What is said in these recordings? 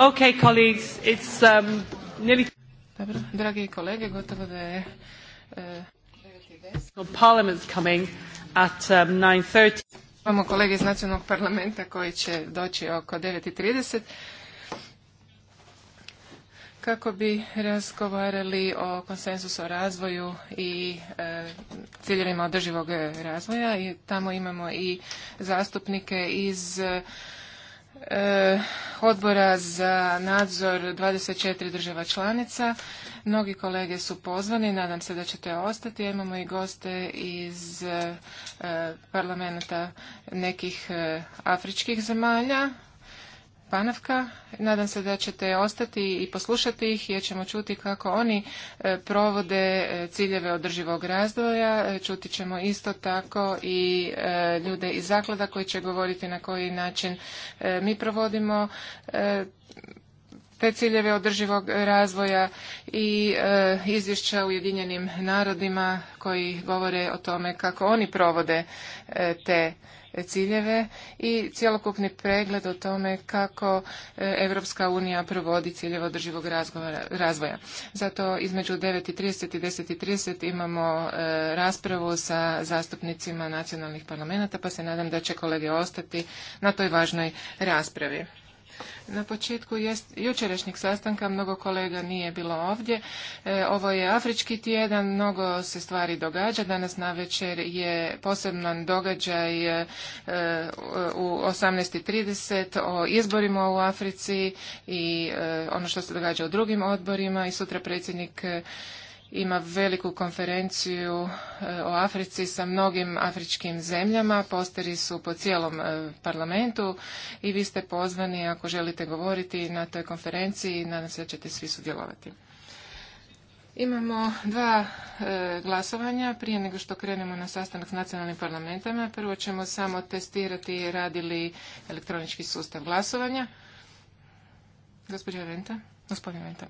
Okay, colleagues, it's, um, nearly... Dobro, dragi kolege, gotovo da je e, 9.10. coming at um, 9.30. Imamo kolege iz nacionalnog parlamenta koji će doći oko 9.30 kako bi razgovarali o konsensusu o razvoju i e, ciljevima održivog razvoja i tamo imamo i zastupnike iz e, odbora za nadzor 24 država članica. Mnogi kolege su pozvani, nadam se da ćete ostati. Imamo i goste iz e, parlamenta nekih e, afričkih zemalja, Panavka. Nadam se da ćete ostati i poslušati ih jer ćemo čuti kako oni e, provode e, ciljeve održivog razvoja. E, čuti ćemo isto tako i ljude iz zaklada koji će govoriti na koji način mi provodimo te ciljeve održivog razvoja i e, izvješća Ujedinjenim narodima koji govore o tome kako oni provode te ciljeve i cjelokupni pregled o tome kako Europska unija provodi ciljeve održivog razvoja. Zato između 9.30 i 10.30 imamo e, raspravu sa zastupnicima nacionalnih parlamenta pa se nadam da će kolege ostati na toj važnoj raspravi. Na početku jest, jučerašnjeg sastanka mnogo kolega nije bilo ovdje. E, ovo je Afrički tjedan, mnogo se stvari događa. Danas na večer je poseban događaj e, u 18.30 o izborima u Africi i e, ono što se događa u drugim odborima i sutra predsjednik ima veliku konferenciju e, o Africi sa mnogim afričkim zemljama. Posteri su po cijelom e, parlamentu i vi ste pozvani ako želite govoriti na toj konferenciji i nadam se da ćete svi sudjelovati. Imamo dva e, glasovanja prije nego što krenemo na sastanak s nacionalnim parlamentama. Prvo ćemo samo testirati radi li elektronički sustav glasovanja. Gospođa Venta, gospodin Venta.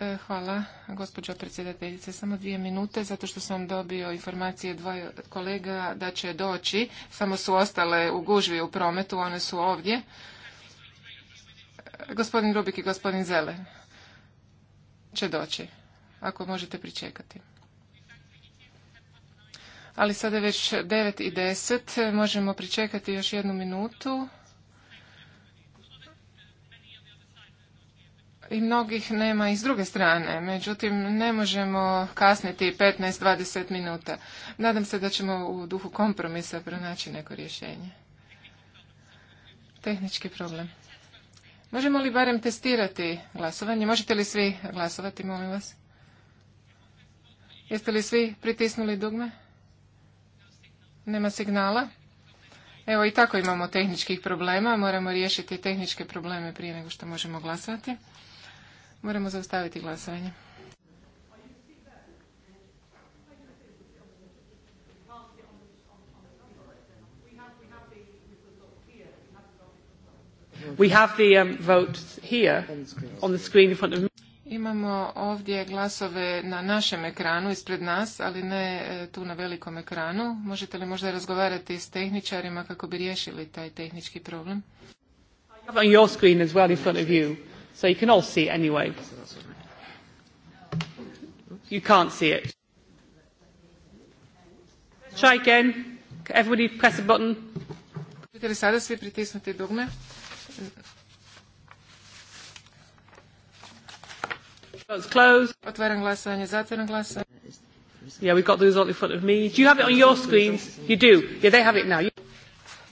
E, hvala, gospođo predsjedateljice. Samo dvije minute, zato što sam dobio informacije dva kolega da će doći. Samo su ostale u gužvi u prometu, one su ovdje. E, gospodin Rubik i gospodin Zele će doći, ako možete pričekati. Ali sada je već 9 i 10, možemo pričekati još jednu minutu. i mnogih nema i s druge strane. Međutim, ne možemo kasniti 15-20 minuta. Nadam se da ćemo u duhu kompromisa pronaći neko rješenje. Tehnički problem. Možemo li barem testirati glasovanje? Možete li svi glasovati, molim vas? Jeste li svi pritisnuli dugme? Nema signala? Evo i tako imamo tehničkih problema, moramo riješiti tehničke probleme prije nego što možemo glasovati. Moramo zaustaviti glasovanje. We have the um, vote here on the screen in front of me. Imamo ovdje glasove na našem ekranu ispred nas, ali ne e, tu na velikom ekranu. Možete li možda razgovarati s tehničarima kako bi riješili taj tehnički problem? On your screen as well in front of you. So you can all see it anyway. You can't see it. Try again. Everybody press a button. Možete closed. svi pritisnuti dugme? glasovanje, glasovanje. Yeah, we've got the result in front of me. Do you have it on your screens? You do. Yeah, they have it now.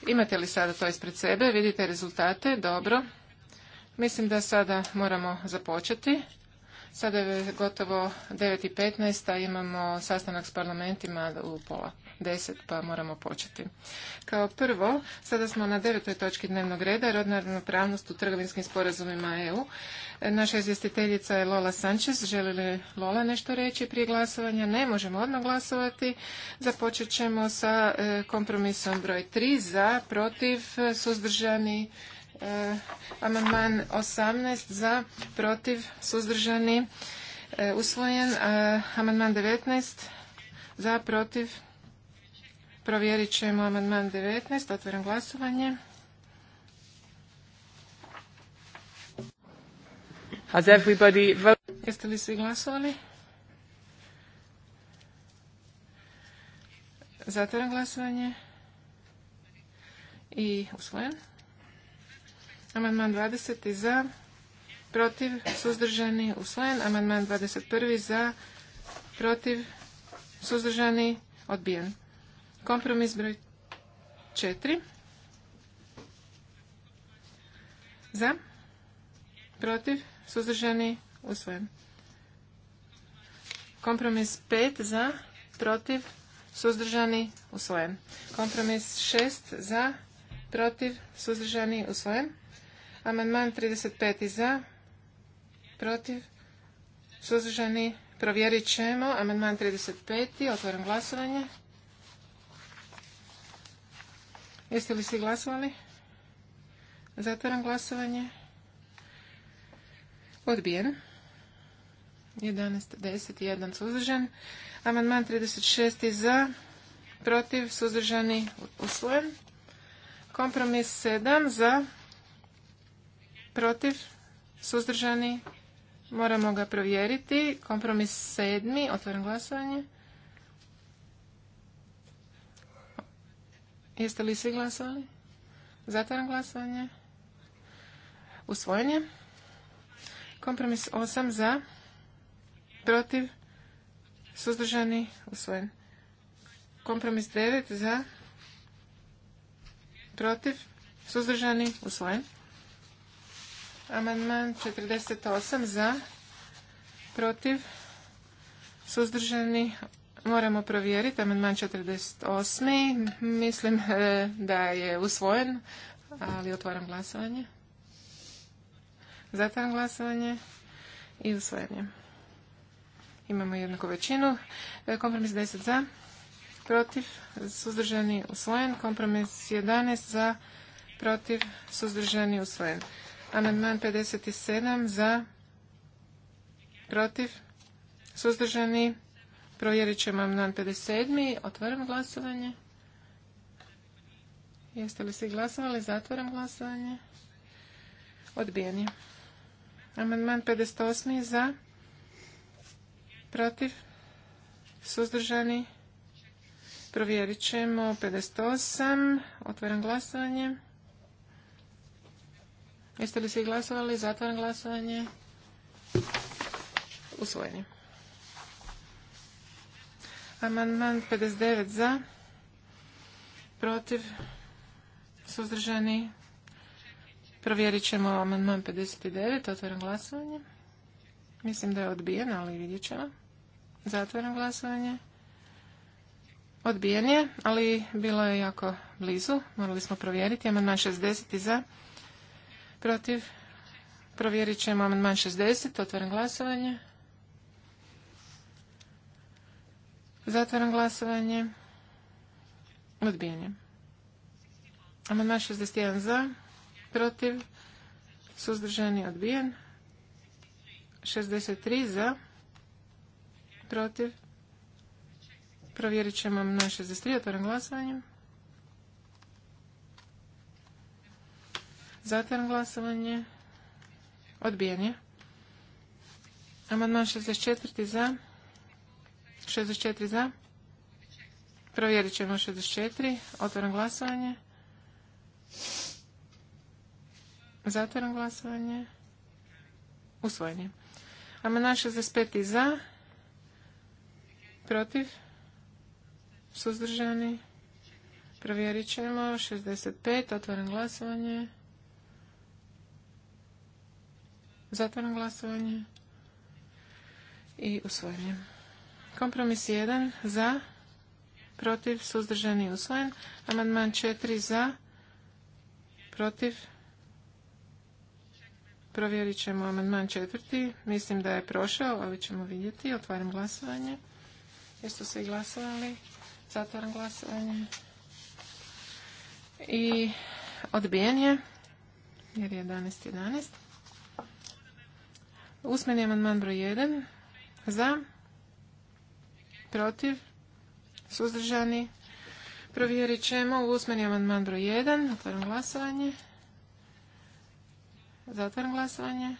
Imate li sada to ispred sebe? Vidite rezultate? Dobro. Mislim da sada moramo započeti. Sada je gotovo 9.15, a imamo sastanak s parlamentima u pola deset, pa moramo početi. Kao prvo, sada smo na devetoj točki dnevnog reda, rodna ravnopravnost u trgovinskim sporazumima EU. Naša izvjestiteljica je Lola Sanchez. Želi li Lola nešto reći prije glasovanja? Ne, možemo odmah glasovati. Započet ćemo sa e, kompromisom broj 3 za, protiv, suzdržani, E, amandman 18 za, protiv, suzdržani, e, usvojen. E, amandman 19 za, protiv, provjerit ćemo amandman 19, otvaram glasovanje. Has everybody... Jeste li svi glasovali? Zatvaram glasovanje i usvojen. Amandman 20. za, protiv, suzdržani, usvojen. Amandman 21. za, protiv, suzdržani, odbijen. Kompromis broj 4. Za, protiv, suzdržani, usvojen. Kompromis 5 za, protiv, suzdržani, usvojen. Kompromis 6 za, protiv, suzdržani, usvojen. Amandman 35. za, protiv, suzdržani, provjerit ćemo. Amandman 35. otvoram glasovanje. Jeste li svi glasovali? Zatvaram glasovanje. Odbijen. 11, 10 1 suzdržan. Amandman 36 za, protiv, suzdržani, usvojen. Kompromis 7 za, protiv, suzdržani, moramo ga provjeriti. Kompromis sedmi, otvoren glasovanje. Jeste li svi glasovali? Zatvaram glasovanje. Usvojenje. Kompromis osam za, protiv, suzdržani, usvojen. Kompromis devet za, protiv, suzdržani, usvojen. Amandman 48 za, protiv, suzdržani, moramo provjeriti. Amandman 48. Mislim e, da je usvojen, ali otvaram glasovanje. Zatvaram glasovanje i usvojenje. Imamo jednaku većinu. E, kompromis 10 za, protiv, suzdržani, usvojen. Kompromis 11 za, protiv, suzdržani, usvojen. Amandman 57 za, protiv, suzdržani. Provjerit ćemo amandman 57. Otvaram glasovanje. Jeste li svi glasovali? Zatvaram glasovanje. Odbijen je. Amandman 58. za, protiv, suzdržani. Provjerit ćemo 58. Otvaram glasovanje. Jeste li svi glasovali? Zatvaram glasovanje. Usvojeni. Amandman 59 za. Protiv. Suzdržani. Provjerit ćemo amandman 59. Otvaram glasovanje. Mislim da je odbijen, ali vidjet ćemo. Zatvaram glasovanje. Odbijen je, ali bilo je jako blizu. Morali smo provjeriti. Amandman 60 za protiv, provjerit ćemo amandman 60, otvaram glasovanje. Zatvaram glasovanje. Odbijanje. Amandman 61 za, protiv, suzdržani, odbijen. 63 za, protiv. Provjerit ćemo amandman 63, otvaram glasovanje. Zatvaram glasovanje. Odbijen je. Amandman 64. za. 64 za. Provjerit ćemo 64. Otvaram glasovanje. Zatvaram glasovanje. Usvojen je. Amandman 65. za. Protiv. Suzdržani. Provjerit ćemo. 65. Otvaram glasovanje. Zatvaram glasovanje. I usvojenjem. Kompromis 1 za, protiv, suzdržan i usvojen. Amandman 4 za, protiv. Provjerit ćemo amandman 4. Mislim da je prošao, ali ćemo vidjeti. Otvaram glasovanje. Jesu svi glasovali? Zatvaram glasovanje. I odbijen je, jer je 11.11. 11. Usmeni amandman broj 1. Za. Protiv. Suzdržani. Provjerit ćemo usmeni amandman broj 1. Otvaram glasovanje. Zatvaram glasovanje.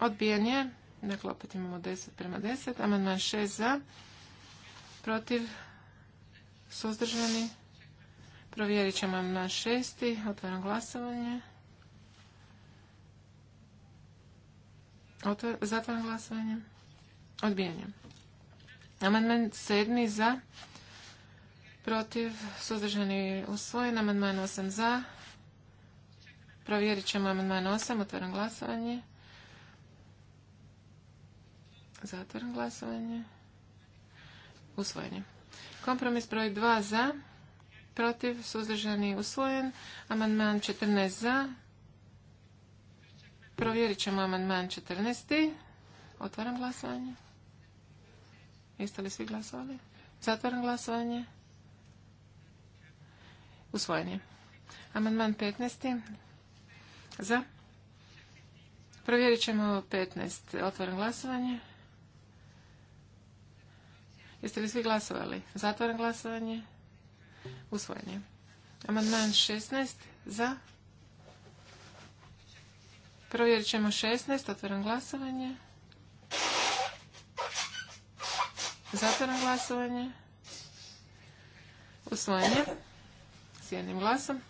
Odbijen je. Dakle, opet imamo 10 prema 10. Amandman 6 za. Protiv. Suzdržani. Provjerit ćemo amandman 6. Otvaram glasovanje. Zatvaram glasovanje. Odbijanje. Amandman sedmi za. Protiv. Suzdržani usvojen. Amandman osam za. Provjerit ćemo amandman osam. Otvaram glasovanje. Zatvaram glasovanje. Usvojen je. Kompromis broj dva za. Protiv. Suzdržani usvojen. Amandman četrnaest za. Provjerit ćemo amandman 14. Otvaram glasovanje. Jeste li svi glasovali? Zatvaram glasovanje. Usvojen je. Amandman 15. Za. Provjerit ćemo 15. Otvaram glasovanje. Jeste li svi glasovali? Zatvaram glasovanje. Usvojen je. Amandman 16. Za. Provjerit ćemo 16. Otvaram glasovanje. Zatvaram glasovanje. Usvojenje. S jednim glasom.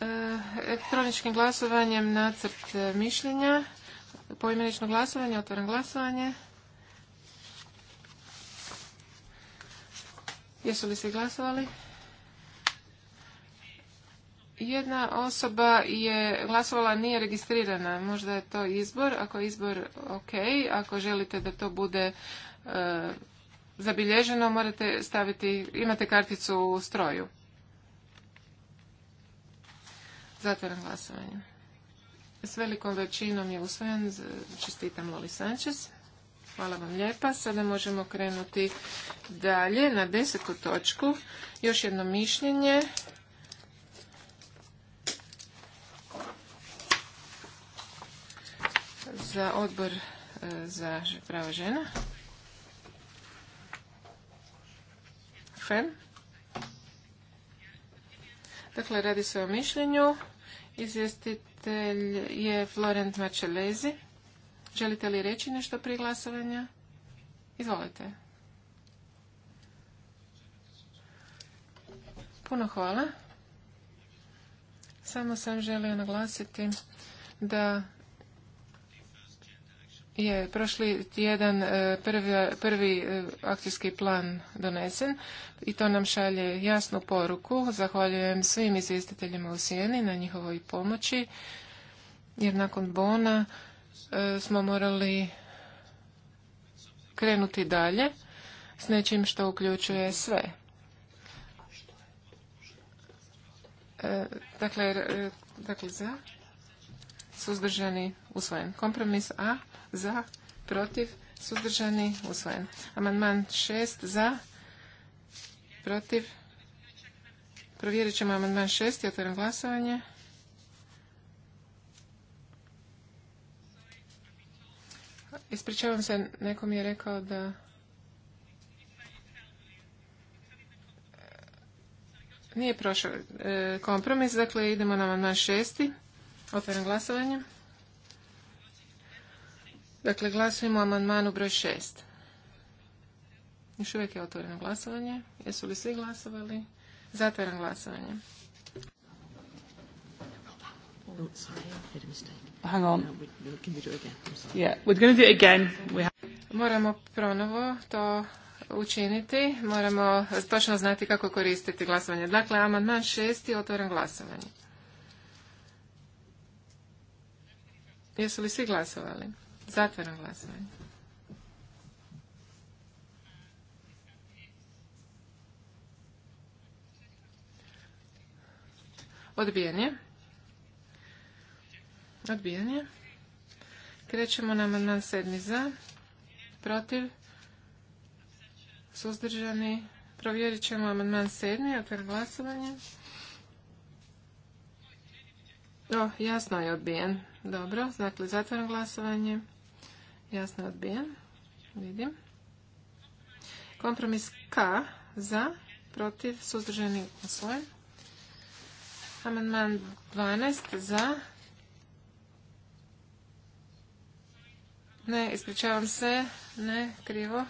E, elektroničkim glasovanjem nacrt mišljenja. Poimenično glasovanje. Otvaram glasovanje. Jesu li se glasovali? Jedna osoba je glasovala, nije registrirana. Možda je to izbor. Ako je izbor ok, ako želite da to bude e, zabilježeno, morate staviti, imate karticu u stroju. Zatvaram glasovanje. S velikom većinom je usvojen. Čestitam Loli Sanchez. Hvala vam lijepa. Sada možemo krenuti dalje na desetu točku. Još jedno mišljenje za odbor e, za prava žena. FEM. Dakle, radi se o mišljenju. Izvjestitelj je Florent Mačelezi. Želite li reći nešto prije glasovanja? Izvolite. Puno hvala. Samo sam želio naglasiti da je prošli tjedan e, prvi, prvi e, akcijski plan donesen i to nam šalje jasnu poruku. Zahvaljujem svim izvjestiteljima u Sijeni na njihovoj pomoći jer nakon Bona e, smo morali krenuti dalje s nečim što uključuje sve. Dakle, dakle za suzdržani usvojen kompromis A za, protiv, suzdržani, usvojen. Amandman 6 za, protiv, provjerit ćemo amandman 6 i otvorim glasovanje. Ispričavam se, nekom je rekao da... Nije prošao e, kompromis, dakle idemo na amandman šesti. Otvaram glasovanje. Dakle, glasujemo o amandmanu broj 6. Još uvijek je otvoreno glasovanje. Jesu li svi glasovali? Zatvaram glasovanje. Moramo pronovo to učiniti. Moramo točno znati kako koristiti glasovanje. Dakle, amandman šesti, otvoren glasovanje. Jesu li svi glasovali? Zatvaram glasovanje. Odbijanje. Odbijanje. Krećemo na amandman sedmi za. Protiv. Suzdržani. Provjerit ćemo amandman sedmi. Otvaram glasovanje. O, jasno je odbijen. Dobro, dakle zatvaram glasovanje. Jasno odbijen. Vidim. Kompromis K za, protiv, suzdržani usvojen. Amandman 12 za. Ne, ispričavam se, ne, krivo,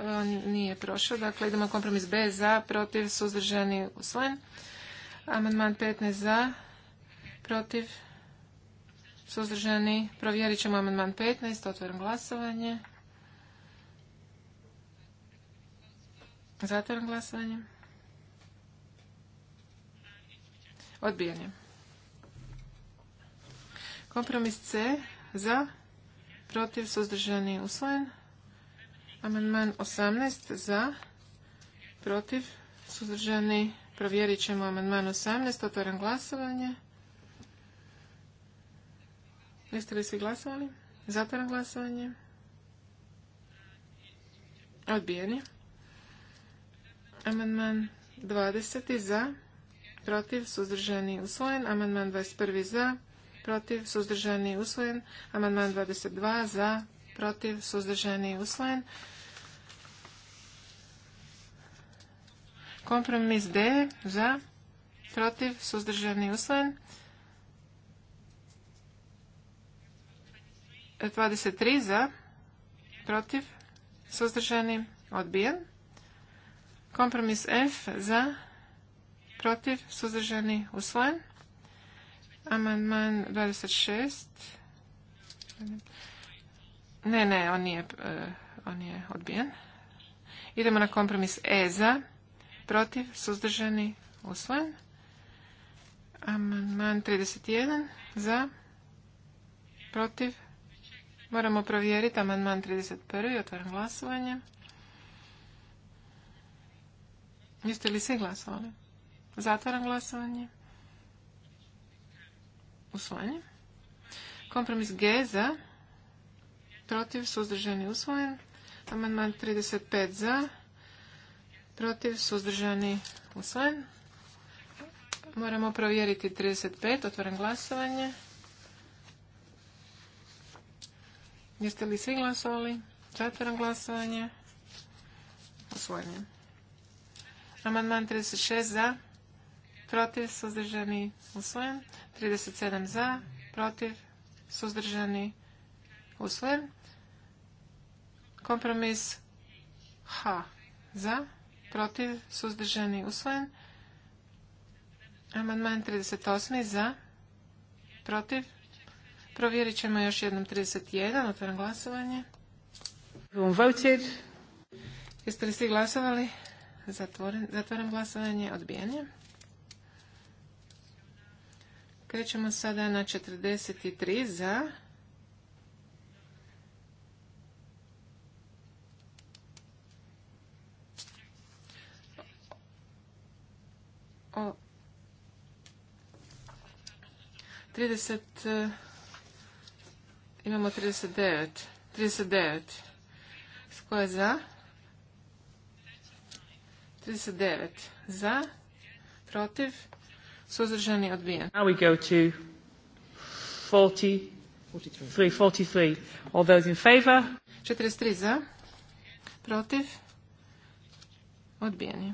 e, on nije prošao. Dakle, idemo kompromis B za, protiv, suzdržani usvojen. Amandman 15 za, protiv, Suzdržani? Provjerit ćemo amandman 15. Otvaram glasovanje. Zatvaram glasovanje. Odbijanje. Kompromis C. Za. Protiv. Suzdržani. Usvojen. Amandman 18. Za. Protiv. Suzdržani. Provjerit ćemo amandman 18. Otvaram glasovanje. Jeste li svi glasovali? Zatvaram glasovanje. Odbijeni. Amandman 20. za, protiv, suzdržani, usvojen. Amandman 21. za, protiv, suzdržani, usvojen. Amandman 22. za, protiv, suzdržani, usvojen. Kompromis D za, protiv, suzdržani, usvojen. 23 za, protiv, suzdržani, odbijen. Kompromis F za, protiv, suzdržani, usvojen. Amandman 26. Ne, ne, on nije, e, on je odbijen. Idemo na kompromis E za, protiv, suzdržani, usvojen. Amandman 31 za, protiv, Moramo provjeriti amandman 31. Otvaram glasovanje. Jeste li svi glasovali? Zatvaram glasovanje. Usvojenje. Kompromis G za. Protiv. Suzdržani usvojen. Amandman 35 za. Protiv. Suzdržani usvojen. Moramo provjeriti 35. Otvaram glasovanje. Jeste li svi glasovali? Zatvaram glasovanje. Osvojenje. Amandman 36 za, protiv, suzdržani, usvojen. 37 za, protiv, suzdržani, usvojen. Kompromis H za, protiv, suzdržani, usvojen. Amandman 38 za, protiv, Provjerit ćemo još jednom 31. Otvaram glasovanje. Voted. Jeste li svi glasovali? Zatvoren, zatvaram glasovanje. Odbijanje. Krećemo sada na 43 za. O, 30 Imamo 39. 39. S je za? 39. Za? Protiv? Suzdržani odbijen. Now we go to 40. 43. 43. All those in favor? 43 za. Protiv? Odbijeni.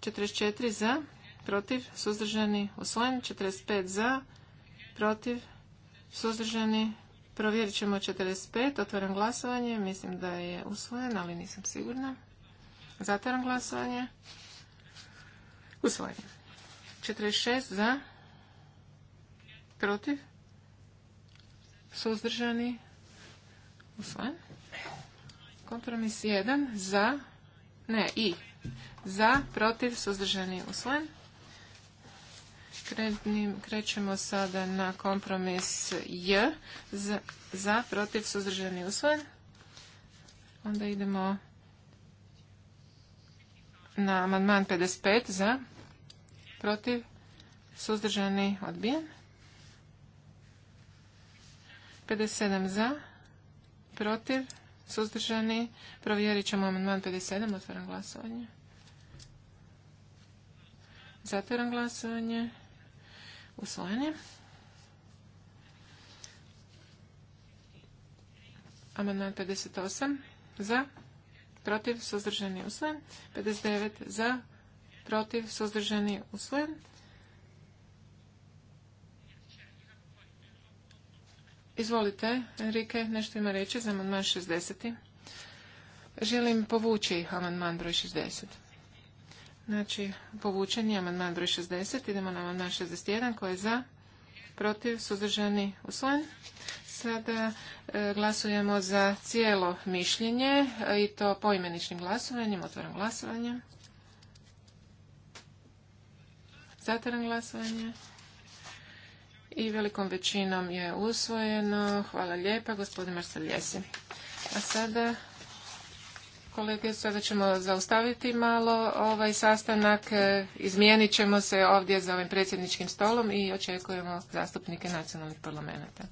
44 za. Protiv? Suzdržani. Osvojen. 45 za. Protiv? Suzdržani. Provjerit ćemo 45. Otvaram glasovanje. Mislim da je usvojen, ali nisam sigurna. Zatvaram glasovanje. Usvojen. 46 za. Protiv. Suzdržani. Usvojen. Kompromis 1 za. Ne, i. Za, protiv, suzdržani, usvojen krećemo sada na kompromis J za, protiv suzdržani usvojen. Onda idemo na amandman 55 za protiv suzdržani odbijen. 57 za protiv suzdržani. Provjerit ćemo amandman 57. Otvaram glasovanje. Zatvaram glasovanje. Usvojeni. Amandman 58 za, protiv, suzdržani, usvojen. 59 za, protiv, suzdržani, usvojen. Izvolite, Enrique, nešto ima reći za amandman 60. Želim povući amandman broj 60. Znači, povučen je amandman broj 60. Idemo na amandman 61. koji je za? Protiv? Suzdržani? Usvojen? Sada e, glasujemo za cijelo mišljenje e, i to poimeničnim glasovanjem. Otvaram glasovanje. Zatvaram glasovanje. I velikom većinom je usvojeno. Hvala lijepa, gospodin Marcel Jesi. A sada kolege. Sada ćemo zaustaviti malo ovaj sastanak. E, izmijenit ćemo se ovdje za ovim predsjedničkim stolom i očekujemo zastupnike nacionalnih parlamenta.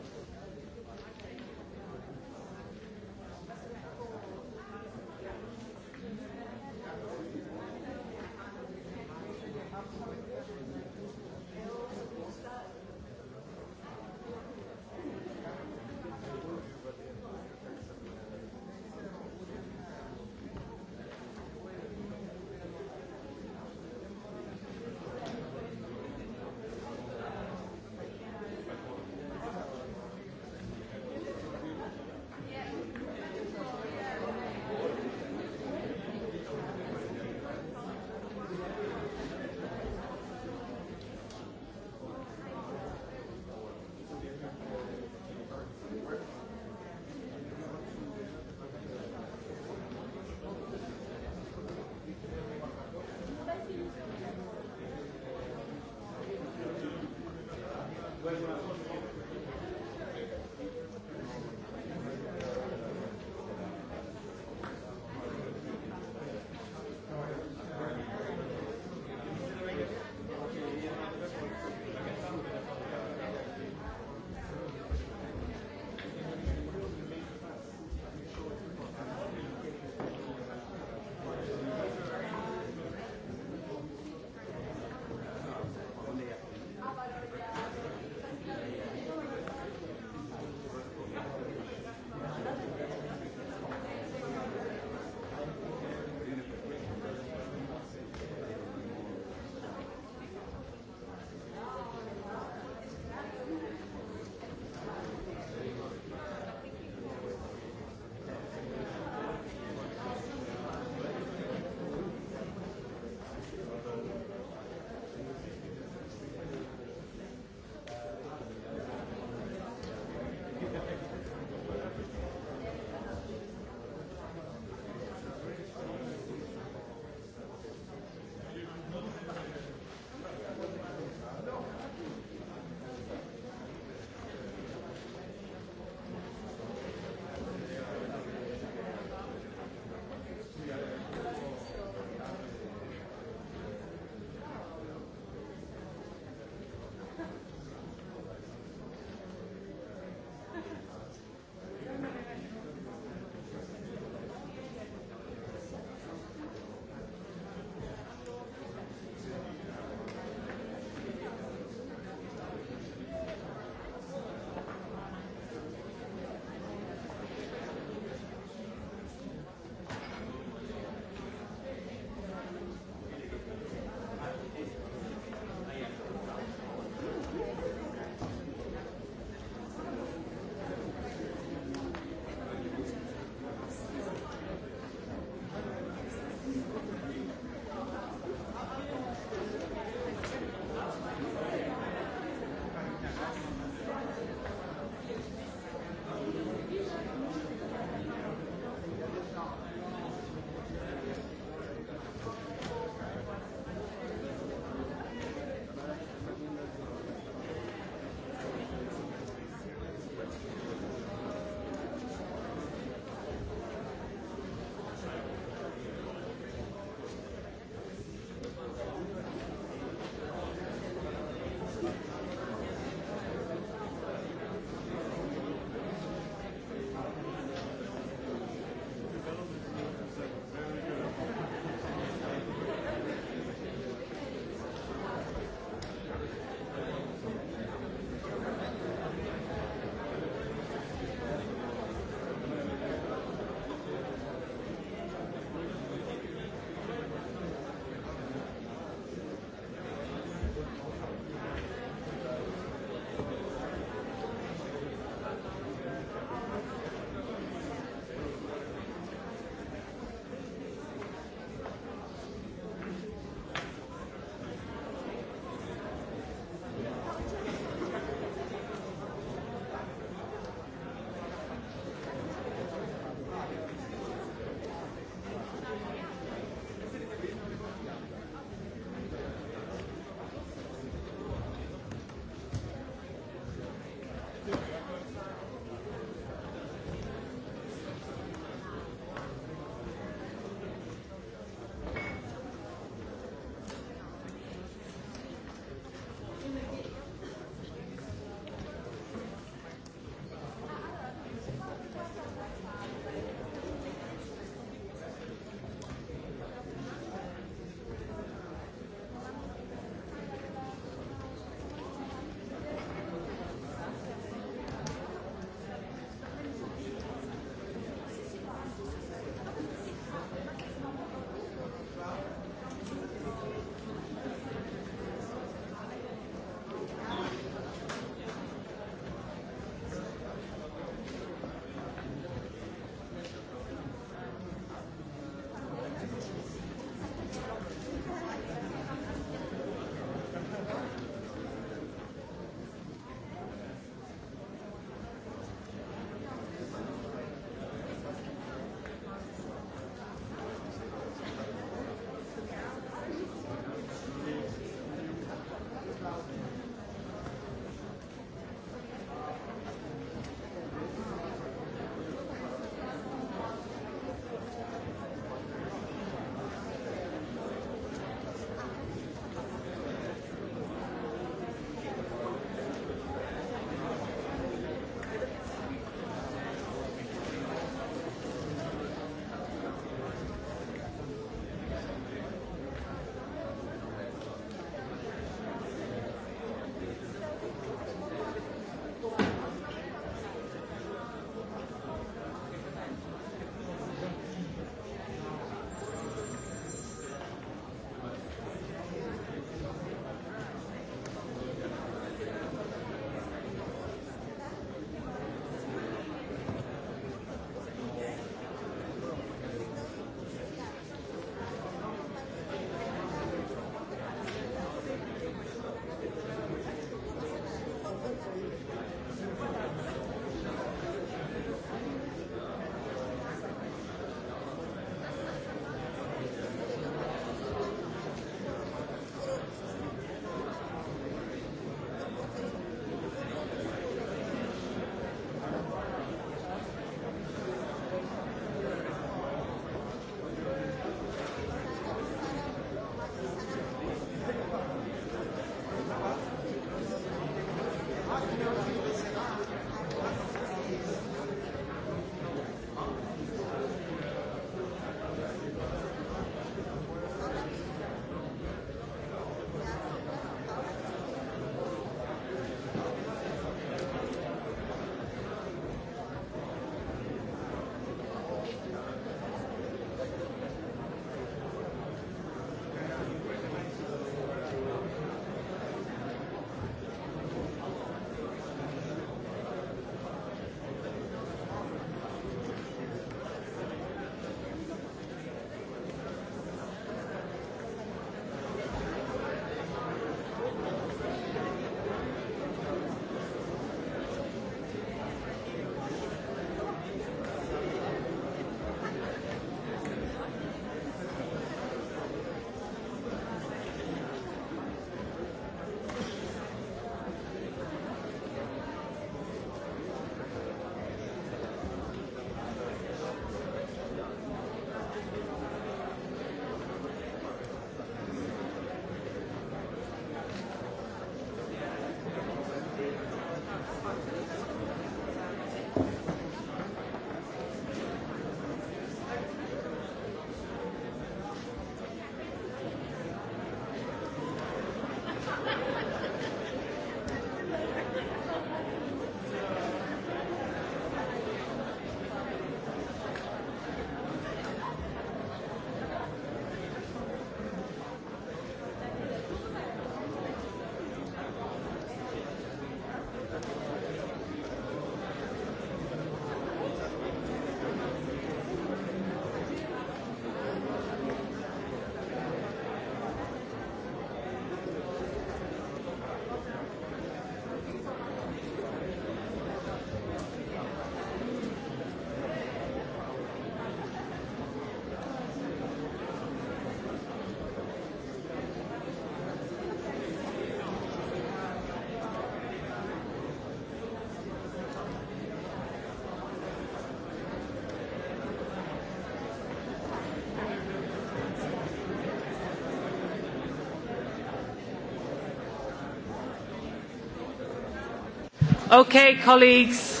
Okay, colleagues.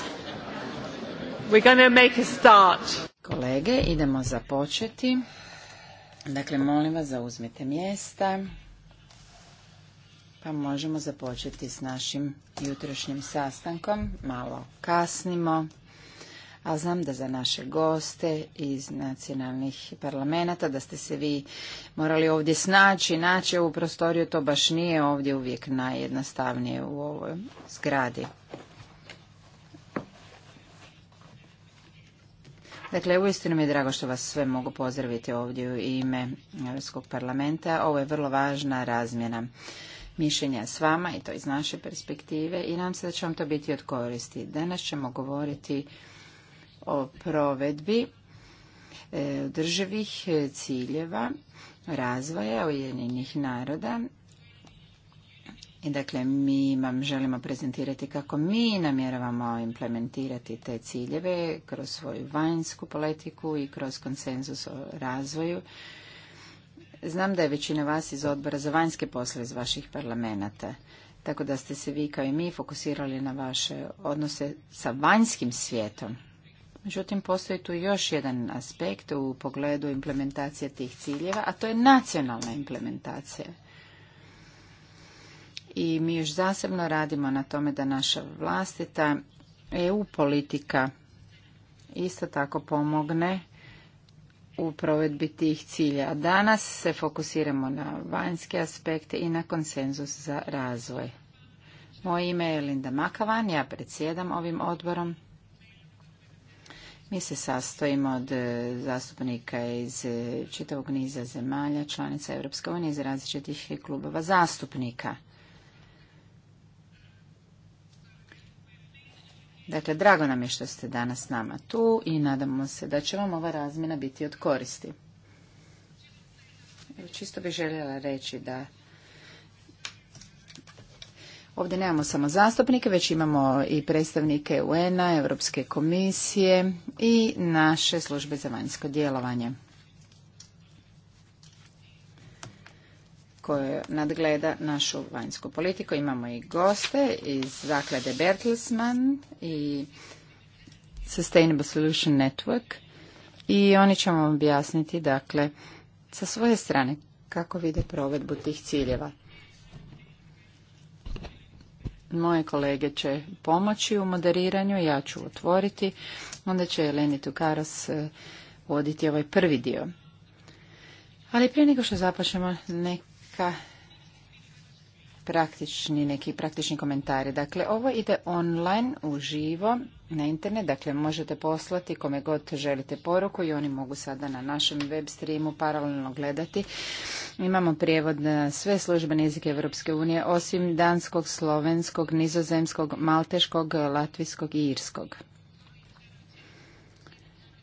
We're to make a start. Kolege, idemo započeti. Dakle, molim vas, zauzmite mjesta. Pa možemo započeti s našim jutrošnjim sastankom. Malo kasnimo, a znam da za naše goste iz nacionalnih parlamenta, da ste se vi morali ovdje snaći, naći ovu prostoriju, to baš nije ovdje uvijek najjednostavnije u ovoj zgradi. Dakle, uistinu mi je drago što vas sve mogu pozdraviti ovdje u ime Europskog parlamenta. Ovo je vrlo važna razmjena mišljenja s vama i to iz naše perspektive i nam se da će vam to biti od koristi. Danas ćemo govoriti o provedbi e, održivih ciljeva razvoja Ujedinjenih naroda i dakle, mi vam želimo prezentirati kako mi namjeravamo implementirati te ciljeve kroz svoju vanjsku politiku i kroz konsenzus o razvoju. Znam da je većina vas iz odbora za vanjske posle iz vaših parlamenta, tako da ste se vi kao i mi fokusirali na vaše odnose sa vanjskim svijetom. Međutim, postoji tu još jedan aspekt u pogledu implementacije tih ciljeva, a to je nacionalna implementacija i mi još zasebno radimo na tome da naša vlastita EU politika isto tako pomogne u provedbi tih cilja. Danas se fokusiramo na vanjske aspekte i na konsenzus za razvoj. Moje ime je Linda Makavan, ja predsjedam ovim odborom. Mi se sastojimo od e, zastupnika iz e, čitavog niza zemalja, članica Europske unije iz različitih klubova zastupnika. Dakle, drago nam je što ste danas s nama tu i nadamo se da će vam ova razmjena biti od koristi. Čisto bih željela reći da ovdje nemamo samo zastupnike, već imamo i predstavnike UN-a, Europske komisije i naše službe za vanjsko djelovanje. koje nadgleda našu vanjsku politiku. Imamo i goste iz zaklade Bertelsmann i Sustainable Solution Network i oni će vam objasniti dakle sa svoje strane kako vide provedbu tih ciljeva. Moje kolege će pomoći u moderiranju, ja ću otvoriti, onda će Eleni Tukaras eh, voditi ovaj prvi dio. Ali prije nego što započnemo, nek neka praktični, neki praktični komentari. Dakle, ovo ide online, uživo, na internet, dakle možete poslati kome god želite poruku i oni mogu sada na našem web streamu paralelno gledati. Imamo prijevod na sve službene jezike Europske unije, osim danskog, slovenskog, nizozemskog, malteškog, latvijskog i irskog.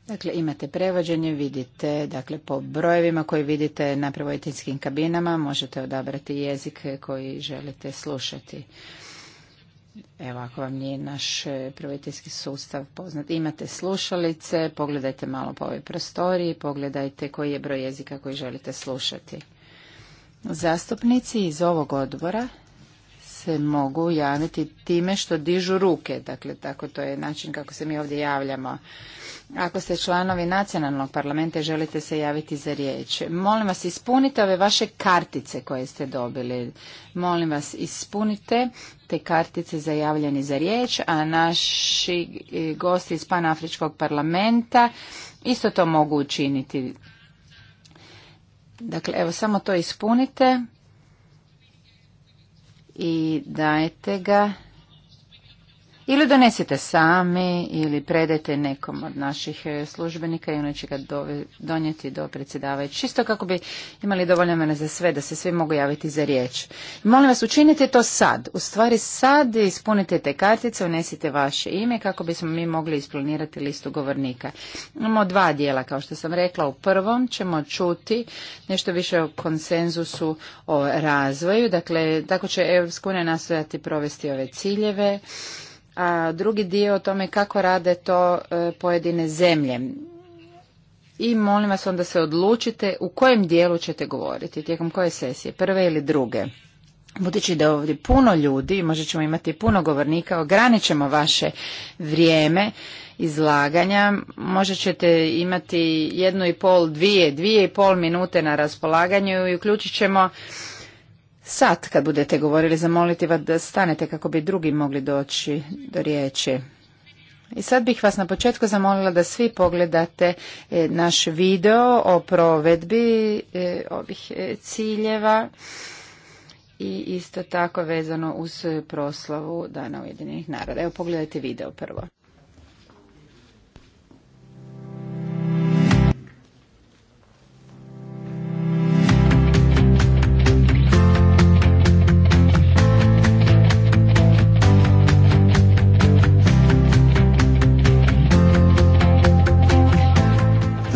Dakle, imate prevođenje, vidite, dakle, po brojevima koje vidite na prevoditeljskim kabinama možete odabrati jezik koji želite slušati. Evo, ako vam nije naš prevoditeljski sustav poznat, imate slušalice, pogledajte malo po ovoj prostoriji, pogledajte koji je broj jezika koji želite slušati. Zastupnici iz ovog odbora se mogu javiti time što dižu ruke. Dakle, tako to je način kako se mi ovdje javljamo. Ako ste članovi nacionalnog parlamenta želite se javiti za riječ, molim vas ispunite ove vaše kartice koje ste dobili. Molim vas ispunite te kartice za za riječ, a naši e, gosti iz Panafričkog parlamenta isto to mogu učiniti. Dakle, evo samo to ispunite i dajete ga ili donesite sami ili predajte nekom od naših e, službenika i ono će ga donijeti do predsjedavajući. Čisto kako bi imali dovoljno mene za sve, da se svi mogu javiti za riječ. Molim vas, učinite to sad. U stvari sad ispunite te kartice, unesite vaše ime kako bismo mi mogli isplanirati listu govornika. Imamo dva dijela, kao što sam rekla. U prvom ćemo čuti nešto više o konsenzusu o razvoju. Dakle, tako će EU nastojati provesti ove ciljeve a drugi dio o tome kako rade to e, pojedine zemlje. I molim vas onda se odlučite u kojem dijelu ćete govoriti, tijekom koje sesije, prve ili druge. Budući da je ovdje puno ljudi, možda ćemo imati puno govornika, ograničemo vaše vrijeme izlaganja. Možda ćete imati jednu i pol, dvije, dvije i pol minute na raspolaganju i uključit ćemo Sad, kad budete govorili, zamoliti vas da stanete kako bi drugi mogli doći do riječi. I sad bih vas na početku zamolila da svi pogledate e, naš video o provedbi e, ovih e, ciljeva i isto tako vezano uz proslavu Dana Ujedinjenih naroda. Evo pogledajte video prvo.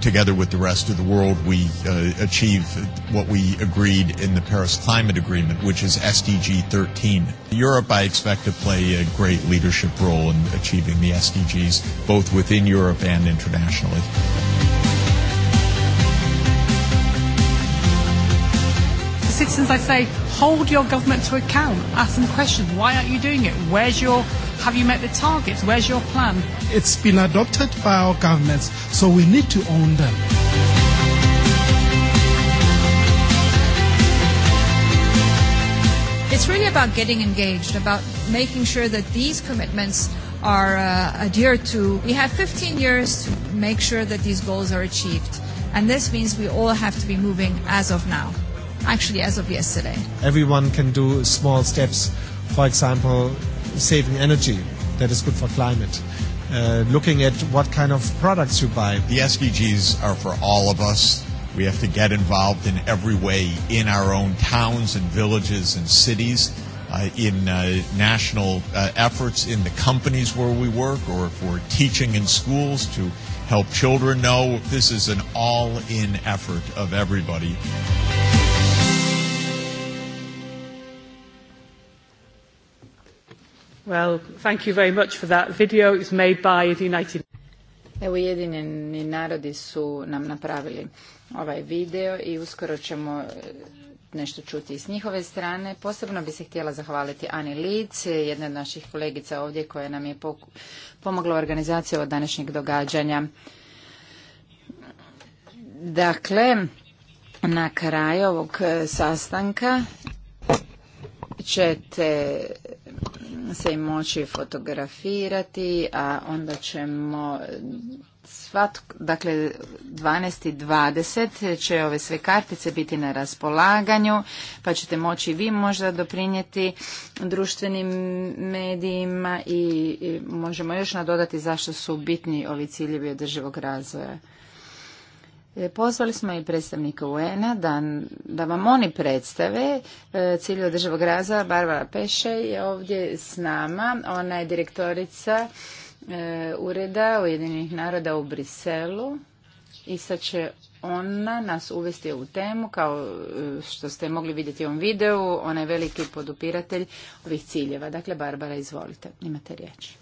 together with the rest of the world, we uh, achieve what we agreed in the Paris Climate Agreement, which is SDG 13. Europe, I expect to play a great leadership role in achieving the SDGs, both within Europe and internationally. Citizens, I say, hold your government to account. Ask them questions. Why aren't you doing it? Where's your Have you met the targets? Where's your plan? It's been adopted by our governments, so we need to own them. It's really about getting engaged, about making sure that these commitments are uh, adhered to. We have 15 years to make sure that these goals are achieved. And this means we all have to be moving as of now, actually, as of yesterday. Everyone can do small steps. For example, saving energy that is good for climate. Uh, looking at what kind of products you buy. The SDGs are for all of us. We have to get involved in every way in our own towns and villages and cities, uh, in uh, national uh, efforts in the companies where we work, or if we're teaching in schools to help children know this is an all in effort of everybody. Well, thank you very much video. Evo narodi su nam napravili ovaj video i uskoro ćemo e, nešto čuti i s njihove strane. Posebno bi se htjela zahvaliti Ani Lic, jedna od naših kolegica ovdje koja nam je pomogla u organizaciji ovog današnjeg događanja. Dakle, na kraju ovog e, sastanka ćete se moći fotografirati, a onda ćemo svatko, dakle 12.20 će ove sve kartice biti na raspolaganju, pa ćete moći vi možda doprinijeti društvenim medijima i, i možemo još nadodati zašto su bitni ovi ciljevi održivog razvoja. E, pozvali smo i predstavnika UN-a da, vam oni predstave e, cilje održivog razvoja. Barbara Peše je ovdje s nama. Ona je direktorica e, Ureda Ujedinjenih naroda u Briselu i sad će ona nas uvesti u temu kao što ste mogli vidjeti u ovom videu. Ona je veliki podupiratelj ovih ciljeva. Dakle, Barbara, izvolite. Imate riječ.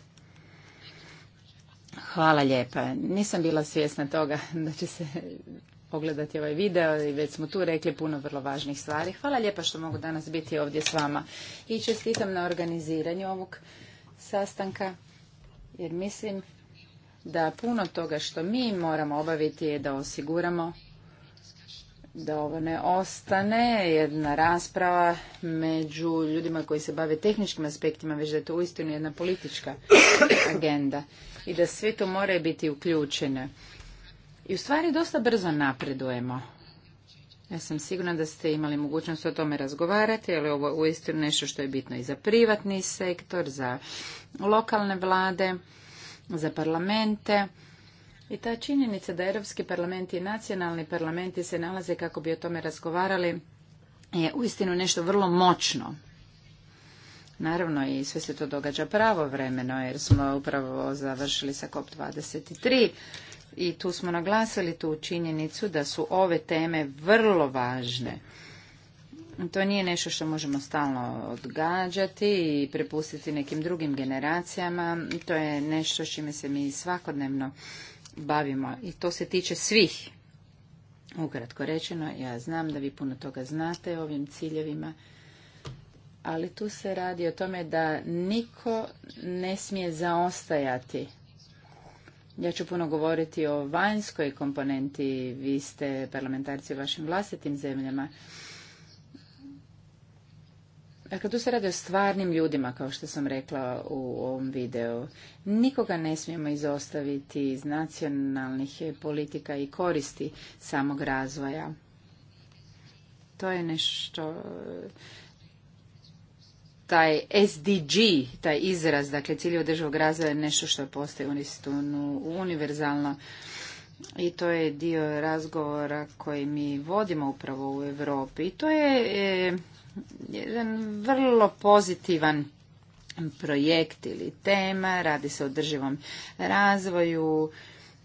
Hvala lijepa. Nisam bila svjesna toga da će se pogledati ovaj video i već smo tu rekli puno vrlo važnih stvari. Hvala lijepa što mogu danas biti ovdje s vama i čestitam na organiziranju ovog sastanka jer mislim da puno toga što mi moramo obaviti je da osiguramo da ovo ne ostane jedna rasprava među ljudima koji se bave tehničkim aspektima, već da je to uistinu jedna politička agenda i da sve to mora biti uključeno. I u stvari dosta brzo napredujemo. Ja sam sigurna da ste imali mogućnost o tome razgovarati, ali ovo je uistinu nešto što je bitno i za privatni sektor, za lokalne vlade, za parlamente. I ta činjenica da Europski parlament i nacionalni parlamenti se nalaze kako bi o tome razgovarali je uistinu nešto vrlo moćno. Naravno i sve se to događa pravovremeno jer smo upravo završili sa COP23 i tu smo naglasili tu činjenicu da su ove teme vrlo važne. To nije nešto što možemo stalno odgađati i prepustiti nekim drugim generacijama. To je nešto s čime se mi svakodnevno bavimo i to se tiče svih. Ukratko rečeno, ja znam da vi puno toga znate o ovim ciljevima ali tu se radi o tome da niko ne smije zaostajati. Ja ću puno govoriti o vanjskoj komponenti, vi ste parlamentarci u vašim vlastitim zemljama. Dakle, tu se radi o stvarnim ljudima, kao što sam rekla u ovom videu. Nikoga ne smijemo izostaviti iz nacionalnih politika i koristi samog razvoja. To je nešto taj SDG, taj izraz, dakle cilj održivog razvoja je nešto što postoji univerzalno i to je dio razgovora koji mi vodimo upravo u Europi i to je e, jedan vrlo pozitivan projekt ili tema, radi se o održivom razvoju,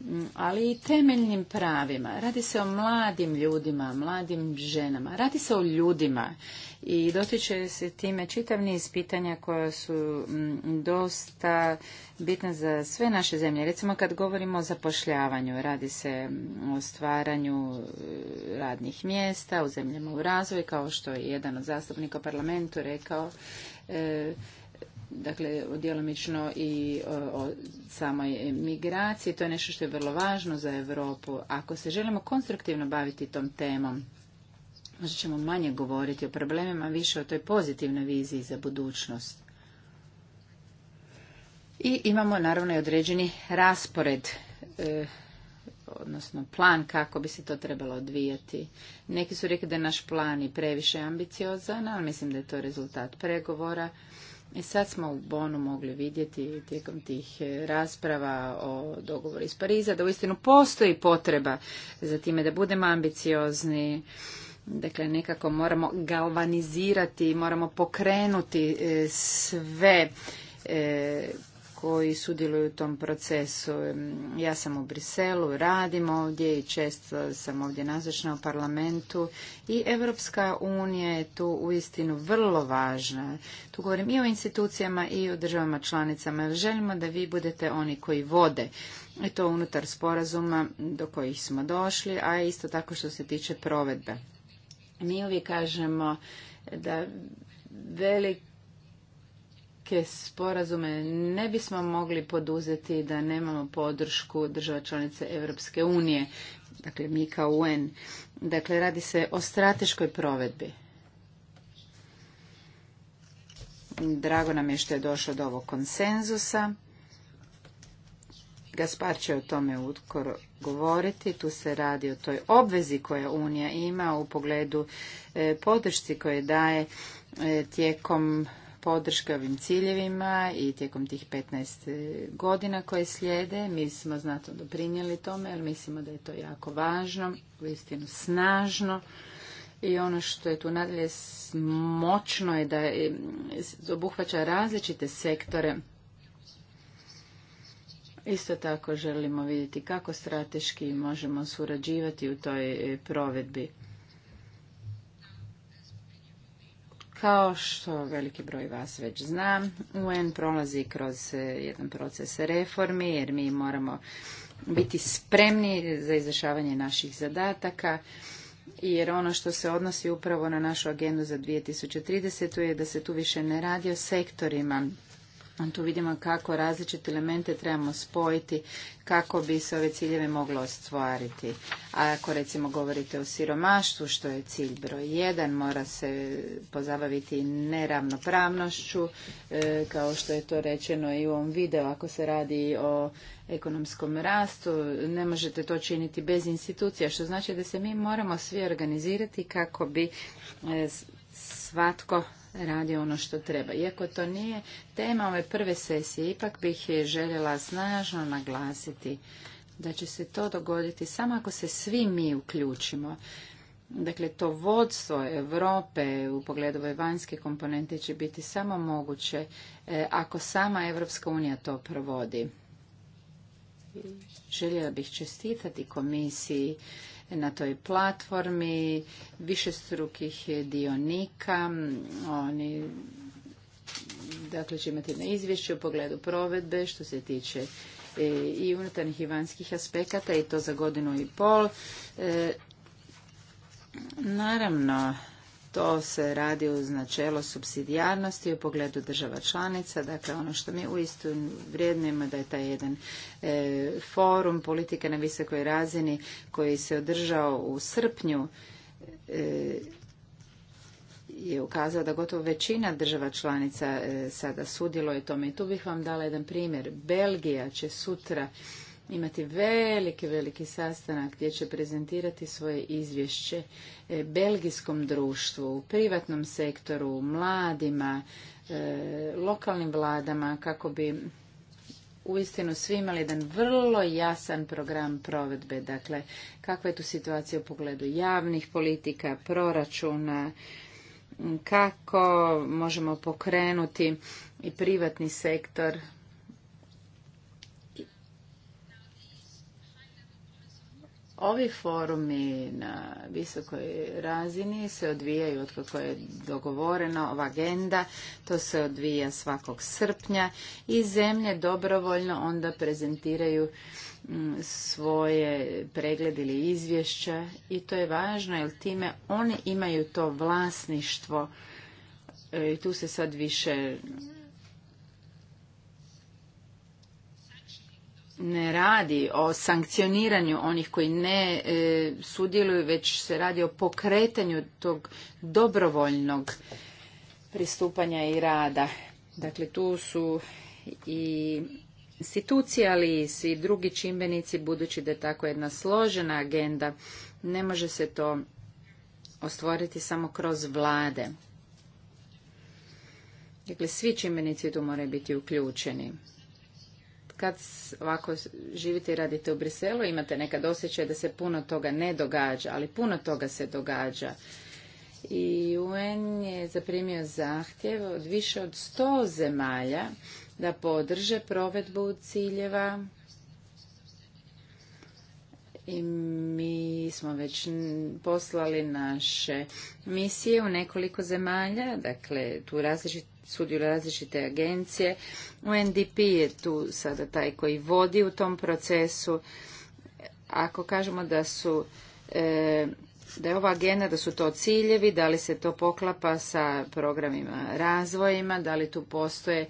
Mm, ali i temeljnim pravima. Radi se o mladim ljudima, mladim ženama, radi se o ljudima i dotiče se time čitav niz pitanja koja su mm, dosta bitna za sve naše zemlje. Recimo kad govorimo o zapošljavanju, radi se mm, o stvaranju e, radnih mjesta u zemljama u razvoju, kao što je jedan od zastupnika u parlamentu rekao, e, dakle djelomično i e, o, samoj migraciji. To je nešto što je vrlo važno za Europu. Ako se želimo konstruktivno baviti tom temom, možda ćemo manje govoriti o problemima, više o toj pozitivnoj viziji za budućnost. I imamo naravno i određeni raspored e, odnosno plan kako bi se to trebalo odvijati. Neki su rekli da je naš plan i previše ambiciozan, ali mislim da je to rezultat pregovora. I sad smo u Bonu mogli vidjeti tijekom tih e, rasprava o dogovoru iz Pariza da uistinu postoji potreba za time da budemo ambiciozni, dakle nekako moramo galvanizirati, moramo pokrenuti e, sve e, koji sudjeluju u tom procesu. Ja sam u Briselu, radim ovdje i često sam ovdje nazočna u parlamentu i Evropska unija je tu uistinu vrlo važna. Tu govorim i o institucijama i o državama članicama. Želimo da vi budete oni koji vode i to unutar sporazuma do kojih smo došli, a isto tako što se tiče provedbe. Mi uvijek kažemo da velik neke sporazume ne bismo mogli poduzeti da nemamo podršku država članice Europske unije, dakle mi kao UN. Dakle, radi se o strateškoj provedbi. Drago nam je što je došlo do ovog konsenzusa. Gaspar će o tome utkoro govoriti. Tu se radi o toj obvezi koja Unija ima u pogledu e, podršci koje daje e, tijekom podrška ovim ciljevima i tijekom tih 15 godina koje slijede. Mi smo znatno doprinijeli tome jer mislimo da je to jako važno, uistinu snažno. I ono što je tu nadalje moćno je da obuhvaća različite sektore. Isto tako želimo vidjeti kako strateški možemo surađivati u toj e, provedbi. Kao što veliki broj vas već zna, UN prolazi kroz e, jedan proces reformi jer mi moramo biti spremni za izvršavanje naših zadataka jer ono što se odnosi upravo na našu agendu za 2030. je da se tu više ne radi o sektorima tu vidimo kako različite elemente trebamo spojiti kako bi se ove ciljeve moglo ostvariti. A ako recimo govorite o siromaštvu, što je cilj broj jedan, mora se pozabaviti neravnopravnošću, e, kao što je to rečeno i u ovom videu. Ako se radi o ekonomskom rastu, ne možete to činiti bez institucija, što znači da se mi moramo svi organizirati kako bi e, svatko radi ono što treba. Iako to nije tema ove prve sesije, ipak bih je željela snažno naglasiti da će se to dogoditi samo ako se svi mi uključimo. Dakle, to vodstvo Europe u pogledu ove vanjske komponente će biti samo moguće e, ako sama Evropska unija to provodi. Željela bih čestitati komisiji na toj platformi, višestrukih dionika, oni dakle će imati na izvješće u pogledu provedbe što se tiče e, i unutarnjih i vanjskih aspekata i to za godinu i pol. E, naravno, to se radi uz načelo subsidijarnosti u pogledu država članica. Dakle, ono što mi uistinu istinu vrijednimo da je taj jedan e, forum politike na visokoj razini koji se održao u srpnju e, je ukazao da gotovo većina država članica e, sada sudjeluje tome. I tu bih vam dala jedan primjer. Belgija će sutra imati veliki, veliki sastanak gdje će prezentirati svoje izvješće e, belgijskom društvu, privatnom sektoru, mladima, e, lokalnim vladama kako bi uistinu svi imali jedan vrlo jasan program provedbe. Dakle, kakva je tu situacija u pogledu javnih politika, proračuna, kako možemo pokrenuti i privatni sektor Ovi forumi na visokoj razini se odvijaju od je dogovoreno ova agenda, to se odvija svakog srpnja i zemlje dobrovoljno onda prezentiraju mm, svoje preglede ili izvješća i to je važno jer time oni imaju to vlasništvo e, i tu se sad više ne radi o sankcioniranju onih koji ne e, sudjeluju, već se radi o pokretanju tog dobrovoljnog pristupanja i rada. Dakle, tu su i institucije, ali i svi drugi čimbenici, budući da je tako jedna složena agenda, ne može se to ostvoriti samo kroz vlade. Dakle, svi čimbenici tu moraju biti uključeni kad ovako živite i radite u Briselu, imate nekad osjećaj da se puno toga ne događa, ali puno toga se događa. I UN je zaprimio zahtjev od više od sto zemalja da podrže provedbu ciljeva i mi smo već poslali naše misije u nekoliko zemalja, dakle tu različit, sudjeluju različite agencije. UNDP je tu sada taj koji vodi u tom procesu. Ako kažemo da su e, da je ova agenda, da su to ciljevi, da li se to poklapa sa programima razvojima, da li tu postoje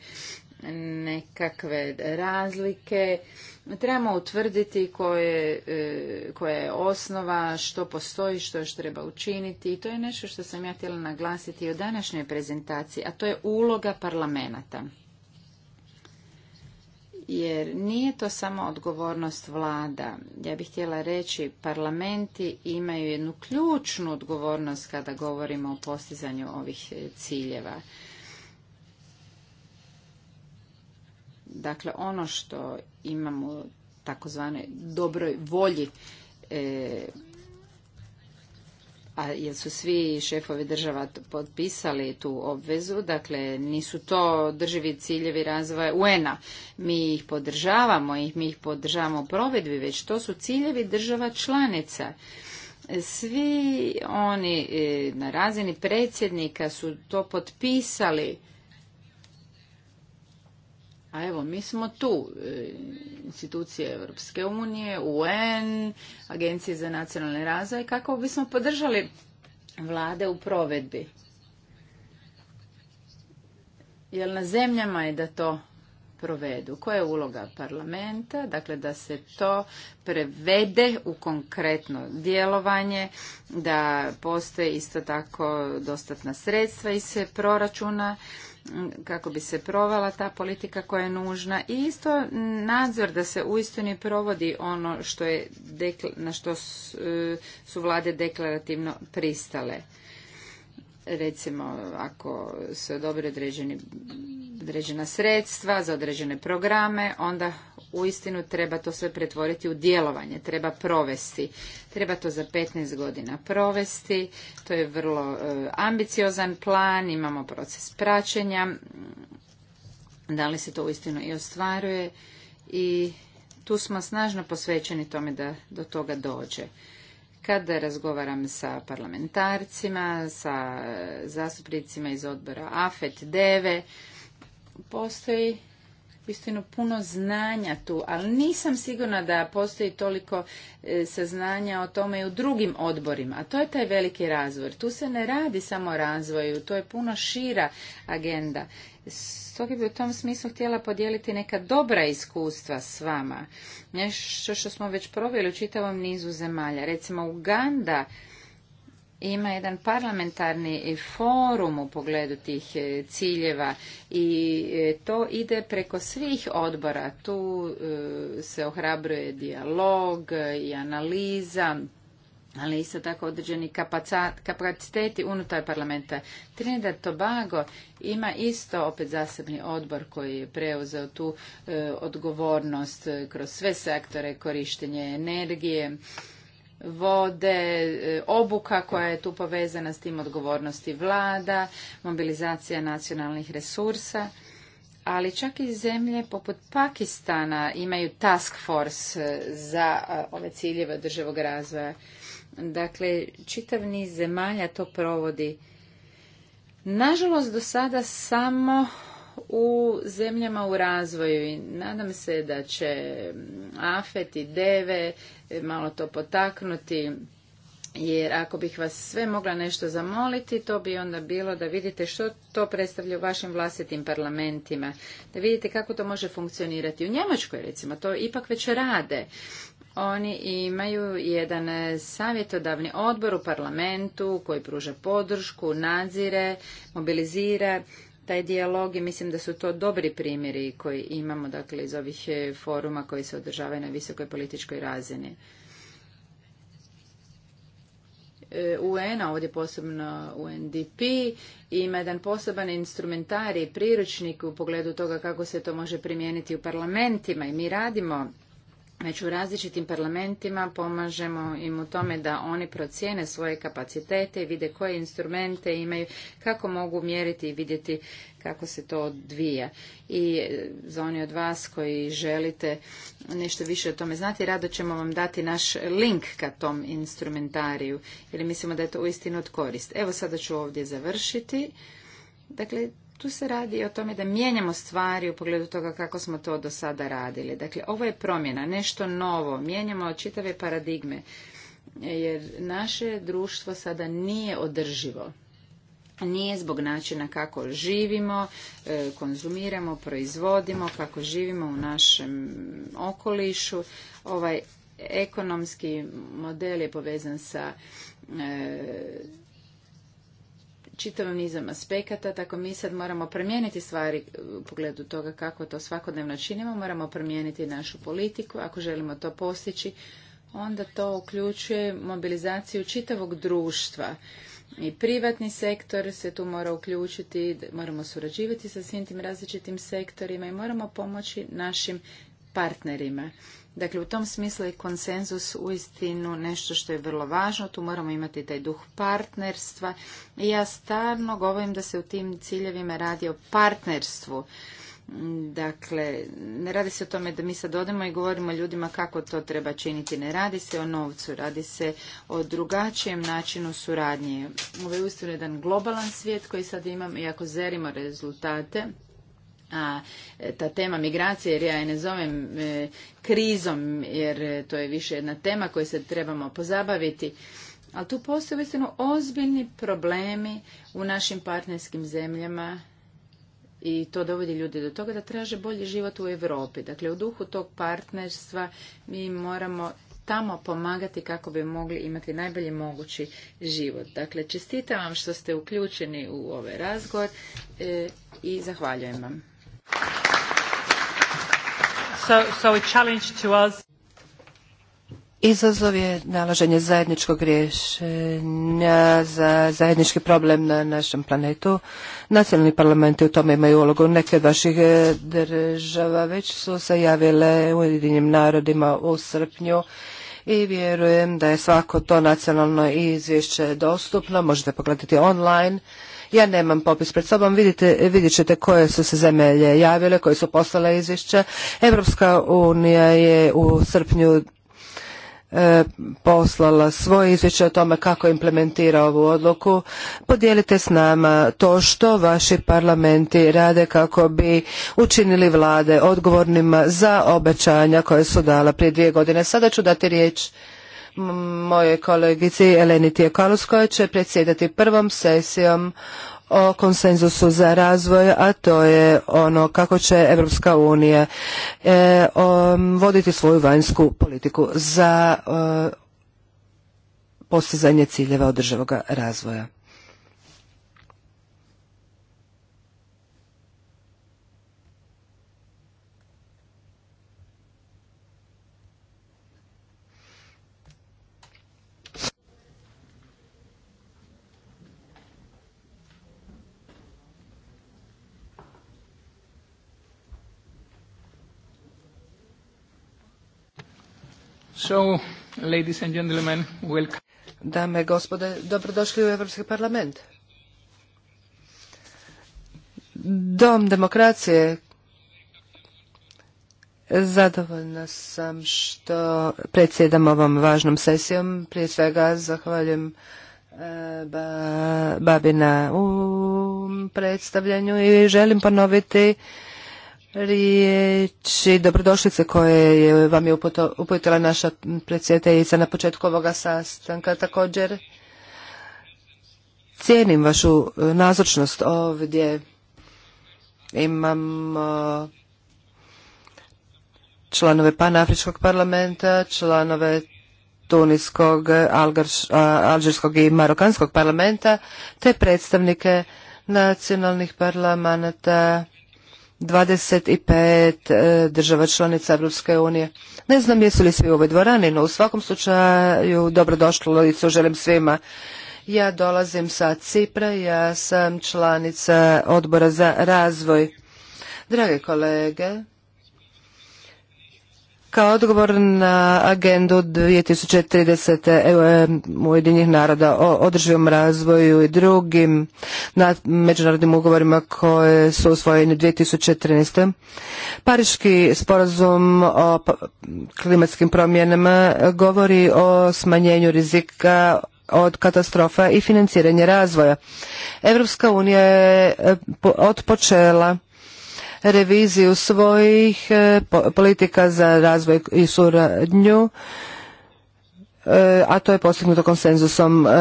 nekakve razlike. Trebamo utvrditi koje, e, koja je osnova, što postoji, što još treba učiniti i to je nešto što sam ja htjela naglasiti i u današnjoj prezentaciji, a to je uloga parlamenta. Jer nije to samo odgovornost vlada. Ja bih htjela reći, parlamenti imaju jednu ključnu odgovornost kada govorimo o postizanju ovih ciljeva. Dakle, ono što imamo takozvane dobroj volji e, a jer su svi šefovi država potpisali tu obvezu, dakle nisu to drživi ciljevi razvoja UN-a. Mi ih podržavamo, i mi ih podržavamo u provedbi, već to su ciljevi država članica. Svi oni e, na razini predsjednika su to potpisali a evo, mi smo tu, e, institucije Europske unije, UN, Agencije za nacionalni razvoj, kako bismo podržali vlade u provedbi. Jer na zemljama je da to provedu. Koja je uloga parlamenta? Dakle, da se to prevede u konkretno djelovanje, da postoje isto tako dostatna sredstva iz proračuna, kako bi se provala ta politika koja je nužna i isto nadzor da se uistinu provodi ono što je na što e, su, vlade deklarativno pristale recimo ako se odobre određena sredstva za određene programe onda uistinu treba to sve pretvoriti u djelovanje, treba provesti. Treba to za 15 godina provesti, to je vrlo e, ambiciozan plan, imamo proces praćenja, mm, da li se to uistinu i ostvaruje i tu smo snažno posvećeni tome da do toga dođe. Kada razgovaram sa parlamentarcima, sa e, zastupnicima iz odbora AFET, DEVE, postoji uistinu puno znanja tu, ali nisam sigurna da postoji toliko e, saznanja o tome i u drugim odborima, a to je taj veliki razvoj. Tu se ne radi samo o razvoju, to je puno šira agenda. Stoga bi u tom smislu htjela podijeliti neka dobra iskustva s vama. Nešto što smo već proveli u čitavom nizu zemalja. Recimo Uganda, ima jedan parlamentarni forum u pogledu tih e, ciljeva i e, to ide preko svih odbora. Tu e, se ohrabruje dijalog i analiza ali isto tako određeni kapaciteti unutar parlamenta. Trinidad Tobago ima isto opet zasebni odbor koji je preuzeo tu odgovornost kroz sve sektore, korištenje energije, vode, e, obuka koja je tu povezana s tim odgovornosti vlada, mobilizacija nacionalnih resursa, ali čak i zemlje poput Pakistana imaju task force e, za e, ove ciljeve održivog razvoja. Dakle, čitav niz zemalja to provodi. Nažalost, do sada samo u zemljama u razvoju i nadam se da će AFET i DEVE malo to potaknuti jer ako bih vas sve mogla nešto zamoliti, to bi onda bilo da vidite što to predstavlja u vašim vlastitim parlamentima, da vidite kako to može funkcionirati. U Njemačkoj recimo to ipak već rade. Oni imaju jedan savjetodavni odbor u parlamentu koji pruža podršku, nadzire, mobilizira taj dijalog i mislim da su to dobri primjeri koji imamo dakle, iz ovih e, foruma koji se održavaju na visokoj političkoj razini. E, UN, a ovdje posebno UNDP, ima jedan poseban instrumentarij, priručnik u pogledu toga kako se to može primijeniti u parlamentima i mi radimo već u različitim parlamentima pomažemo im u tome da oni procijene svoje kapacitete i vide koje instrumente imaju, kako mogu mjeriti i vidjeti kako se to odvija. I e, za oni od vas koji želite nešto više o tome znati, rado ćemo vam dati naš link ka tom instrumentariju, jer mislimo da je to uistinu od korist. Evo sada ću ovdje završiti. Dakle, tu se radi o tome da mijenjamo stvari u pogledu toga kako smo to do sada radili. Dakle, ovo je promjena, nešto novo, mijenjamo čitave paradigme, jer naše društvo sada nije održivo. Nije zbog načina kako živimo, e, konzumiramo, proizvodimo, kako živimo u našem okolišu. Ovaj ekonomski model je povezan sa e, čitavom nizom aspekata, tako mi sad moramo promijeniti stvari e, u pogledu toga kako to svakodnevno činimo, moramo promijeniti našu politiku, ako želimo to postići, onda to uključuje mobilizaciju čitavog društva. I privatni sektor se tu mora uključiti, moramo surađivati sa svim tim različitim sektorima i moramo pomoći našim partnerima. Dakle, u tom smislu je konsenzus u istinu nešto što je vrlo važno. Tu moramo imati taj duh partnerstva. I ja stalno govorim da se u tim ciljevima radi o partnerstvu. Dakle, ne radi se o tome da mi sad odemo i govorimo ljudima kako to treba činiti. Ne radi se o novcu, radi se o drugačijem načinu suradnje. Ovo je jedan globalan svijet koji sad imam i ako zerimo rezultate, a e, ta tema migracije, jer ja je ne zovem e, krizom, jer e, to je više jedna tema koju se trebamo pozabaviti, ali tu postoje uistinu ozbiljni problemi u našim partnerskim zemljama i to dovodi ljude do toga da traže bolji život u Europi. Dakle, u duhu tog partnerstva mi moramo tamo pomagati kako bi mogli imati najbolji mogući život. Dakle, čestitam vam što ste uključeni u ovaj razgovor i zahvaljujem vam. So, Izazov je nalaženje zajedničkog rješenja za zajednički problem na našem planetu. Nacionalni parlamenti u tome imaju ulogu. Neke od vaših eh, država već su se javile u jedinim narodima u srpnju i vjerujem da je svako to nacionalno izvješće dostupno. Možete pogledati online. Ja nemam popis pred sobom, Vidite, vidjet ćete koje su se zemelje javile, koje su poslale izvješća. Evropska unija je u srpnju e, poslala svoje izvješće o tome kako implementira ovu odluku. Podijelite s nama to što vaši parlamenti rade kako bi učinili vlade odgovornima za obećanja koje su dala prije dvije godine. Sada ću dati riječ moje kolegici Eleni Tijekolus će predsjedati prvom sesijom o konsenzusu za razvoj, a to je ono kako će Evropska unija e, voditi svoju vanjsku politiku za e, postizanje ciljeva održavoga razvoja. ladies and gentlemen, welcome. Dame i gospode, dobrodošli u Europski parlament. Dom demokracije. Zadovoljna sam što predsjedam ovom važnom sesijom. Prije svega zahvaljujem e, Babina u predstavljanju i želim ponoviti riječi dobrodošlice koje je, vam je uputila naša predsjedateljica na početku ovoga sastanka također. Cijenim vašu e, nazočnost ovdje. Imam članove Panafričkog parlamenta, članove Tuniskog, Alžirskog i Marokanskog parlamenta, te predstavnike nacionalnih parlamenta 25 e, država članica Europske unije. Ne znam jesu li svi u ovoj dvorani, no u svakom slučaju i želim svima. Ja dolazim sa Cipra, ja sam članica odbora za razvoj. Drage kolege, kao odgovor na agendu 2030. E, e, Ujedinjenih naroda o održivom razvoju i drugim međunarodnim ugovorima koje su usvojeni 2013. Pariški sporazum o klimatskim promjenama govori o smanjenju rizika od katastrofa i financiranje razvoja. Europska unija je e, otpočela reviziju svojih e, politika za razvoj i suradnju e, a to je postignuto konsenzusom e,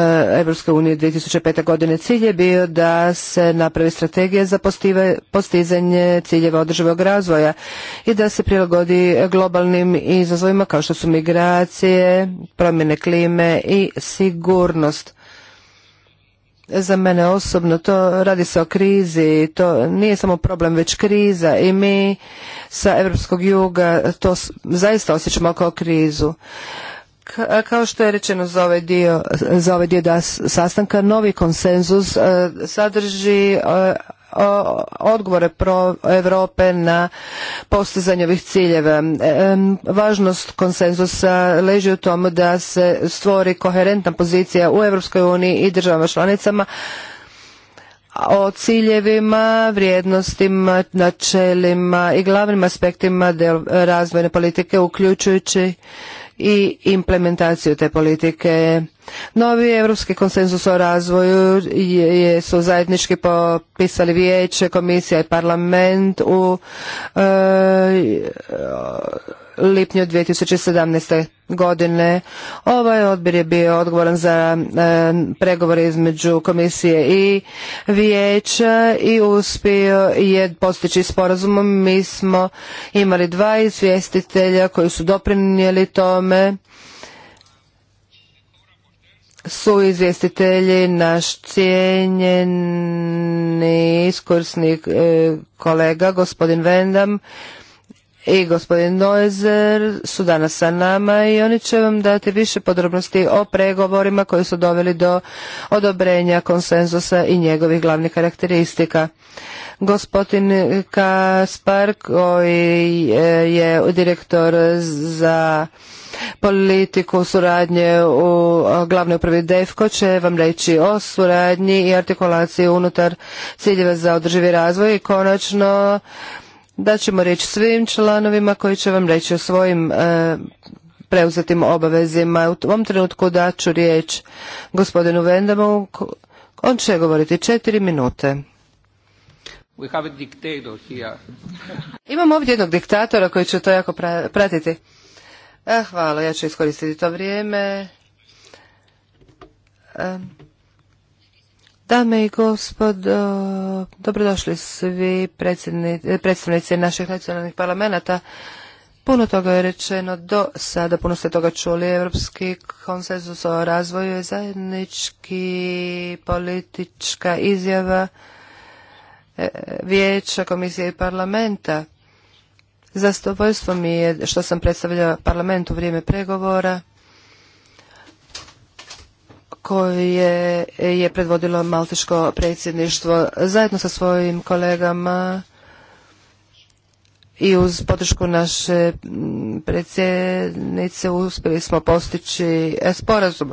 Evropske unije 2005. godine. Cilj je bio da se napravi strategija za postizanje ciljeva održivog razvoja i da se prilagodi globalnim izazovima kao što su migracije, promjene klime i sigurnost za mene osobno to radi se o krizi to nije samo problem već kriza i mi sa europskog juga to zaista osjećamo kao krizu kao što je rečeno za ovaj dio, za ovaj dio da sastanka, novi konsenzus e, sadrži e, odgovore pro Europe na postizanje ovih ciljeva. Važnost konsenzusa leži u tomu da se stvori koherentna pozicija u Europskoj uniji i državama članicama o ciljevima, vrijednostima, načelima i glavnim aspektima razvojne politike uključujući i implementaciju te politike. Novi europski konsenzus o razvoju je, su zajednički popisali vijeće, komisija i parlament u e, lipnju 2017. godine. Ovaj odbir je bio odgovoran za e, pregovore između komisije i vijeća i uspio je postići sporazumom. Mi smo imali dva izvjestitelja koji su doprinijeli tome su izvjestitelji naš cijenjeni iskursni e, kolega gospodin Vendam i gospodin Noizer su danas sa nama i oni će vam dati više podrobnosti o pregovorima koji su doveli do odobrenja konsenzusa i njegovih glavnih karakteristika. Gospodin Kaspar koji e, je direktor za politiku suradnje u glavnoj upravi DEFKO će vam reći o suradnji i artikulaciji unutar ciljeva za održivi razvoj i konačno da ćemo reći svim članovima koji će vam reći o svojim e, preuzetim obavezima. U ovom trenutku daću riječ gospodinu Vendamu. On će govoriti četiri minute. We have a dictator here. Imam ovdje jednog diktatora koji će to jako pratiti. E, hvala, ja ću iskoristiti to vrijeme. E, Dame i gospodo, dobrodošli svi predstavnici naših nacionalnih parlamenta. Puno toga je rečeno do sada, puno ste toga čuli. Europski konsenzus o razvoju je zajednički politička izjava e, vijeća, komisije i parlamenta. Zastovoljstvo mi je što sam predstavlja parlament u vrijeme pregovora koje je predvodilo Malteško predsjedništvo zajedno sa svojim kolegama i uz podršku naše predsjednice uspjeli smo postići e, sporazum.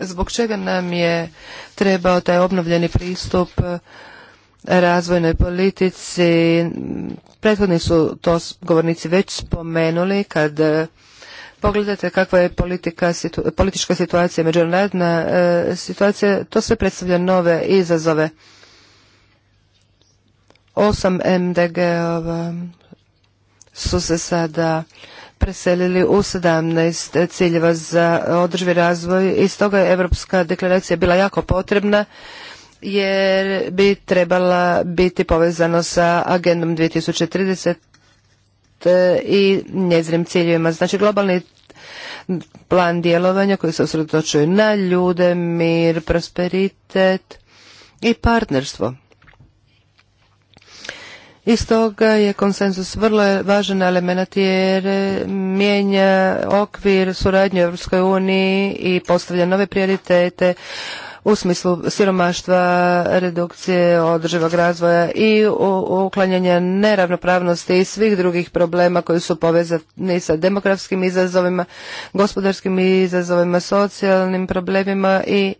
Zbog čega nam je trebao taj obnovljeni pristup e, razvojnoj politici? Prethodni su to govornici već spomenuli kad Pogledajte kakva je politika, politička situacija, međunarodna e, situacija, to sve predstavlja nove izazove. Osam MDG-ova su se sada preselili u 17 ciljeva za održivi razvoj i stoga je Europska deklaracija bila jako potrebna jer bi trebala biti povezano sa agendom 2030 E, i njezinim ciljevima. Znači globalni plan djelovanja koji se usredotočuje na ljude, mir, prosperitet i partnerstvo. I stoga je konsenzus vrlo važan element jer mijenja okvir suradnje u Europskoj uniji i postavlja nove prioritete u smislu siromaštva, redukcije održivog razvoja i uklanjanja neravnopravnosti i svih drugih problema koji su povezani sa demografskim izazovima, gospodarskim izazovima, socijalnim problemima i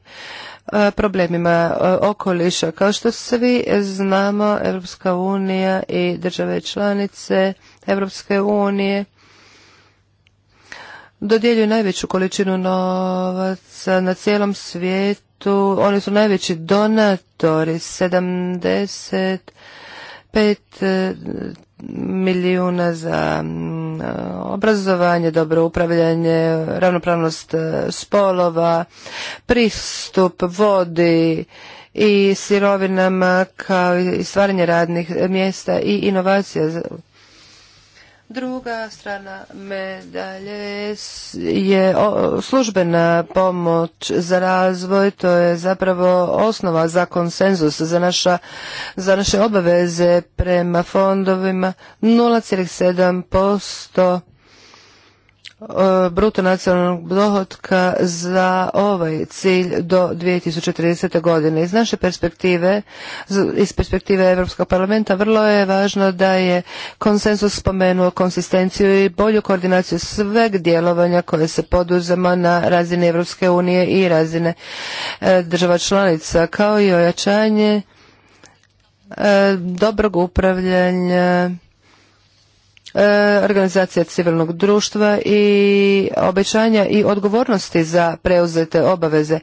e, problemima e, okoliša. Kao što svi znamo, Europska unija i države članice Europske unije dodjeljuju najveću količinu novaca na cijelom svijetu tu, oni su najveći donatori, 75 e, milijuna za mm, e, obrazovanje, dobro upravljanje, ravnopravnost e, spolova, pristup vodi i sirovinama kao i stvaranje radnih mjesta i inovacija Druga strana medalje je službena pomoć za razvoj, to je zapravo osnova za konsenzus, za, naša, za naše obaveze prema fondovima 0,7% E, bruto nacionalnog dohotka za ovaj cilj do 2030. godine. Iz naše perspektive, iz perspektive Europskog parlamenta, vrlo je važno da je konsensus spomenuo konsistenciju i bolju koordinaciju sveg djelovanja koje se poduzema na razine Europske unije i razine e, država članica, kao i ojačanje e, dobrog upravljanja E, organizacija civilnog društva i obećanja i odgovornosti za preuzete obaveze.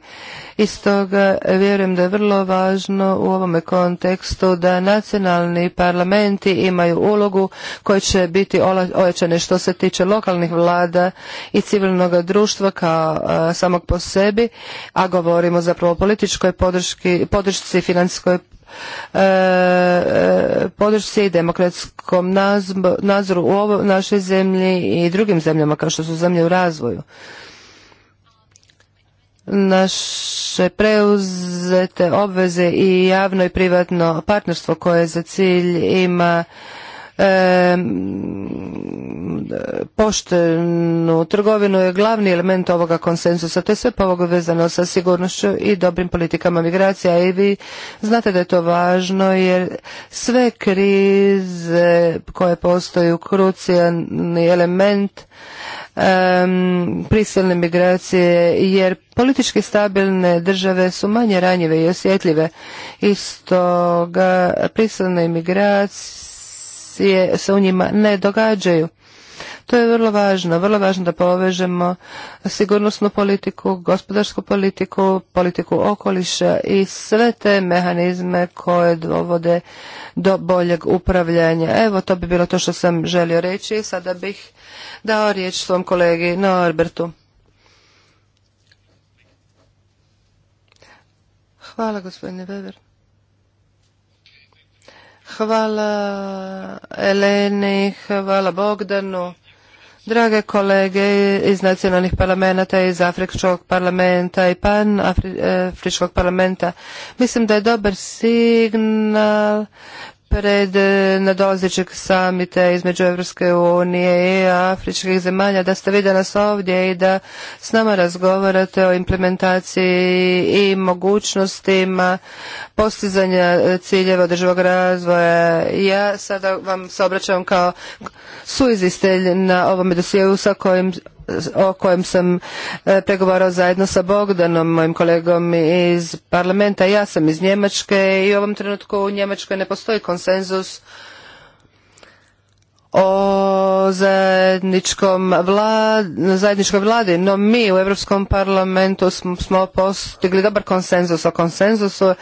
Iz toga vjerujem da je vrlo važno u ovome kontekstu da nacionalni parlamenti imaju ulogu koja će biti ojačane što se tiče lokalnih vlada i civilnog društva kao e, samog po sebi, a govorimo zapravo o političkoj podršci podršci financijskoj E, e, podršci i demokratskom nadzoru u ovoj našoj zemlji i drugim zemljama kao što su zemlje u razvoju naše preuzete obveze i javno i privatno partnerstvo koje za cilj ima poštenu trgovinu je glavni element ovoga konsensusa. To je sve vezano sa sigurnošću i dobrim politikama migracija i vi znate da je to važno jer sve krize koje postoju krucijalni element prisilne migracije jer politički stabilne države su manje ranjive i osjetljive. isto prisilne migracije se u njima ne događaju. To je vrlo važno, vrlo važno da povežemo sigurnosnu politiku, gospodarsku politiku, politiku okoliša i sve te mehanizme koje dovode do boljeg upravljanja. Evo, to bi bilo to što sam želio reći. Sada bih dao riječ svom kolegi Norbertu. Hvala, gospodine Weber. Hvala Eleni, hvala Bogdanu. Drage kolege iz nacionalnih parlamenta, iz Afričkog parlamenta i pan Afričkog parlamenta, mislim da je dobar signal pred e, nadolazećeg samita između Evropske unije i afričkih zemalja, da ste vi danas ovdje i da s nama razgovarate o implementaciji i mogućnostima postizanja e, ciljeva održivog razvoja. Ja sada vam se obraćam kao suizistelj na ovom dosijeu sa kojim o kojem sam e, pregovarao zajedno sa Bogdanom, mojim kolegom iz parlamenta. Ja sam iz Njemačke i u ovom trenutku u Njemačkoj ne postoji konsenzus o zajedničkom vlad, zajedničkoj vladi, no mi u Europskom parlamentu smo postigli dobar konsenzus o konsenzusu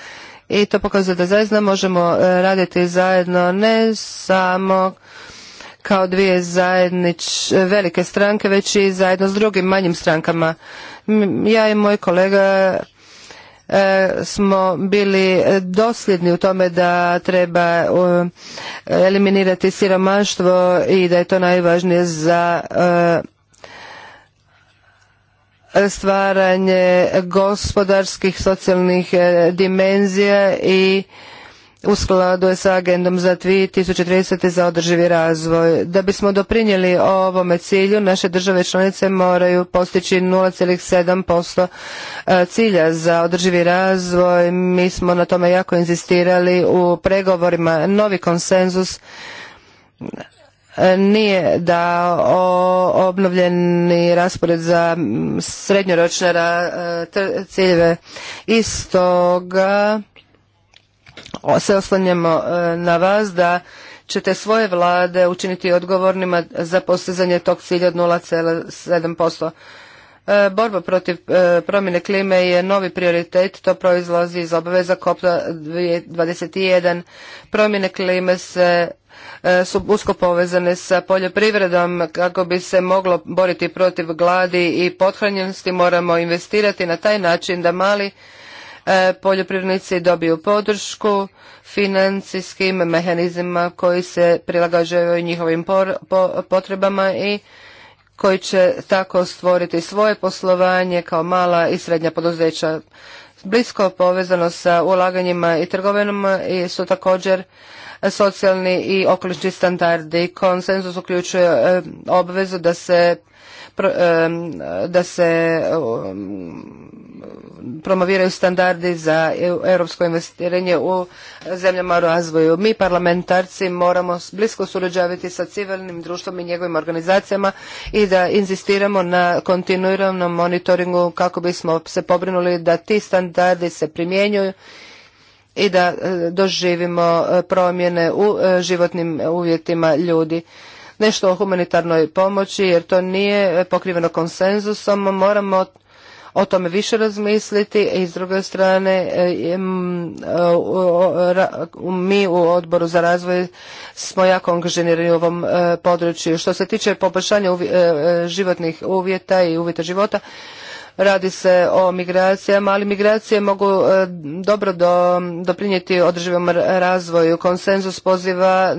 i to pokazuje da zaista možemo e, raditi zajedno ne samo kao dvije zajednič, velike stranke, već i zajedno s drugim manjim strankama. Ja i moj kolega e, smo bili dosljedni u tome da treba e, eliminirati siromaštvo i da je to najvažnije za e, stvaranje gospodarskih socijalnih e, dimenzija i u skladu je sa agendom za 2030. za održivi razvoj. Da bismo doprinijeli ovome cilju, naše države članice moraju postići 0,7% e, cilja za održivi razvoj. Mi smo na tome jako inzistirali u pregovorima. Novi konsenzus e, nije da obnovljeni raspored za srednjoročne e, ciljeve. istoga toga se oslanjamo e, na vas da ćete svoje vlade učiniti odgovornima za postizanje tog cilja od 0,7%. E, borba protiv e, promjene klime je novi prioritet, to proizlazi iz obaveza cop 21. Promjene klime se su usko povezane sa poljoprivredom kako bi se moglo boriti protiv gladi i pothranjenosti moramo investirati na taj način da mali E, poljoprivrednici dobiju podršku financijskim mehanizmima koji se prilagađaju njihovim potrebama i koji će tako stvoriti svoje poslovanje kao mala i srednja poduzeća. Blisko povezano sa ulaganjima i trgovinama su također socijalni i okolični standardi. Konsenzus uključuje e, obvezu da se e, da se promoviraju standardi za europsko investiranje u zemljama u razvoju. Mi parlamentarci moramo blisko surađavati sa civilnim društvom i njegovim organizacijama i da inzistiramo na kontinuiranom monitoringu kako bismo se pobrinuli da ti standardi se primjenjuju i da e, doživimo e, promjene u e, životnim uvjetima ljudi nešto o humanitarnoj pomoći jer to nije pokriveno konsenzusom moramo o tome više razmisliti i s druge strane e, e, mi u odboru za razvoj smo jako angažirani u ovom e, području. Što se tiče poboljšanja životnih uvjeta i uvjeta života, Radi se o migracijama, ali migracije mogu e, dobro doprinijeti održivom razvoju. Konsenzus poziva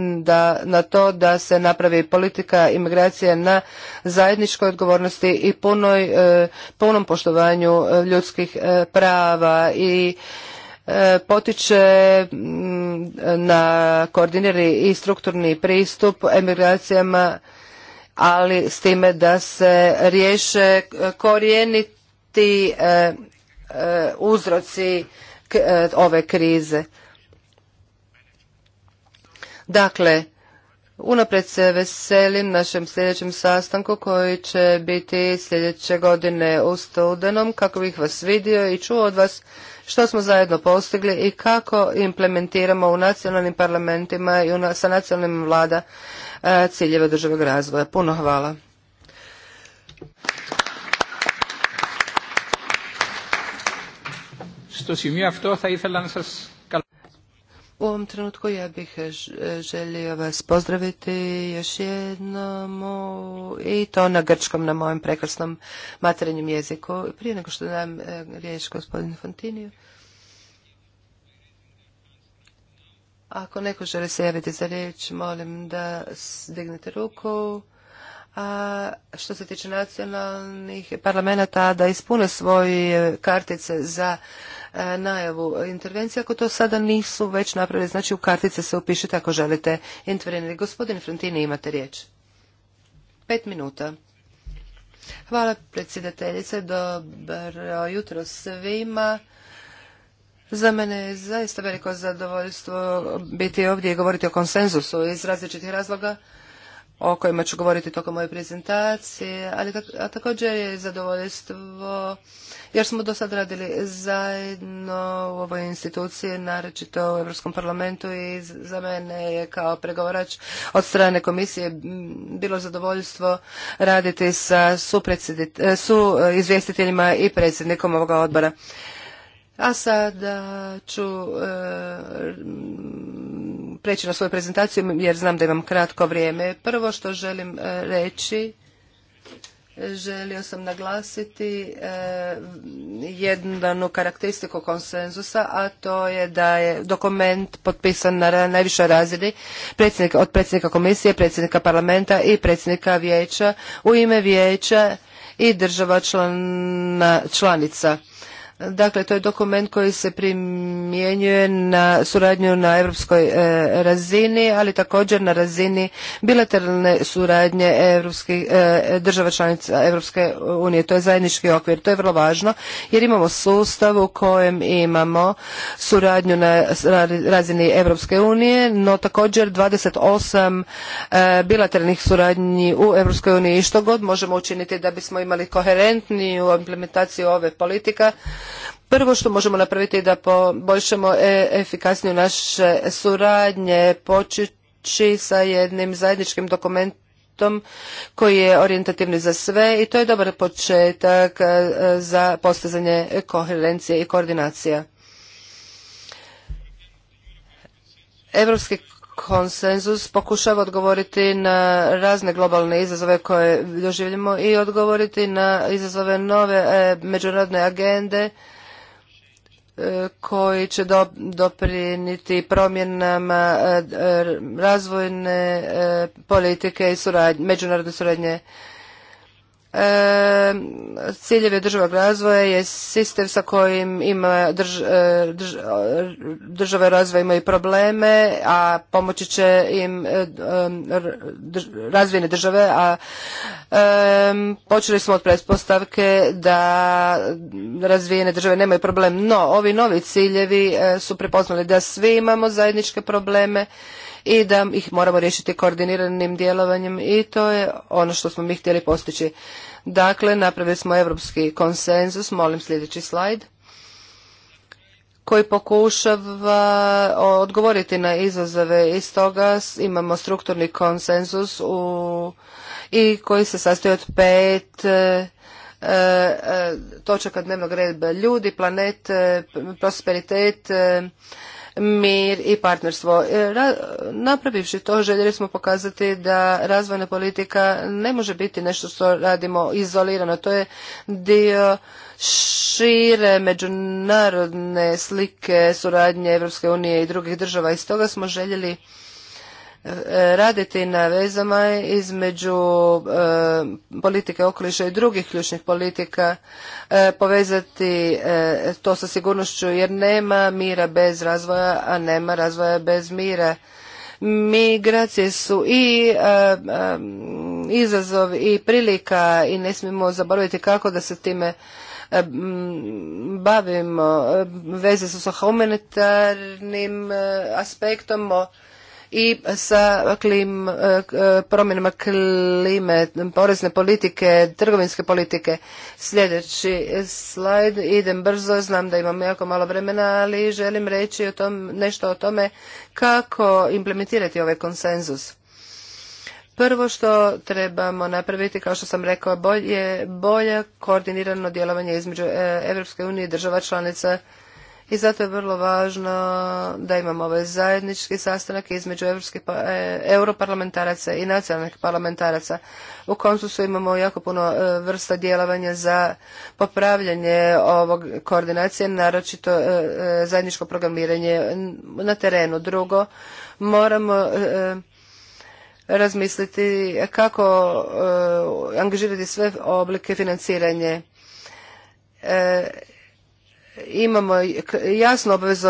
na to da se napravi politika imigracije na zajedničkoj odgovornosti i punoj, e, punom poštovanju e, ljudskih prava i potiče na koordinirani i strukturni pristup emigracijama ali s time da se riješe korijeni ti e, e, uzroci e, ove krize. Dakle, unaprijed se veselim našem sljedećem sastanku koji će biti sljedeće godine u Studenom kako bih vas vidio i čuo od vas što smo zajedno postigli i kako implementiramo u nacionalnim parlamentima i sa nacionalnim vlada ciljeve državnog razvoja. Puno hvala. Στο σημείο u ovom trenutku ja bih eh, eh, želio vas pozdraviti još jednom i to na grčkom, na mojem prekrasnom materinjem jeziku. Prije nego što dam eh, riječ gospodinu Fontiniju. Ako neko želi se javiti za riječ, molim da dignete ruku. A što se tiče nacionalnih parlamenta, da ispune svoje kartice za E, najavu intervencije ako to sada nisu već napravili. Znači u kartice se upišite ako želite intervenirati. Gospodin Frontini imate riječ. Pet minuta. Hvala predsjedateljice, dobro jutro svima. Za mene je zaista veliko zadovoljstvo biti ovdje i govoriti o konsenzusu iz različitih razloga o kojima ću govoriti tokom moje prezentacije, ali a također je zadovoljstvo jer smo do sad radili zajedno u ovoj instituciji, naročito u Europskom parlamentu i za mene je kao pregovarač od strane komisije bilo zadovoljstvo raditi sa e, su, e, izvjestiteljima i predsjednikom ovoga odbora. A sada ću e, preći na svoju prezentaciju jer znam da imam kratko vrijeme. Prvo što želim e, reći, želio sam naglasiti e, jednu karakteristiku konsenzusa, a to je da je dokument potpisan na najvišoj razini od predsjednika komisije, predsjednika parlamenta i predsjednika vijeća u ime vijeća i država članica Dakle, to je dokument koji se primjenjuje na suradnju na europskoj e, razini, ali također na razini bilateralne suradnje e, država članica Europske unije. To je zajednički okvir. To je vrlo važno jer imamo sustav u kojem imamo suradnju na razini Europske unije, no također 28 e, bilateralnih suradnji u Europskoj uniji i što god možemo učiniti da bismo imali koherentniju implementaciju ove politika Prvo što možemo napraviti je da poboljšamo e, efikasniju naše suradnje, počeći sa jednim zajedničkim dokumentom koji je orijentativni za sve i to je dobar početak e, za postizanje koherencije i koordinacija. Europski konsenzus pokušava odgovoriti na razne globalne izazove koje doživljamo i odgovoriti na izazove nove e, međunarodne agende koji će doprinijeti promjenama e, e, razvojne e, politike i suradnje, međunarodne suradnje E, ciljeve državog razvoja je sistem sa kojim ima drž, e, drž, e, države razvoja imaju probleme, a pomoći će im e, razvijene države, a počeli smo od pretpostavke da razvijene države nemaju problem. No, ovi novi ciljevi su prepoznali da svi imamo zajedničke probleme i da ih moramo riješiti koordiniranim djelovanjem i to je ono što smo mi htjeli postići. Dakle, napravili smo europski konsenzus, molim sljedeći slajd koji pokušava odgovoriti na izazove i stoga imamo strukturni konsenzus u, i koji se sastoji od pet e, e, e, točaka dnevnog reda ljudi, planet, prosperitet, mir i partnerstvo. E, napravivši to, željeli smo pokazati da razvojna politika ne može biti nešto što radimo izolirano. To je dio šire međunarodne slike suradnje Europske unije i drugih država. I stoga smo željeli E, raditi na vezama između e, politike okoliša i drugih ključnih politika, e, povezati to sa sigurnošću jer nema mira bez razvoja, a nema razvoja bez mira. Migracije su i izazov i prilika i ne smijemo zaboraviti kako da se time bavimo. Veze su sa humanitarnim aspektom, i sa klim, e, promjenama klime, porezne politike, trgovinske politike. Sljedeći slajd, idem brzo, znam da imam jako malo vremena, ali želim reći tom, nešto o tome kako implementirati ovaj konsenzus. Prvo što trebamo napraviti, kao što sam rekao, je bolje koordinirano djelovanje između Europske unije i država članica i zato je vrlo važno da imamo ovaj zajednički sastanak između pa- e, europarlamentaraca i nacionalnih parlamentaraca. U konzusu imamo jako puno e, vrsta djelovanja za popravljanje ovog koordinacije, naročito e, zajedničko programiranje na terenu. Drugo, moramo razmisliti kako angažirati sve oblike financiranje imamo jasnu obvezu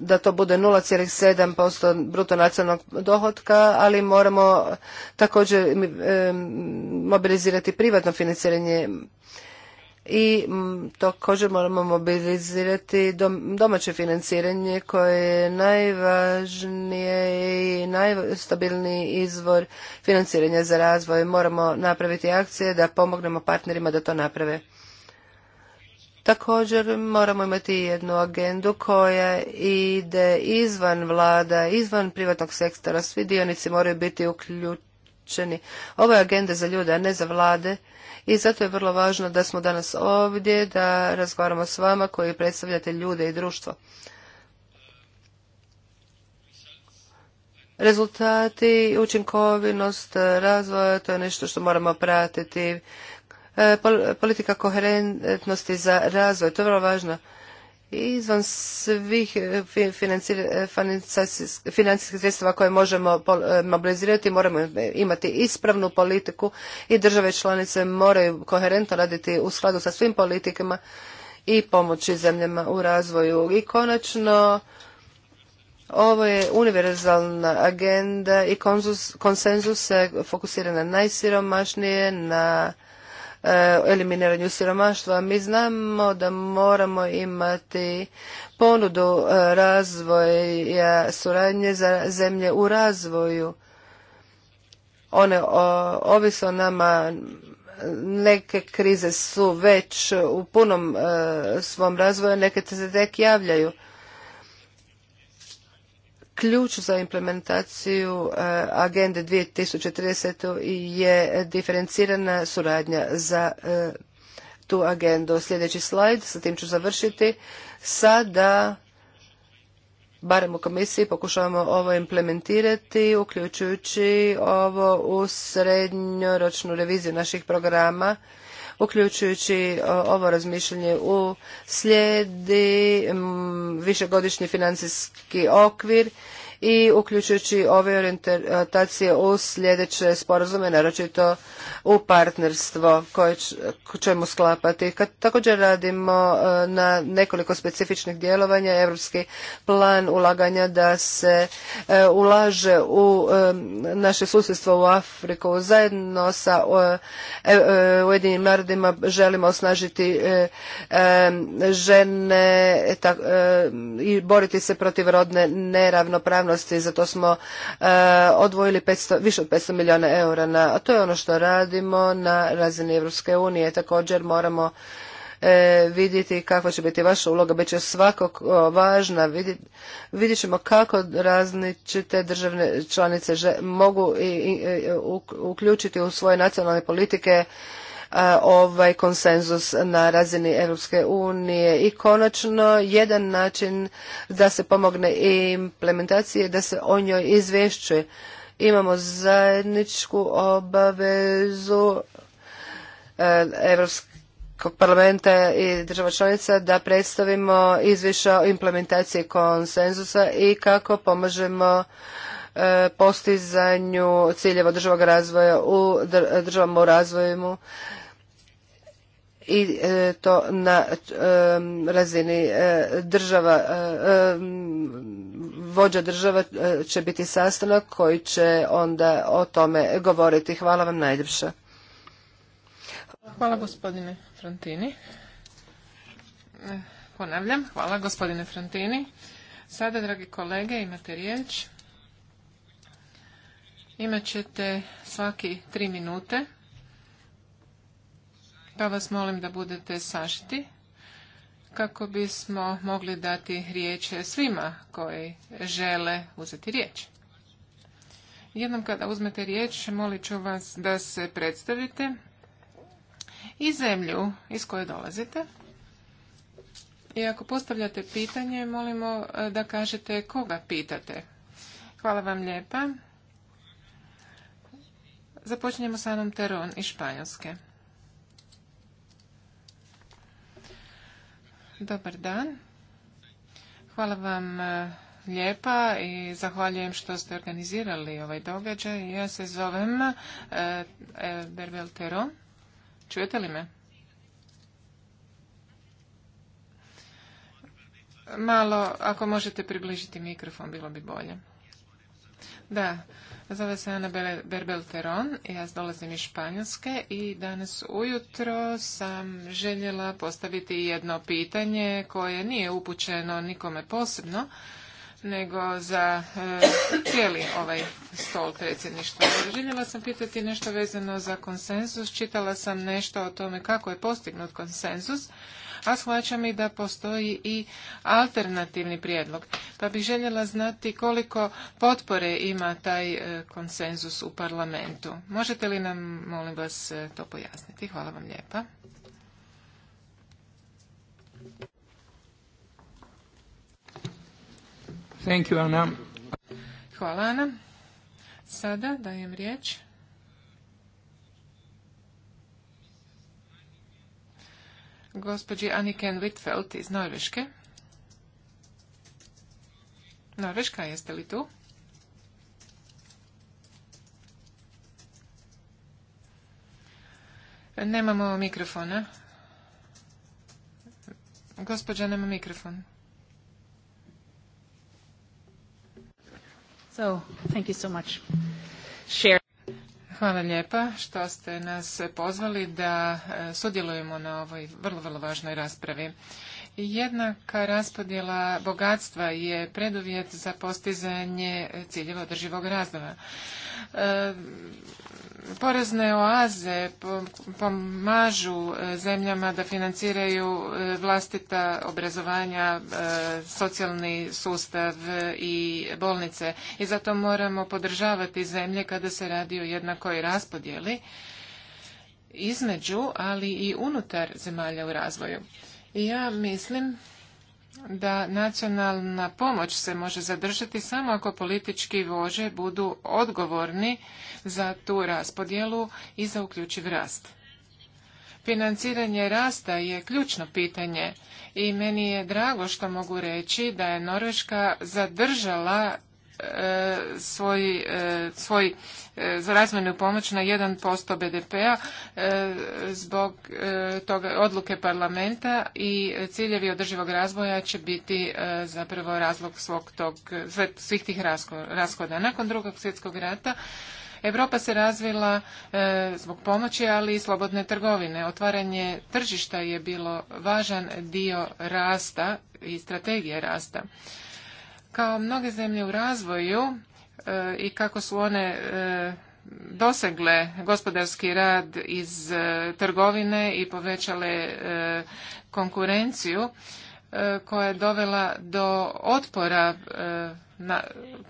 da to bude 0,7% bruto nacionalnog dohotka, ali moramo također mobilizirati privatno financiranje i također moramo mobilizirati domaće financiranje koje je najvažnije i najstabilniji izvor financiranja za razvoj. Moramo napraviti akcije da pomognemo partnerima da to naprave. Također moramo imati jednu agendu koja ide izvan vlada, izvan privatnog sektora. Svi dionici moraju biti uključeni. Ovo je agenda za ljude, a ne za vlade. I zato je vrlo važno da smo danas ovdje, da razgovaramo s vama koji predstavljate ljude i društvo. Rezultati, učinkovinost, razvoja, to je nešto što moramo pratiti. E, politika koherentnosti za razvoj. To je vrlo važno. Izvan svih e, e, financijskih sredstava koje možemo mobilizirati moramo imati ispravnu politiku i države članice moraju koherentno raditi u skladu sa svim politikama i pomoći zemljama u razvoju. I konačno, ovo je univerzalna agenda i konsenzus se fokusira na najsiromašnije, na E, eliminiranju siromaštva. Mi znamo da moramo imati ponudu e, razvoja suradnje za zemlje u razvoju. One e, ovisno nama neke krize su već u punom svom razvoju, neke se tek javljaju ključ za implementaciju e, agende 2030. je diferencirana suradnja za e, tu agendu. Sljedeći slajd, sa tim ću završiti. Sada, barem u komisiji, pokušavamo ovo implementirati, uključujući ovo u srednjoročnu reviziju naših programa uključujući ovo razmišljanje u slijedi višegodišnji financijski okvir i uključujući ove orientacije u sljedeće sporazume, naročito u partnerstvo koje ćemo sklapati. Kad također radimo e, na nekoliko specifičnih djelovanja, europski plan ulaganja da se e, ulaže u e, naše susjedstvo u Afriku zajedno sa Ujedinim narodima želimo osnažiti žene i boriti se protiv rodne neravnopravne za Zato smo e, odvojili 500, više od 500 milijuna eura. Na, a to je ono što radimo na razini Europske unije. Također moramo e, vidjeti kakva će biti vaša uloga, bit će svako važna, vidjet, ćemo kako različite državne članice mogu e, uključiti u svoje nacionalne politike ovaj konsenzus na razini Europske unije. I konačno, jedan način da se pomogne implementacije da se o njoj izvješćuje. Imamo zajedničku obavezu Europskog parlamenta i država članica da predstavimo izvješća o implementaciji konsenzusa i kako pomažemo E, postizanju ciljeva državnog razvoja u državama u razvoju i e, to na e, razini država vođa država će biti sastanak koji će onda o tome govoriti. Hvala vam najljepša. Hvala gospodine Frantini. Ponavljam, hvala gospodine Frantini. Sada, dragi kolege, imate riječ. Imat ćete svaki tri minute, pa vas molim da budete sašti kako bismo mogli dati riječ svima koji žele uzeti riječ. Jednom kada uzmete riječ, molit ću vas da se predstavite i zemlju iz koje dolazite. I ako postavljate pitanje, molimo eh, da kažete koga pitate. Hvala vam lijepa. Započinjemo sa Anom Teron iz Španjolske. Dobar dan. Hvala vam e, lijepa i zahvaljujem što ste organizirali ovaj događaj. Ja se zovem e, e, Berbel Teron. Čujete li me? Malo, ako možete približiti mikrofon, bilo bi bolje. Da, Zove se Ana Berbelteron, ja dolazim iz Španjolske i danas ujutro sam željela postaviti jedno pitanje koje nije upućeno nikome posebno, nego za e, cijeli ovaj stol predsjedništva. Željela sam pitati nešto vezano za konsenzus, čitala sam nešto o tome kako je postignut konsenzus a shvaćam i da postoji i alternativni prijedlog. Pa bih željela znati koliko potpore ima taj e, konsenzus u parlamentu. Možete li nam, molim vas, e, to pojasniti? Hvala vam lijepa. Thank you, Anna. Hvala, Ana. Sada dajem riječ gospođi Anniken Whitfeld iz Norveške. Norveška, jeste li tu? Nemamo mikrofona. Gospođa nema mikrofon. So, thank you so much. Share. Hvala lijepa što ste nas pozvali da e, sudjelujemo na ovoj vrlo, vrlo važnoj raspravi. Jednaka raspodjela bogatstva je preduvjet za postizanje ciljeva održivog razvoja. E, porezne oaze pomažu e, zemljama da financiraju e, vlastita obrazovanja, socijalni sustav i bolnice i zato moramo podržavati zemlje kada se radi o jednakoj raspodjeli između, ali i unutar zemalja u razvoju. Ja mislim da nacionalna pomoć se može zadržati samo ako politički vože budu odgovorni za tu raspodjelu i za uključiv rast. Financiranje rasta je ključno pitanje i meni je drago što mogu reći da je Norveška zadržala E, svoj, e, svoj e, za razvojnu pomoć na 1% BDP-a zbog toga odluke parlamenta i ciljevi održivog razvoja će biti zapravo razlog svog tog, svih tih rashoda. Nakon drugog svjetskog rata Europa se razvila zbog pomoći, ali i slobodne trgovine. Otvaranje tržišta je bilo važan dio rasta i strategije rasta. Kao mnoge zemlje u razvoju e, i kako su one e, dosegle gospodarski rad iz e, trgovine i povećale konkurenciju koja je dovela do otpora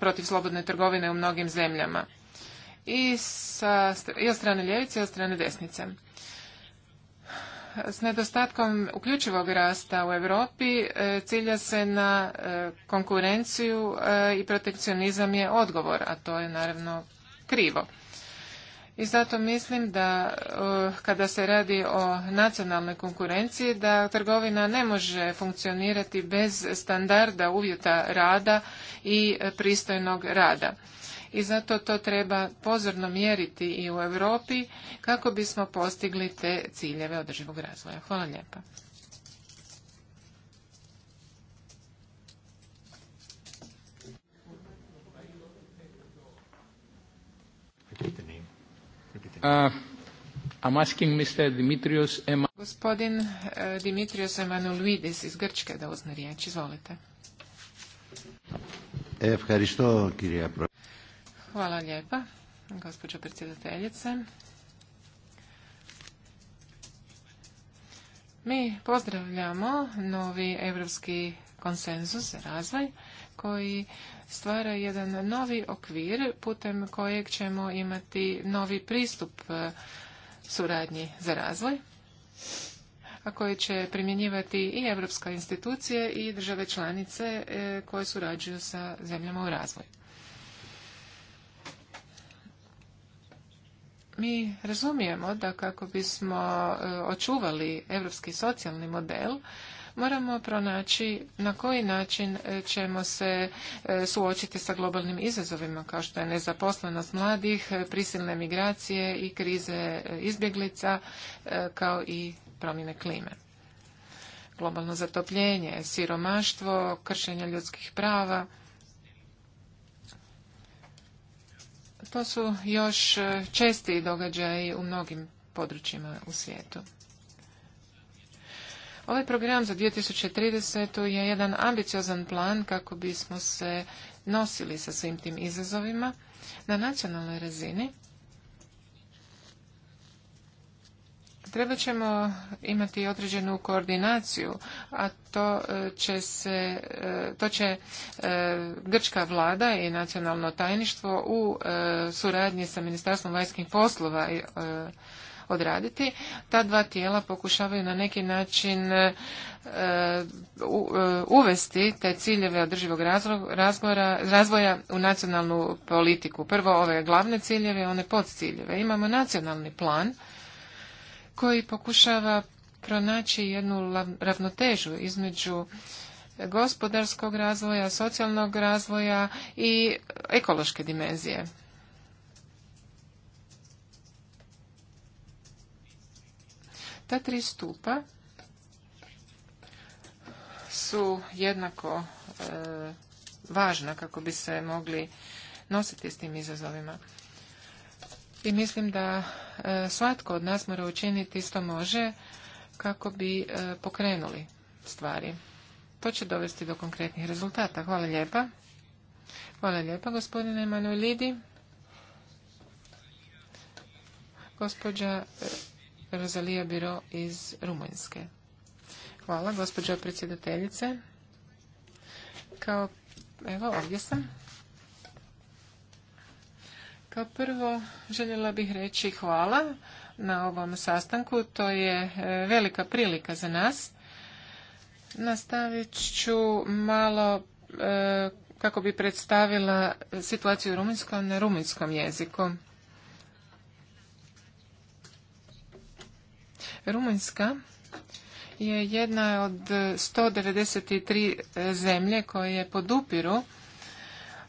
protiv slobodne trgovine u mnogim zemljama. i od strane ljevice i od strane desnice s nedostatkom uključivog rasta u Europi e, cilja se na e, konkurenciju e, i protekcionizam je odgovor, a to je naravno krivo. I zato mislim da kada se radi o nacionalnoj konkurenciji da trgovina ne može funkcionirati bez standarda uvjeta rada i pristojnog rada i zato to treba pozorno mjeriti i u Europi kako bismo postigli te ciljeve održivog razvoja. Hvala lijepa. Uh, I'm asking Mr. Gospodin uh, Dimitrios Emanuelidis iz Grčke da uzme riječ. Izvolite. Ευχαριστώ e, Hvala lijepa, gospođo predsjedateljice. Mi pozdravljamo novi europski konsenzus za razvoj koji stvara jedan novi okvir putem kojeg ćemo imati novi pristup e, suradnji za razvoj, a koji će primjenjivati i europske institucije i države članice e, koje surađuju sa zemljama u razvoju. mi razumijemo da kako bismo e, očuvali europski socijalni model, moramo pronaći na koji način e, ćemo se e, suočiti sa globalnim izazovima kao što je nezaposlenost mladih, prisilne migracije i krize izbjeglica kao i promjene klime. Globalno zatopljenje, siromaštvo, kršenje ljudskih prava, To su još e, česti događaji u mnogim područjima u svijetu. Ovaj program za 2030. je jedan ambiciozan plan kako bismo se nosili sa svim tim izazovima na nacionalnoj razini Treba ćemo imati određenu koordinaciju, a to e, će se, e, to će e, grčka vlada i nacionalno tajništvo u suradnji sa Ministarstvom vanjskih poslova odraditi. Ta dva tijela pokušavaju na neki način uvesti te ciljeve održivog razvoja, razvoja u nacionalnu politiku. Prvo ove glavne ciljeve, one podciljeve. Imamo nacionalni plan koji pokušava pronaći jednu ravnotežu između gospodarskog razvoja, socijalnog razvoja i ekološke dimenzije. Ta tri stupa su jednako e, važna kako bi se mogli nositi s tim izazovima i mislim da e, svatko od nas mora učiniti isto može kako bi e, pokrenuli stvari. To će dovesti do konkretnih rezultata. Hvala lijepa. Hvala lijepa gospodine Manuelidi. Gospođa e, Rozalija Biro iz Rumunjske. Hvala gospođa predsjedateljice. Kao, evo ovdje sam. Kao prvo željela bih reći hvala na ovom sastanku. To je e, velika prilika za nas. Nastavit ću malo e, kako bi predstavila situaciju u na rumunjskom jeziku. Rumunjska je jedna od 193 zemlje koje podupiru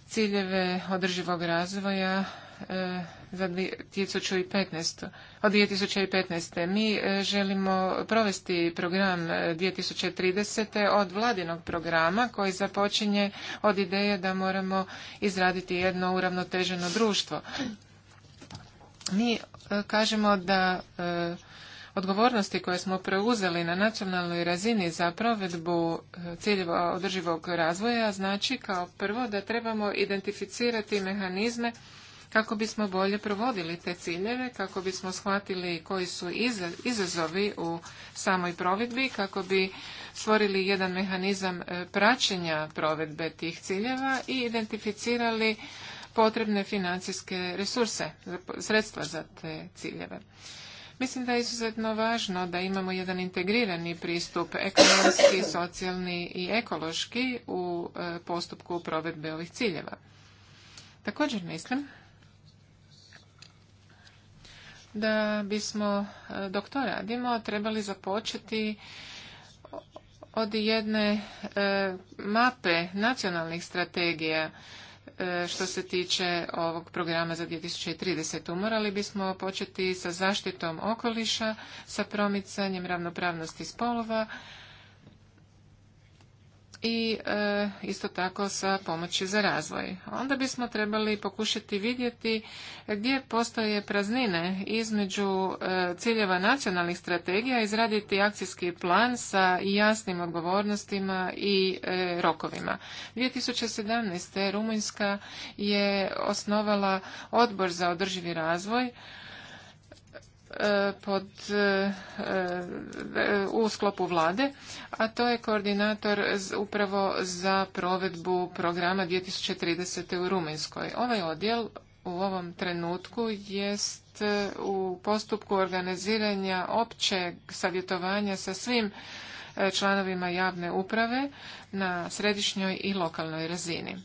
ciljeve održivog razvoja Eh, za 2015. od 2015. Mi eh, želimo provesti program 2030. Eh, od vladinog programa koji započinje od ideje da moramo izraditi jedno uravnoteženo društvo. Mi kažemo da odgovornosti koje smo preuzeli na nacionalnoj razini za provedbu ciljeva održivog razvoja znači kao prvo da trebamo identificirati mehanizme kako bismo bolje provodili te ciljeve, kako bismo shvatili koji su izazovi u samoj provedbi, kako bi stvorili jedan mehanizam e, praćenja provedbe tih ciljeva i identificirali potrebne financijske resurse, sredstva za te ciljeve. Mislim da je izuzetno važno da imamo jedan integrirani pristup ekonomski, socijalni i ekološki u e, postupku provedbe ovih ciljeva. Također mislim da bismo e, dok to radimo trebali započeti od jedne e, mape nacionalnih strategija e, što se tiče ovog programa za 2030. Morali bismo početi sa zaštitom okoliša, sa promicanjem ravnopravnosti spolova, i e, isto tako sa pomoći za razvoj. Onda bismo trebali pokušati vidjeti gdje postoje praznine između e, ciljeva nacionalnih strategija, izraditi akcijski plan sa jasnim odgovornostima i e, rokovima. 2017. Rumunjska je osnovala odbor za održivi razvoj E, pod, e, e, u sklopu vlade, a to je koordinator upravo za provedbu programa 2030. u Rumunjskoj. Ovaj odjel u ovom trenutku jest u postupku organiziranja općeg savjetovanja sa svim članovima javne uprave na središnjoj i lokalnoj razini.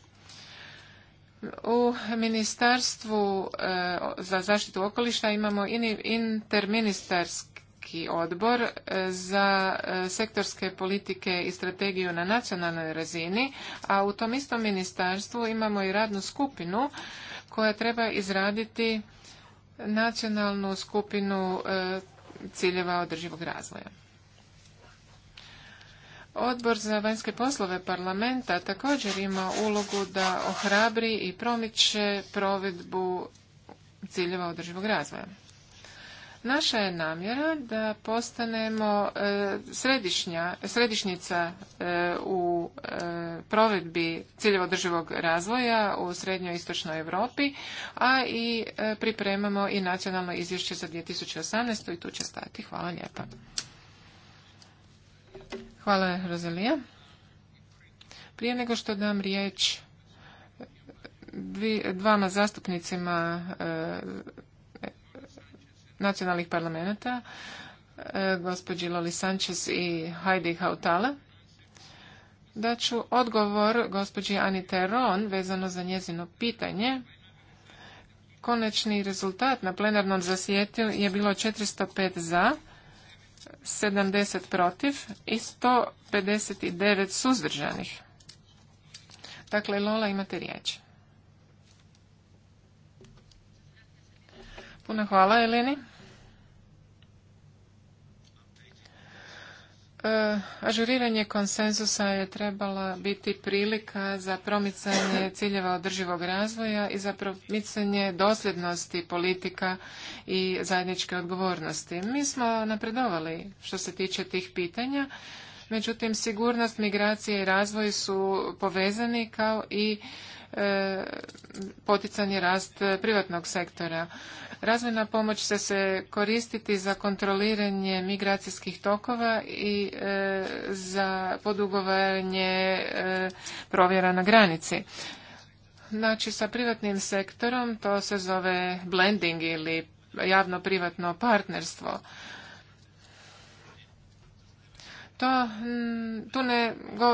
U Ministarstvu e, za zaštitu okoliša imamo interministarski odbor e, za e, sektorske politike i strategiju na nacionalnoj razini, a u tom istom ministarstvu imamo i radnu skupinu koja treba izraditi nacionalnu skupinu ciljeva održivog razvoja. Odbor za vanjske poslove parlamenta također ima ulogu da ohrabri i promiče provedbu ciljeva održivog razvoja. Naša je namjera da postanemo e, središnja, središnjica e, u e, provedbi ciljeva održivog razvoja u srednjoj istočnoj Europi, a i pripremamo i nacionalno izvješće za 2018. i tu će stati. Hvala lijepa. Hvala, Rozalija. Prije nego što dam riječ dvama zastupnicima eh, nacionalnih parlamenta, eh, gospođi Loli Sanchez i Heidi Hautala, da ću odgovor gospođi Anite Ron vezano za njezino pitanje. Konačni rezultat na plenarnom zasjetu je bilo 405 za, 70 protiv i 159 suzdržanih. Dakle, Lola, imate riječ. Puno hvala, Eleni. E, ažuriranje konsenzusa je trebala biti prilika za promicanje ciljeva održivog razvoja i za promicanje dosljednosti politika i zajedničke odgovornosti. Mi smo napredovali što se tiče tih pitanja, međutim sigurnost, migracije i razvoj su povezani kao i E, poticanje rast privatnog sektora. Razvojna pomoć će se koristiti za kontroliranje migracijskih tokova i e, za podugovanje e, provjera na granici. Znači, sa privatnim sektorom to se zove blending ili javno-privatno partnerstvo. To, mm, tu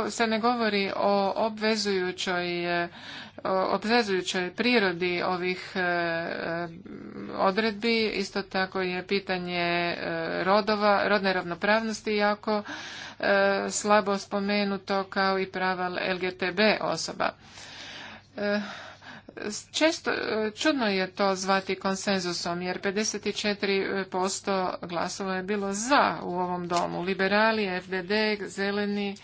se ne govori o obvezujućoj, e, obvezujućoj prirodi ovih e, e, odredbi, isto tako je pitanje rodova, rodne ravnopravnosti jako slabo spomenuto kao i prava LGTB osoba. Često e, čudno je to zvati konsenzusom jer 54% glasova je bilo za u ovom domu. Liberali, FDD, zeleni,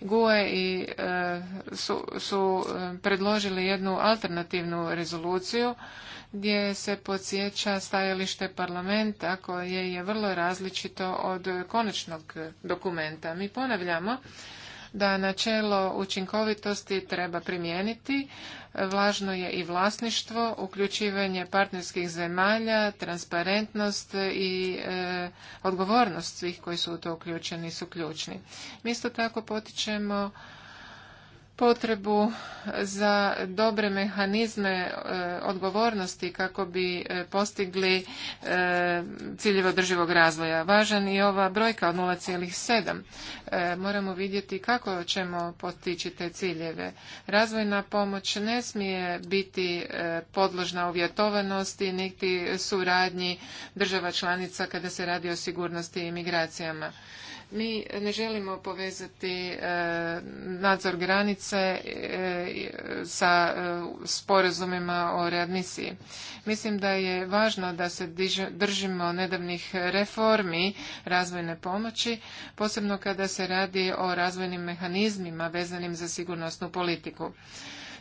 GUE i, e, su, su e, predložili jednu alternativnu rezoluciju gdje se podsjeća stajalište parlamenta koje je vrlo različito od konačnog dokumenta. Mi ponavljamo da načelo učinkovitosti treba primijeniti. Važno je i vlasništvo, uključivanje partnerskih zemalja, transparentnost i e, odgovornost svih koji su u to uključeni su ključni. Mi isto tako potičemo potrebu za dobre mehanizme e, odgovornosti kako bi e, postigli e, ciljeve održivog razvoja. Važan je ova brojka od 0,7. Moramo vidjeti kako ćemo postići te ciljeve. Razvojna pomoć ne smije biti podložna uvjetovanosti niti suradnji država članica kada se radi o sigurnosti i imigracijama. Mi ne želimo povezati e, nadzor granice e, sa e, sporazumima o readmisiji. Mislim da je važno da se držimo nedavnih reformi razvojne pomoći, posebno kada se radi o razvojnim mehanizmima vezanim za sigurnosnu politiku.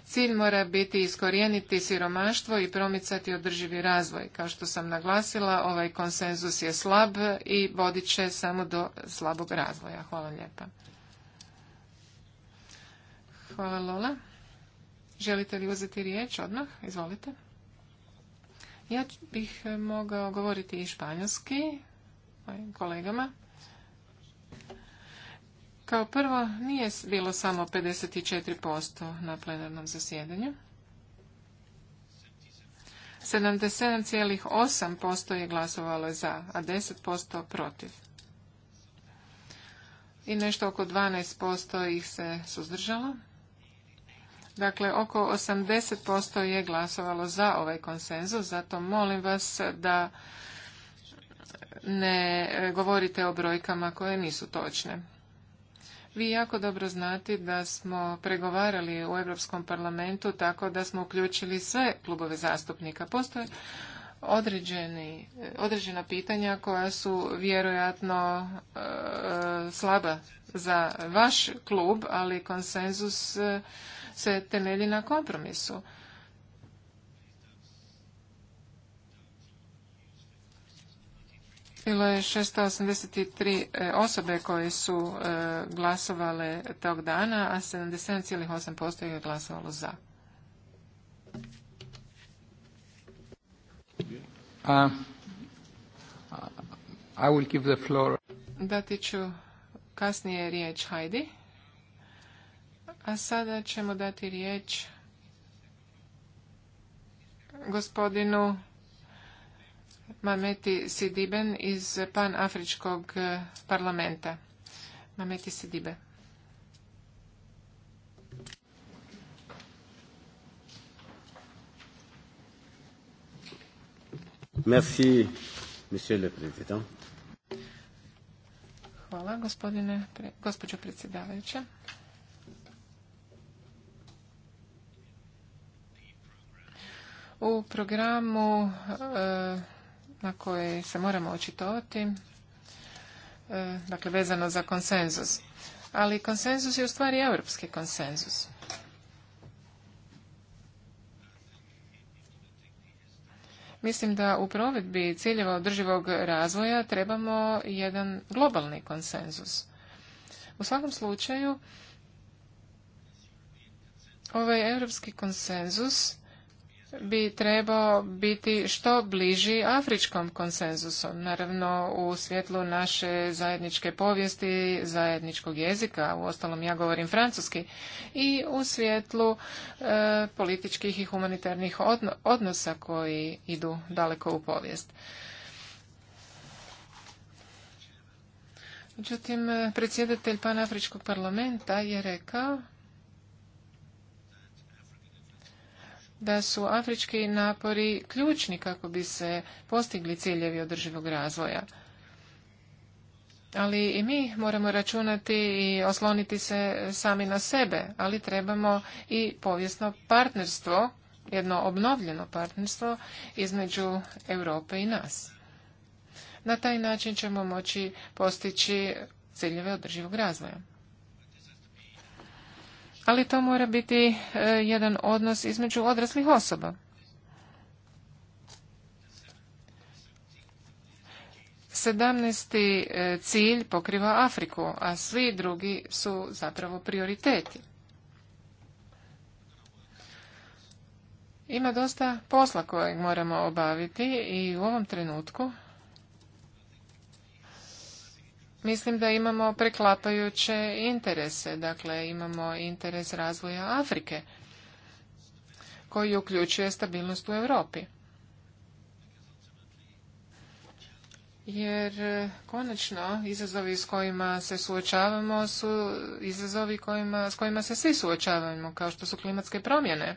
Cilj mora biti iskorijeniti siromaštvo i promicati održivi razvoj. Kao što sam naglasila, ovaj konsenzus je slab i vodit će samo do slabog razvoja. Hvala lijepa. Hvala Lola. Želite li uzeti riječ odmah? Izvolite. Ja bih mogao govoriti i španjolski mojim kolegama. Kao prvo, nije bilo samo 54% na plenarnom zasjedanju. 77,8% je glasovalo za, a 10% protiv. I nešto oko 12% ih se suzdržalo. Dakle, oko 80% je glasovalo za ovaj konsenzus, zato molim vas da ne e, govorite o brojkama koje nisu točne. Vi jako dobro znate da smo pregovarali u Europskom parlamentu tako da smo uključili sve klubove zastupnika. Postoje određeni, određena pitanja koja su vjerojatno e, slaba za vaš klub, ali konsenzus e, se temelji na kompromisu. Bilo je 683 e, osobe koje su e, glasovale tog dana, a 77,8% je glasovalo za. Uh, I Dati ću kasnije riječ Heidi. A sada ćemo dati riječ gospodinu Mameti Sidiben iz Panafričkog eh, parlamenta. Mameti Sidibe. Merci, monsieur le président. Hvala, gospodine, gospođo predsjedavajuća. U programu eh, na koje se moramo očitovati, e, dakle vezano za konsenzus. Ali konsenzus je u stvari europski konsenzus. Mislim da u provedbi ciljeva održivog razvoja trebamo jedan globalni konsenzus. U svakom slučaju, ovaj europski konsenzus bi trebao biti što bliži afričkom konsenzusu. Naravno, u svjetlu naše zajedničke povijesti, zajedničkog jezika, u ostalom ja govorim francuski, i u svjetlu e, političkih i humanitarnih odnosa koji idu daleko u povijest. Međutim, predsjedatelj Panafričkog parlamenta je rekao da su afrički napori ključni kako bi se postigli ciljevi održivog razvoja. Ali i mi moramo računati i osloniti se sami na sebe, ali trebamo i povijesno partnerstvo, jedno obnovljeno partnerstvo između Europe i nas. Na taj način ćemo moći postići ciljeve održivog razvoja ali to mora biti e, jedan odnos između odraslih osoba. Sedamnesti e, cilj pokriva Afriku, a svi drugi su zapravo prioriteti. Ima dosta posla kojeg moramo obaviti i u ovom trenutku mislim da imamo preklapajuće interese. Dakle, imamo interes razvoja Afrike koji uključuje stabilnost u Europi. jer e, konačno izazovi s kojima se suočavamo su izazovi kojima, s kojima se svi suočavamo, kao što su klimatske promjene.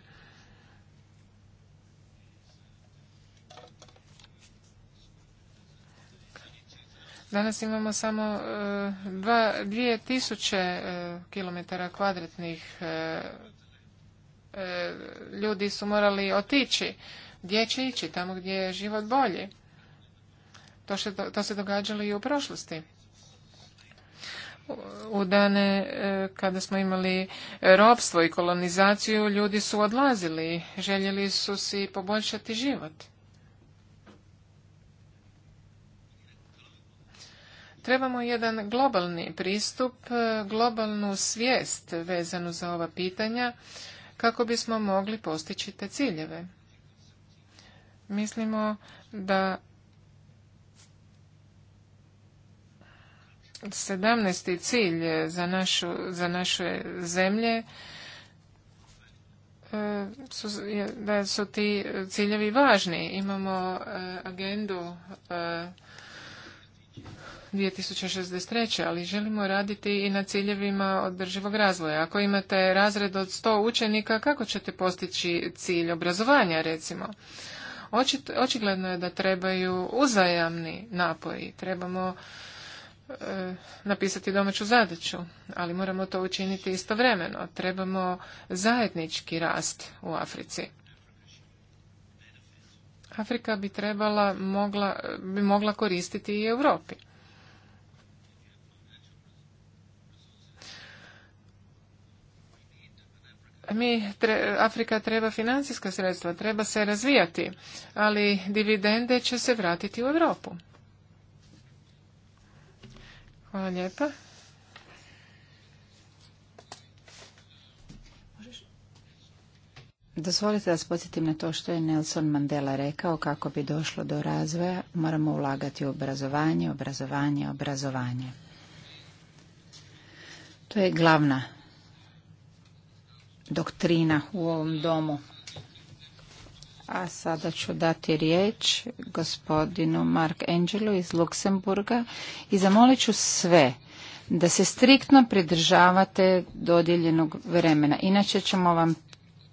Danas imamo samo e, dva, dvije tisuće e, kilometara kvadratnih e, ljudi su morali otići. Gdje će ići? Tamo gdje je život bolji. To, to se događalo i u prošlosti. U dane kada smo imali ropstvo i kolonizaciju, ljudi su odlazili, željeli su si poboljšati život. Trebamo jedan globalni pristup, globalnu svijest vezanu za ova pitanja kako bismo mogli postići te ciljeve. Mislimo da 17. cilj za, našu, za naše zemlje e, su, da su ti ciljevi važni. Imamo e, agendu e, 2063. ali želimo raditi i na ciljevima održivog razvoja. Ako imate razred od 100 učenika, kako ćete postići cilj obrazovanja recimo? očigledno je da trebaju uzajamni napori. Trebamo e, napisati domaću zadaću, ali moramo to učiniti istovremeno. Trebamo zajednički rast u Africi. Afrika bi trebala mogla, bi mogla koristiti i Europi. mi Afrika treba financijska sredstva, treba se razvijati, ali dividende će se vratiti u Europu. Hvala lijepa. Dozvolite da podsjetim na to što je Nelson Mandela rekao kako bi došlo do razvoja, moramo ulagati u obrazovanje, obrazovanje, obrazovanje. To je glavna doktrina u ovom domu. A sada ću dati riječ gospodinu Mark Angelu iz Luksemburga i zamolit ću sve da se striktno pridržavate dodijeljenog vremena. Inače ćemo vam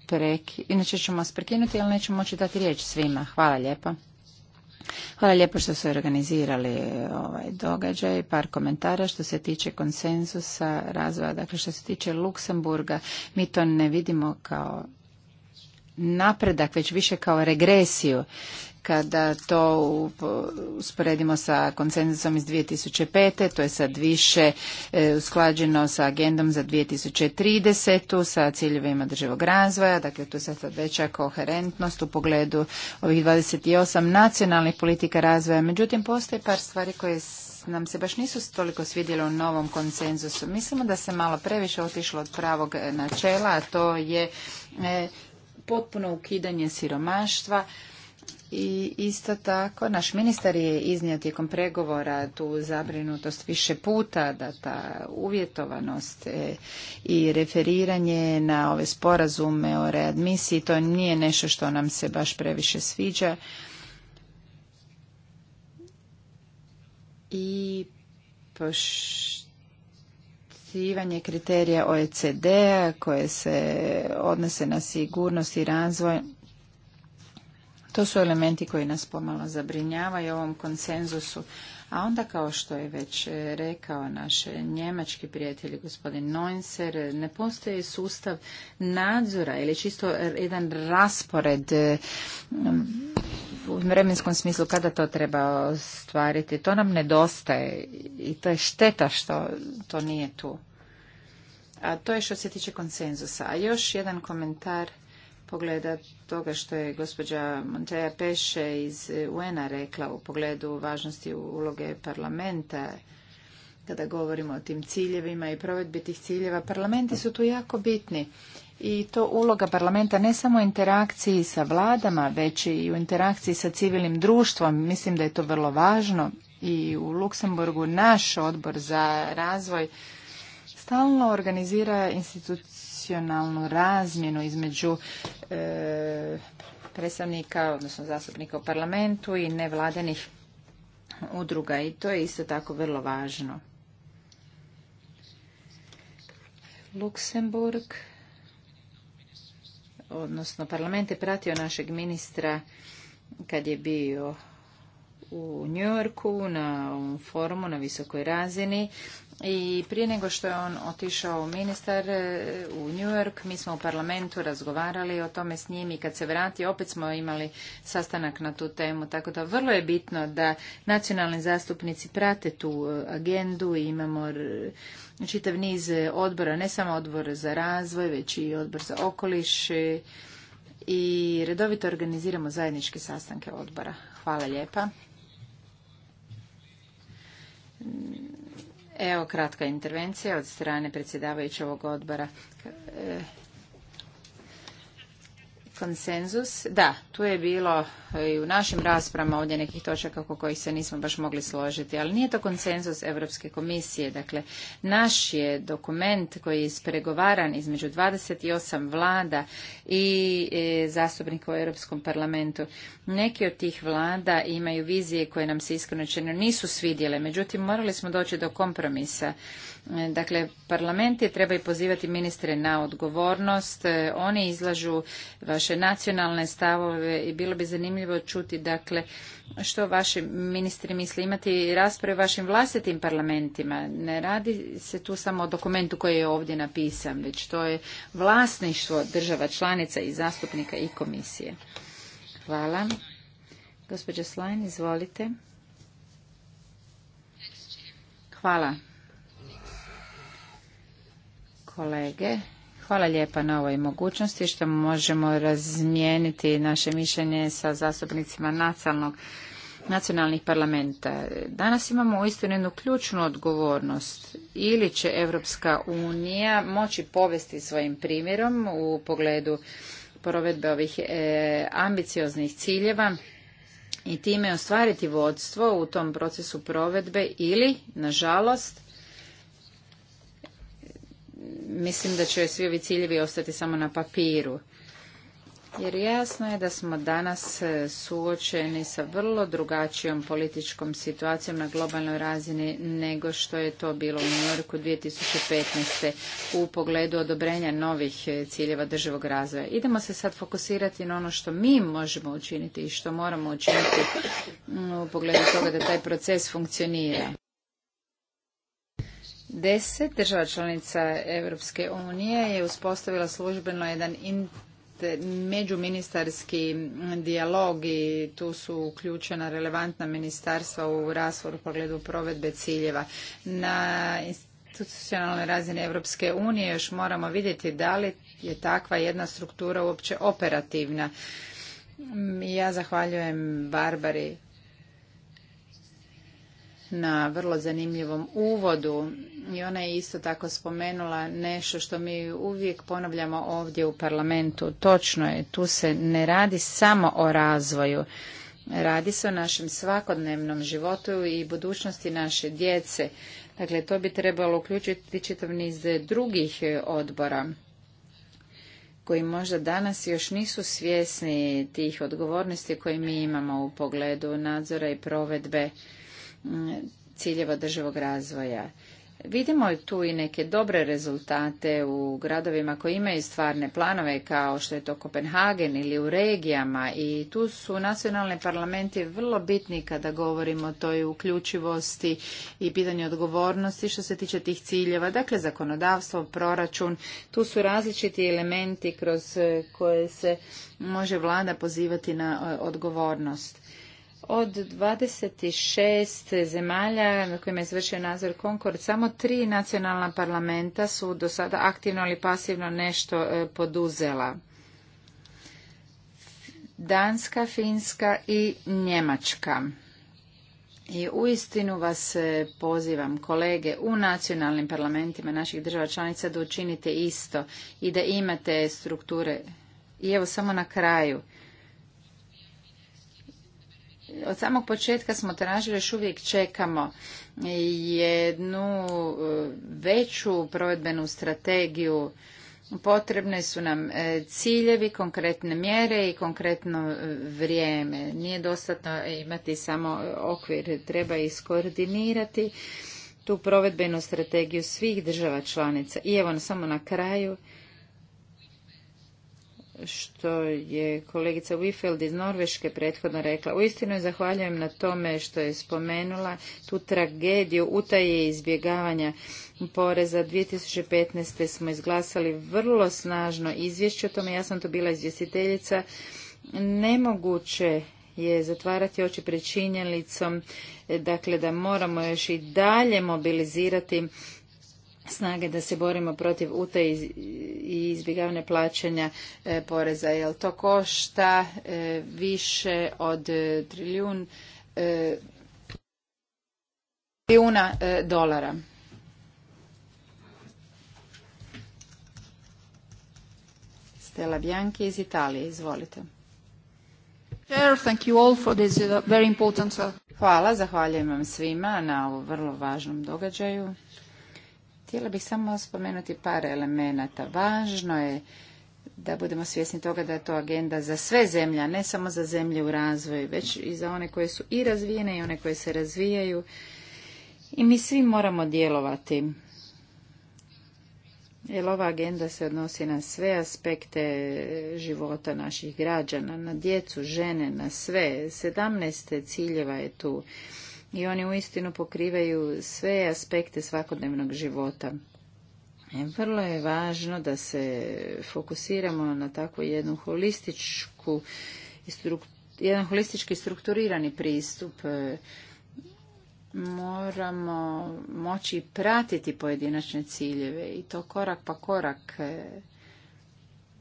preki, inače ćemo vas prekinuti, ali nećemo moći dati riječ svima. Hvala lijepa. Hvala lijepo što su organizirali ovaj događaj. Par komentara što se tiče konsenzusa razvoja. Dakle, što se tiče Luksemburga, mi to ne vidimo kao napredak, već više kao regresiju. Kada to usporedimo sa konsenzusom iz 2005. to je sad više e, usklađeno sa agendom za 2030. sa ciljevima državog razvoja. Dakle, tu se sad veća koherentnost u pogledu ovih 28 nacionalnih politika razvoja. Međutim, postoje par stvari koje nam se baš nisu toliko svidjele u novom konsenzusu. Mislimo da se malo previše otišlo od pravog e, načela, a to je e, potpuno ukidanje siromaštva i isto tako naš ministar je iznio tijekom pregovora tu zabrinutost više puta da ta uvjetovanost e, i referiranje na ove sporazume o readmisiji to nije nešto što nam se baš previše sviđa i poštivanje kriterija OECD-a koje se odnose na sigurnost i razvoj to su elementi koji nas pomalo zabrinjavaju u ovom konsenzusu. A onda kao što je već e, rekao naš njemački prijatelj gospodin Neunser, ne postoji sustav nadzora ili čisto jedan raspored e, u vremenskom smislu kada to treba ostvariti. To nam nedostaje i to je šteta što to nije tu. A to je što se tiče konsenzusa. A još jedan komentar pogleda toga što je gospođa Monteja Peše iz UN-a rekla u pogledu važnosti uloge parlamenta kada govorimo o tim ciljevima i provedbi tih ciljeva. Parlamenti su tu jako bitni i to uloga parlamenta ne samo u interakciji sa vladama, već i u interakciji sa civilnim društvom. Mislim da je to vrlo važno i u Luksemburgu naš odbor za razvoj stalno organizira institucije nacionalnu razmjenu između e, predstavnika, odnosno zastupnika u parlamentu i nevladenih udruga i to je isto tako vrlo važno. Luksemburg, odnosno parlament je pratio našeg ministra kad je bio u Njorku na ovom forumu na visokoj razini i prije nego što je on otišao ministar e, u New York, mi smo u parlamentu razgovarali o tome s njim i kad se vrati opet smo imali sastanak na tu temu. Tako da vrlo je bitno da nacionalni zastupnici prate tu e, agendu i imamo čitav niz e, odbora, ne samo odbor za razvoj, već i odbor za okoliš i redovito organiziramo zajedničke sastanke odbora. Hvala lijepa Evo kratka intervencija od strane predsjedavajućeg odbora. E, konsenzus, da, tu je bilo e, i u našim raspravama ovdje nekih točaka oko kojih se nismo baš mogli složiti, ali nije to konsenzus Europske komisije. Dakle, naš je dokument koji je ispregovaran između 28 vlada i e, zastupnika u Europskom parlamentu. Neki od tih vlada imaju vizije koje nam se iskreno nisu svidjele, međutim morali smo doći do kompromisa Dakle, parlament je treba i pozivati ministre na odgovornost, e, oni izlažu vaše nacionalne stavove i bilo bi zanimljivo čuti dakle, što vaši ministri misle imati rasprave u vašim vlastitim parlamentima. Ne radi se tu samo o dokumentu koji je ovdje napisan, već to je vlasništvo država članica i zastupnika i komisije. Hvala. Gospođa Slajn, izvolite. Hvala kolege. Hvala lijepa na ovoj mogućnosti što možemo razmijeniti naše mišljenje sa zastupnicima nacionalnog nacionalnih parlamenta. Danas imamo uistinu jednu ključnu odgovornost. Ili će Europska unija moći povesti svojim primjerom u pogledu provedbe ovih e, ambicioznih ciljeva i time ostvariti vodstvo u tom procesu provedbe ili, nažalost, mislim da će svi ovi ciljevi ostati samo na papiru. Jer jasno je da smo danas e, suočeni sa vrlo drugačijom političkom situacijom na globalnoj razini nego što je to bilo u New 2015. u pogledu odobrenja novih e, ciljeva državog razvoja. Idemo se sad fokusirati na ono što mi možemo učiniti i što moramo učiniti mm, u pogledu toga da taj proces funkcionira. Deset država članica Europske unije je uspostavila službeno jedan međuministarski dijalog i tu su uključena relevantna ministarstva u rasvoru u pogledu provedbe ciljeva. Na institucionalnoj razini Europske unije još moramo vidjeti da li je takva jedna struktura uopće operativna. Ja zahvaljujem Barbari na vrlo zanimljivom uvodu i ona je isto tako spomenula nešto što mi uvijek ponavljamo ovdje u parlamentu. Točno je, tu se ne radi samo o razvoju. Radi se o našem svakodnevnom životu i budućnosti naše djece. Dakle, to bi trebalo uključiti čitav niz drugih odbora koji možda danas još nisu svjesni tih odgovornosti koje mi imamo u pogledu nadzora i provedbe Mm, ciljeva državog razvoja. Vidimo tu i neke dobre rezultate u gradovima koji imaju stvarne planove kao što je to Kopenhagen ili u regijama i tu su nacionalni parlamenti vrlo bitni kada govorimo o toj uključivosti i pitanju odgovornosti što se tiče tih ciljeva, dakle zakonodavstvo, proračun, tu su različiti elementi kroz eh, koje se može vlada pozivati na eh, odgovornost. Od 26 zemalja na kojima je izvršio nadzor Konkord samo tri nacionalna parlamenta su do sada aktivno ili pasivno nešto e, poduzela. Danska, Finska i Njemačka. I istinu vas e, pozivam, kolege, u nacionalnim parlamentima naših država članica da učinite isto i da imate strukture. I evo samo na kraju, od samog početka smo tražili, još uvijek čekamo jednu e, veću provedbenu strategiju Potrebne su nam e, ciljevi, konkretne mjere i konkretno e, vrijeme. Nije dostatno imati samo okvir, treba iskoordinirati tu provedbenu strategiju svih država članica. I evo samo na kraju, što je kolegica Wifeld iz Norveške prethodno rekla. Uistinu je zahvaljujem na tome što je spomenula tu tragediju utaje izbjegavanja poreza. 2015. smo izglasali vrlo snažno izvješće o tome. Ja sam to bila izvjestiteljica. Nemoguće je zatvarati oči pred činjenicom, dakle da moramo još i dalje mobilizirati snage da se borimo protiv ute i izbjegavanja plaćanja e, poreza. Jel to košta e, više od e, trilijun trilijuna dolara. Stella Bianchi iz Italije, izvolite. Uh, uh, Hvala, zahvaljujem vam svima na ovom vrlo važnom događaju. Htjela bih samo spomenuti par elemenata. Važno je da budemo svjesni toga da je to agenda za sve zemlje, ne samo za zemlje u razvoju, već i za one koje su i razvijene i one koje se razvijaju. I mi svi moramo djelovati. Jer ova agenda se odnosi na sve aspekte života naših građana, na djecu, žene, na sve. 17 ciljeva je tu i oni uistinu pokrivaju sve aspekte svakodnevnog života. E, vrlo je važno da se fokusiramo na takvu jednu holističku jedan holistički strukturirani pristup e, moramo moći pratiti pojedinačne ciljeve i to korak pa korak e,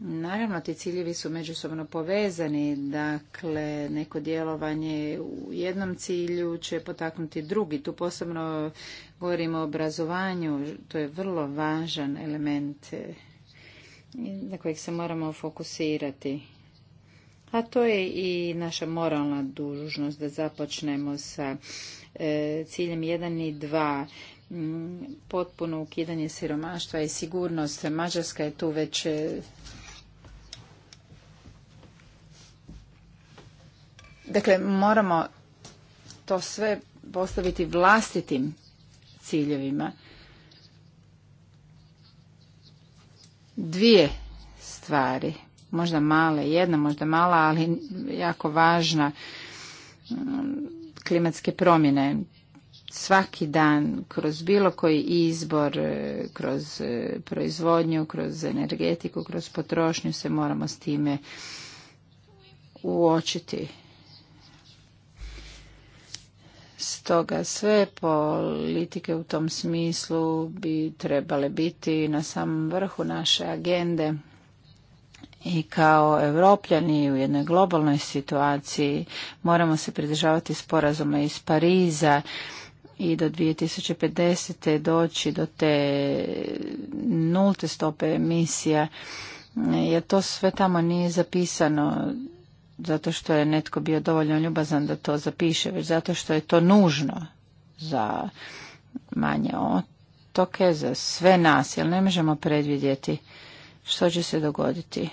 Naravno, ti ciljevi su međusobno povezani, dakle, neko djelovanje u jednom cilju će potaknuti drugi. Tu posebno govorimo o obrazovanju, to je vrlo važan element eh, na kojeg se moramo fokusirati. A to je i naša moralna dužnost da započnemo sa eh, ciljem 1 i 2 mm, potpuno ukidanje siromaštva i sigurnost. Mađarska je tu već eh, Dakle, moramo to sve postaviti vlastitim ciljevima. Dvije stvari, možda male, jedna možda mala, ali jako važna, mm, klimatske promjene. Svaki dan, kroz bilo koji izbor, e, kroz e, proizvodnju, kroz energetiku, kroz potrošnju se moramo s time uočiti Stoga sve politike u tom smislu bi trebale biti na samom vrhu naše agende i kao evropljani u jednoj globalnoj situaciji moramo se pridržavati sporazuma iz Pariza i do 2050. doći do te nulte stope emisija jer to sve tamo nije zapisano zato što je netko bio dovoljno ljubazan da to zapiše, već zato što je to nužno za manje otoke, za sve nas, jer ne možemo predvidjeti što će se dogoditi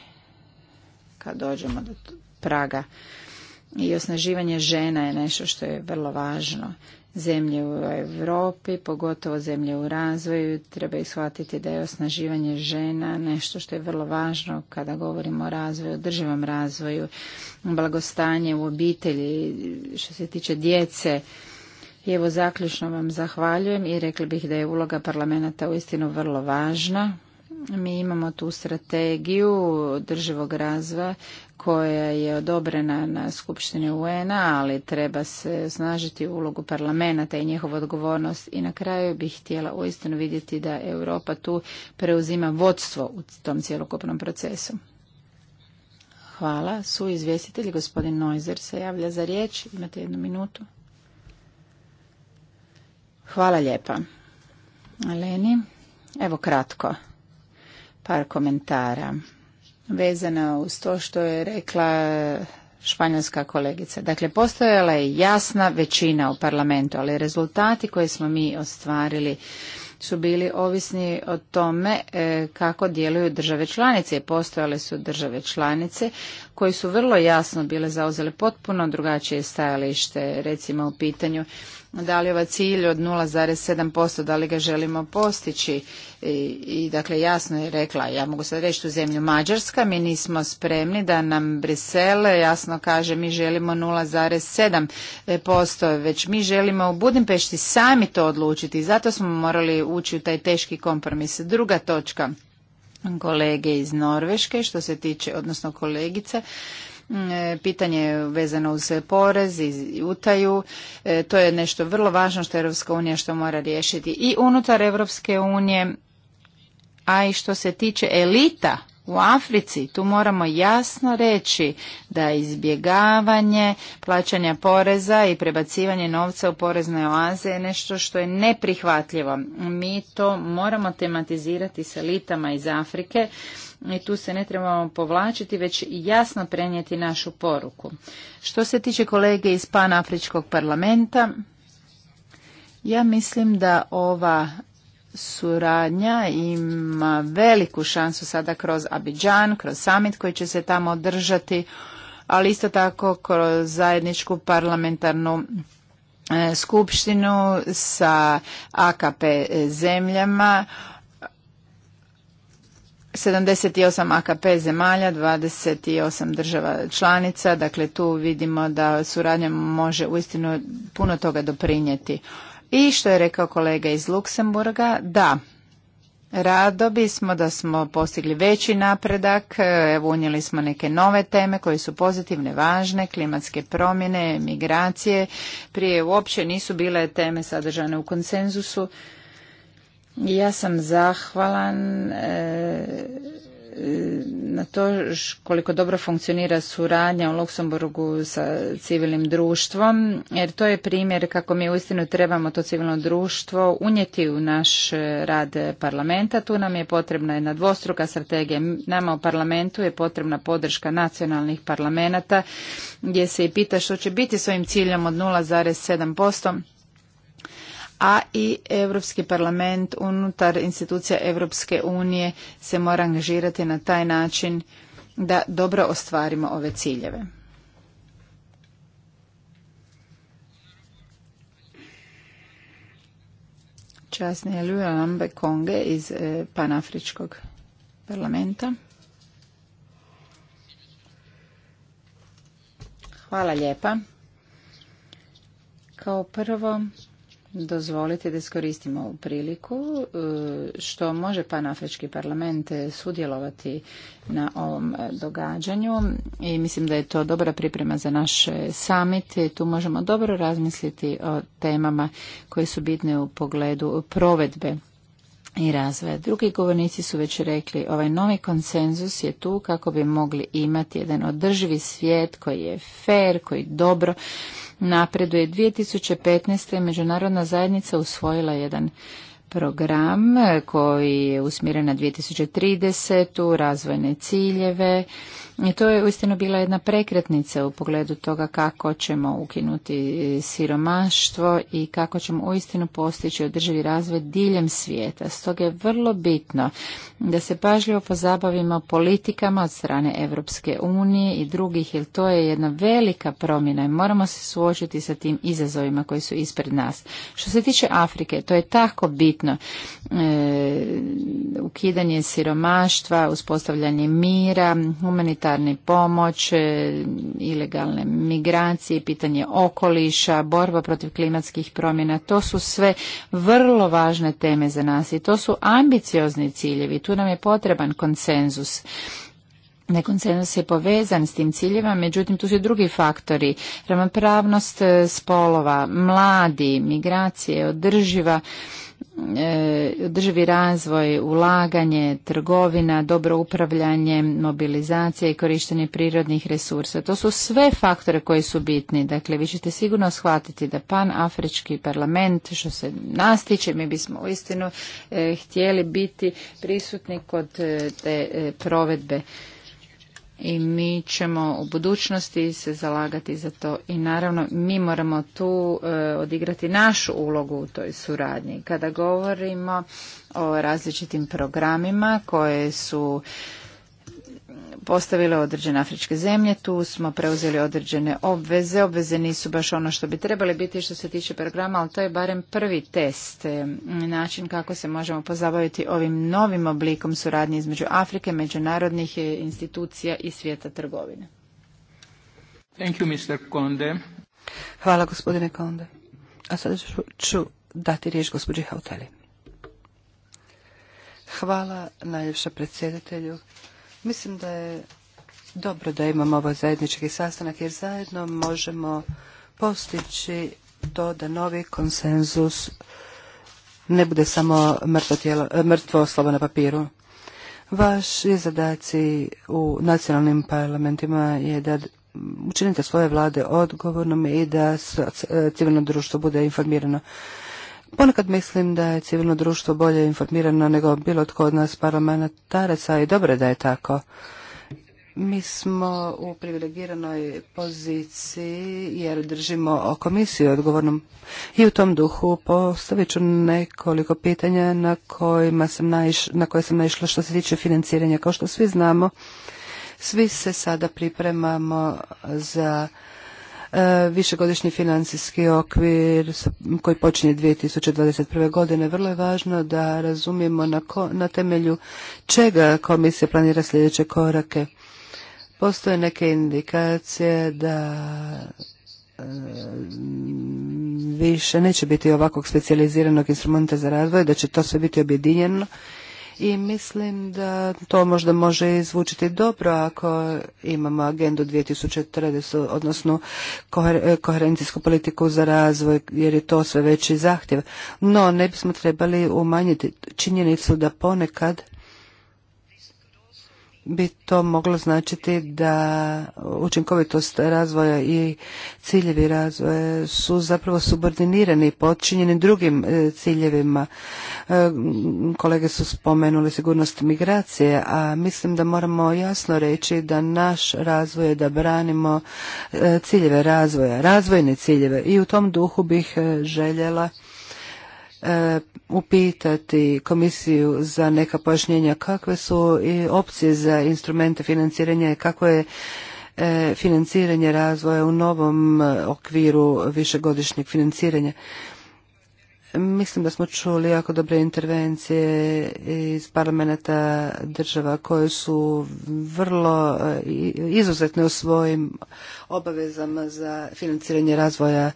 kad dođemo do praga. I osnaživanje žena je nešto što je vrlo važno zemlje u Europi, pogotovo zemlje u razvoju, treba ih shvatiti da je osnaživanje žena nešto što je vrlo važno kada govorimo o razvoju, državom razvoju, blagostanje u obitelji, što se tiče djece. I evo zaključno vam zahvaljujem i rekli bih da je uloga parlamenta uistinu vrlo važna mi imamo tu strategiju drživog razvoja koja je odobrena na Skupštini UN-a, ali treba se snažiti ulogu parlamenta i njihovu odgovornost. I na kraju bih htjela uistinu vidjeti da Europa tu preuzima vodstvo u tom cjelokupnom procesu. Hvala. Su izvjestitelji, gospodin Noizer se javlja za riječ. Imate jednu minutu. Hvala lijepa. Aleni, evo kratko par komentara vezana uz to što je rekla španjolska kolegica. Dakle, postojala je jasna većina u parlamentu, ali rezultati koje smo mi ostvarili su bili ovisni o tome e, kako djeluju države članice. Postojale su države članice koji su vrlo jasno bile zauzele potpuno drugačije stajalište, recimo u pitanju da li ovaj cilj od 0,7%, da li ga želimo postići. I, dakle, jasno je rekla, ja mogu sad reći tu zemlju Mađarska, mi nismo spremni da nam Brisele jasno kaže mi želimo 0,7%, već mi želimo u Budimpešti sami to odlučiti i zato smo morali ući u taj teški kompromis. Druga točka kolege iz Norveške što se tiče, odnosno kolegice, E, pitanje vezano uz porez i utaju. E, to je nešto vrlo važno što Europska unija što mora riješiti i unutar Europske unije, a i što se tiče elita u Africi, tu moramo jasno reći da izbjegavanje plaćanja poreza i prebacivanje novca u porezne oaze je nešto što je neprihvatljivo. Mi to moramo tematizirati s elitama iz Afrike i tu se ne trebamo povlačiti, već jasno prenijeti našu poruku. Što se tiče kolege iz Panafričkog parlamenta, ja mislim da ova suradnja ima veliku šansu sada kroz Abidjan, kroz summit koji će se tamo održati, ali isto tako kroz zajedničku parlamentarnu e, skupštinu sa AKP zemljama 78 AKP zemalja, 28 država članica, dakle tu vidimo da suradnja može uistinu puno toga doprinijeti. I što je rekao kolega iz Luksemburga, da, Rado bismo da smo postigli veći napredak, evo unijeli smo neke nove teme koje su pozitivne, važne, klimatske promjene, migracije, prije uopće nisu bile teme sadržane u konsenzusu. Ja sam zahvalan e, na to koliko dobro funkcionira suradnja u Luksemburgu sa civilnim društvom, jer to je primjer kako mi uistinu trebamo to civilno društvo unijeti u naš rad parlamenta. Tu nam je potrebna jedna dvostruka strategija. Nama u parlamentu je potrebna podrška nacionalnih parlamenta gdje se i pita što će biti svojim ciljem od 0,7% a i Europski parlament unutar institucija Europske unije se mora angažirati na taj način da dobro ostvarimo ove ciljeve. Časni je Luambe Konge iz eh, Panafričkog parlamenta. Hvala lijepa. Kao prvo, dozvolite da iskoristimo ovu priliku e, što može Panafrički parlament e, sudjelovati na ovom e, događanju i mislim da je to dobra priprema za naš summit. Tu možemo dobro razmisliti o temama koje su bitne u pogledu provedbe i razvoja. Drugi govornici su već rekli, ovaj novi konsenzus je tu kako bi mogli imati jedan održivi svijet koji je fair, koji dobro napreduje. 2015. međunarodna zajednica usvojila jedan program koji je usmjeren na 2030. razvojne ciljeve i to je uistinu bila jedna prekretnica u pogledu toga kako ćemo ukinuti siromaštvo i kako ćemo uistinu postići održivi razvoj diljem svijeta. Stoga je vrlo bitno da se pažljivo pozabavimo politikama od strane Europske unije i drugih, jer to je jedna velika promjena i moramo se suočiti sa tim izazovima koji su ispred nas. Što se tiče Afrike, to je tako bitno. E, ukidanje siromaštva, uspostavljanje mira, humanitarnosti, humanitarni pomoć, e, ilegalne migracije, pitanje okoliša, borba protiv klimatskih promjena. To su sve vrlo važne teme za nas i to su ambiciozni ciljevi. Tu nam je potreban konsenzus. Ne konsenzus je povezan s tim ciljevima, međutim tu su i drugi faktori. Ravnopravnost e, spolova, mladi, migracije, održiva E, održivi razvoj, ulaganje, trgovina, dobro upravljanje, mobilizacija i korištenje prirodnih resursa. To su sve faktore koji su bitni. Dakle, vi ćete sigurno shvatiti da Afrički parlament, što se nastiče, mi bismo uistinu e, htjeli biti prisutni kod e, te provedbe i mi ćemo u budućnosti se zalagati za to i naravno mi moramo tu e, odigrati našu ulogu u toj suradnji. Kada govorimo o različitim programima koje su postavile određene afričke zemlje. Tu smo preuzeli određene obveze. Obveze nisu baš ono što bi trebali biti što se tiče programa, ali to je barem prvi test. E, način kako se možemo pozabaviti ovim novim oblikom suradnje između Afrike, međunarodnih e, institucija i svijeta trgovine. Thank you, Konde. Hvala, gospodine Konde. A sada ću dati riječ gospođi Hauteli. Hvala najljepša predsjedatelju. Mislim da je dobro da imamo ovaj zajednički sastanak jer zajedno možemo postići to da novi konsenzus ne bude samo mrtvo, tijelo, e, mrtvo slovo na papiru. je zadaci u nacionalnim parlamentima je da učinite svoje vlade odgovornom i da e, civilno društvo bude informirano. Ponekad mislim da je civilno društvo bolje informirano nego bilo tko od nas parlamentaraca i dobro je da je tako. Mi smo u privilegiranoj poziciji jer držimo komisiju odgovornom i u tom duhu postavit ću nekoliko pitanja na, kojima sam na koje sam naišla što se tiče financiranja. Kao što svi znamo, svi se sada pripremamo za E, višegodišnji financijski okvir koji počinje 2021. godine. Vrlo je važno da razumijemo na, na temelju čega komisija planira sljedeće korake. Postoje neke indikacije da e, više neće biti ovakvog specijaliziranog instrumenta za razvoj, da će to sve biti objedinjeno i mislim da to možda može izvučiti dobro ako imamo agendu 2030, odnosno koherencijsku politiku za razvoj, jer je to sve veći zahtjev. No, ne bismo trebali umanjiti činjenicu da ponekad bi to moglo značiti da učinkovitost razvoja i ciljevi razvoja su zapravo subordinirani i podčinjeni drugim e, ciljevima. E, kolege su spomenuli sigurnost migracije, a mislim da moramo jasno reći da naš razvoj je da branimo e, ciljeve razvoja, razvojne ciljeve i u tom duhu bih željela E, upitati komisiju za neka pojašnjenja kakve su opcije za instrumente financiranja i kako je e, financiranje razvoja u novom e, okviru višegodišnjeg financiranja. Mislim da smo čuli jako dobre intervencije iz parlamenta država koje su vrlo e, izuzetne u svojim obavezama za financiranje razvoja.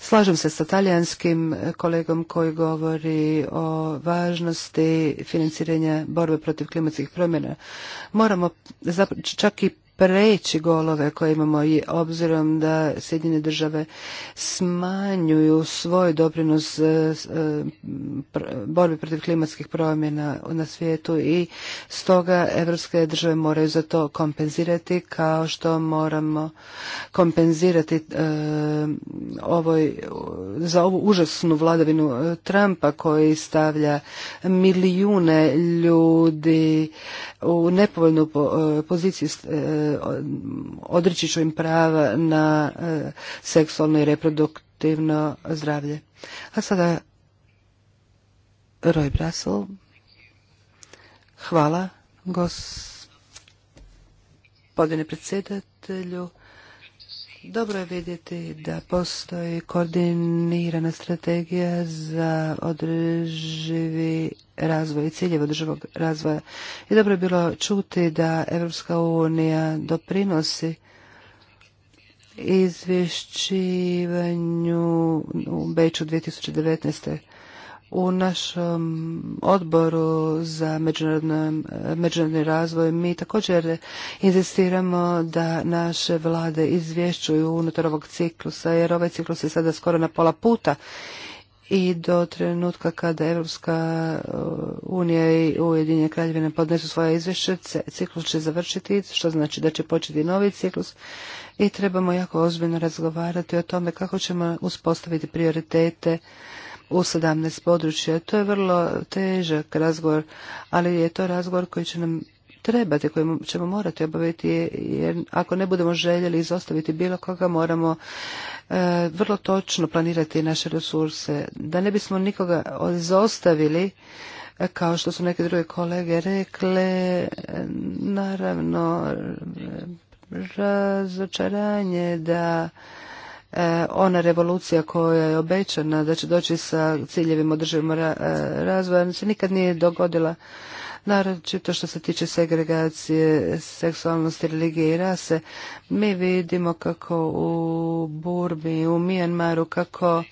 Slažem se sa talijanskim kolegom koji govori o važnosti financiranja borbe protiv klimatskih promjena. Moramo čak i preći golove koje imamo i obzirom da Sjedine države smanjuju svoj doprinos e, e, borbi protiv klimatskih promjena na svijetu i stoga evropske države moraju za to kompenzirati kao što moramo kompenzirati e, ovoj, za ovu užasnu vladavinu Trumpa koji stavlja milijune ljudi u nepovoljnu poziciju Eh, odreći ću im prava na eh, seksualno i reproduktivno zdravlje. A sada Roy Brassel. Hvala, gospodine predsjedatelju. Dobro je vidjeti da postoji koordinirana strategija za održivi razvoj i ciljeve održivog razvoja. I dobro je bilo čuti da Europska unija doprinosi izvješćivanju u Beću 2019 u našem odboru za međunarodni razvoj mi također inzistiramo da naše vlade izvješćuju unutar ovog ciklusa jer ovaj ciklus je sada skoro na pola puta i do trenutka kada Evropska uh, unija i Ujedinje kraljevine podnesu svoje izvješće, ciklus će završiti, što znači da će početi novi ciklus i trebamo jako ozbiljno razgovarati o tome kako ćemo uspostaviti prioritete u 17 područja. To je vrlo težak razgovor, ali je to razgovor koji će nam trebati, koji ćemo morati obaviti, jer ako ne budemo željeli izostaviti bilo koga, moramo e, vrlo točno planirati naše resurse. Da ne bismo nikoga izostavili, e, kao što su neke druge kolege rekle, naravno, e, razočaranje da E, ona revolucija koja je obećana da će doći sa ciljevima održivog e, razvoja se nikad nije dogodila naročito što se tiče segregacije seksualnosti, religije i rase mi vidimo kako u Burbi, u Mijanmaru kako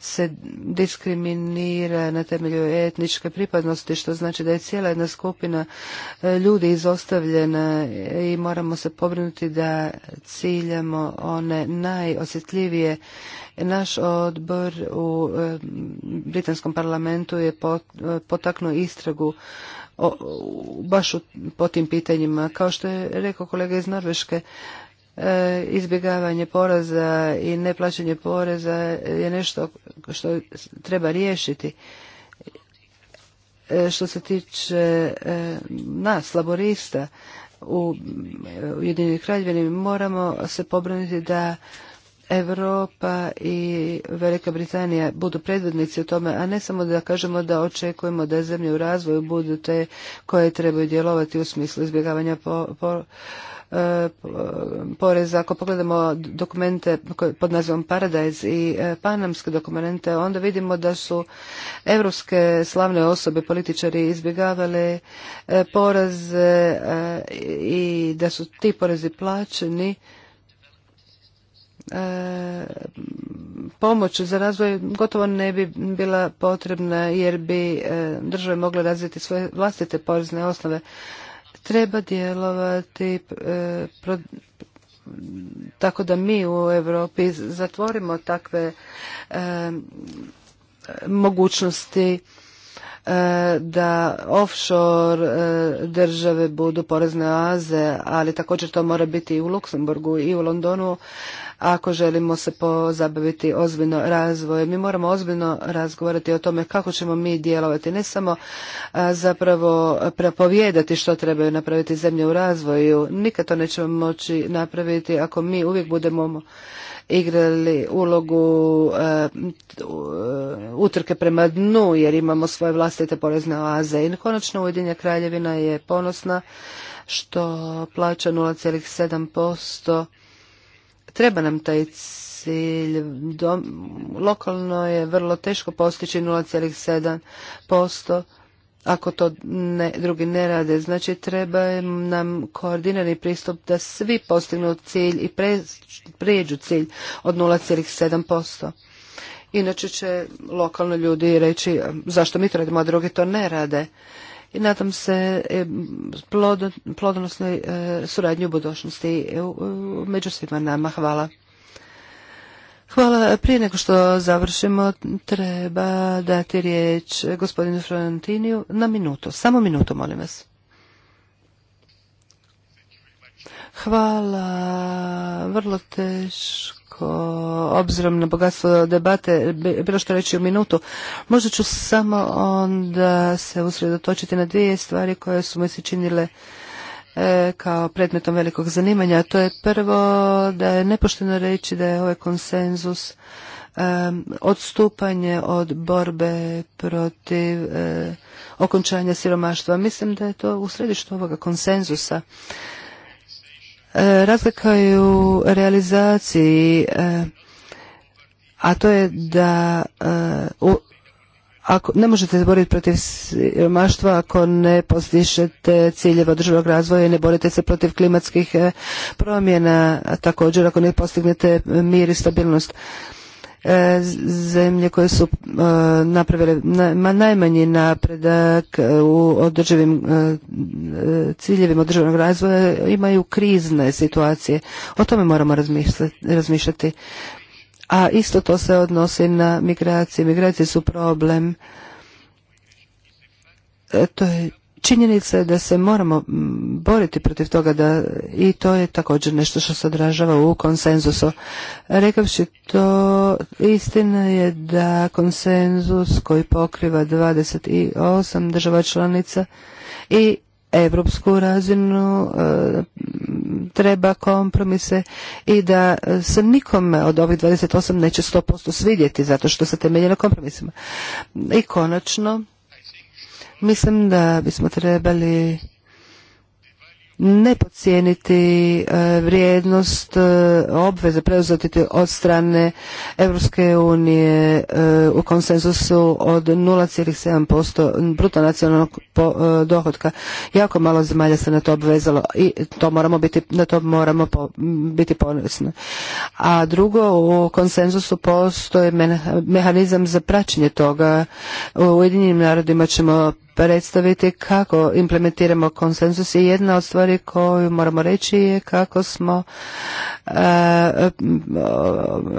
se diskriminira na temelju etničke pripadnosti, što znači da je cijela jedna skupina e, ljudi izostavljena i moramo se pobrinuti da ciljamo one najosjetljivije. Naš odbor u e, Britanskom parlamentu je e, potaknuo istragu baš u, po tim pitanjima. Kao što je rekao kolega iz Norveške, E, izbjegavanje poreza i neplaćanje poreza je nešto što treba riješiti. E, što se tiče e, nas, laborista, u Ujedinjenoj kraljevini moramo se pobrinuti da Europa i Velika Britanija budu predvodnici u tome, a ne samo da kažemo da očekujemo da zemlje u razvoju budu te koje trebaju djelovati u smislu izbjegavanja po E, poreza. Ako pogledamo dokumente pod nazivom Paradise i e, panamske dokumente, onda vidimo da su evropske slavne osobe, političari izbjegavale e, poreze i da su ti porezi plaćeni pomoć za razvoj gotovo ne bi bila potrebna jer bi države mogle razviti svoje vlastite porezne osnove treba djelovati e, tako da mi u Europi zatvorimo takve e, mogućnosti E, da offshore e, države budu porezne oaze, ali također to mora biti i u Luksemburgu i u Londonu ako želimo se pozabaviti ozbiljno razvojem. Mi moramo ozbiljno razgovarati o tome kako ćemo mi djelovati, ne samo zapravo prepovijedati što trebaju napraviti zemlje u razvoju. Nikad to nećemo moći napraviti ako mi uvijek budemo igrali ulogu e, e, utrke prema dnu jer imamo svoje vlastite porezne oaze. I konačno Ujedinja Kraljevina je ponosna što plaća 0,7%. Treba nam taj cilj. lokalno je vrlo teško postići 0,7% ako to ne, drugi ne rade. Znači treba nam koordinirani pristup da svi postignu cilj i pre, prijeđu cilj od 0,7%. Inače će lokalno ljudi reći zašto mi to radimo, a drugi to ne rade. I nadam se e, plodonosnoj e, suradnji u budućnosti e, među svima nama. Hvala. Hvala. Prije nego što završimo, treba dati riječ gospodinu Frontiniju na minutu. Samo minutu, molim vas. Hvala. Vrlo teško, obzirom na bogatstvo debate, bilo što reći u minutu. Možda ću samo onda se usredotočiti na dvije stvari koje su mi se činile E, kao predmetom velikog zanimanja. To je prvo da je nepošteno reći da je ovaj konsenzus e, odstupanje od borbe protiv e, okončanja siromaštva. Mislim da je to u središtu ovoga konsenzusa. Razlika je u realizaciji a to je da ako ne možete se boriti protiv siromaštva ako ne postišete ciljeve održivog razvoja i ne borite se protiv klimatskih eh, promjena, a također ako ne postignete mir i stabilnost eh, zemlje koje su eh, napravile najmanji napredak u održivim ciljevima održivog razvoja imaju krizne situacije. O tome moramo razmišljati a isto to se odnosi na migracije. Migracije su problem. E, to je činjenica da se moramo boriti protiv toga da i to je također nešto što se odražava u konsenzusu. Rekavši to, istina je da konsenzus koji pokriva 28 država članica i evropsku razinu, e, treba kompromise i da se nikome od ovih 28 neće 100% svidjeti zato što se temelje na kompromisima. I konačno, mislim da bismo trebali ne podcijeniti e, vrijednost e, obveze preuzetiti od strane Europske unije e, u konsenzusu od 0,7% bruto nacionalnog dohodka. Jako malo zemalja se na to obvezalo i to moramo biti, na to moramo biti ponosni. A drugo, u konsenzusu postoji mehanizam za praćenje toga. U Ujedinjenim narodima ćemo predstaviti kako implementiramo konsenzus i jedna od stvari koju moramo reći je kako smo e,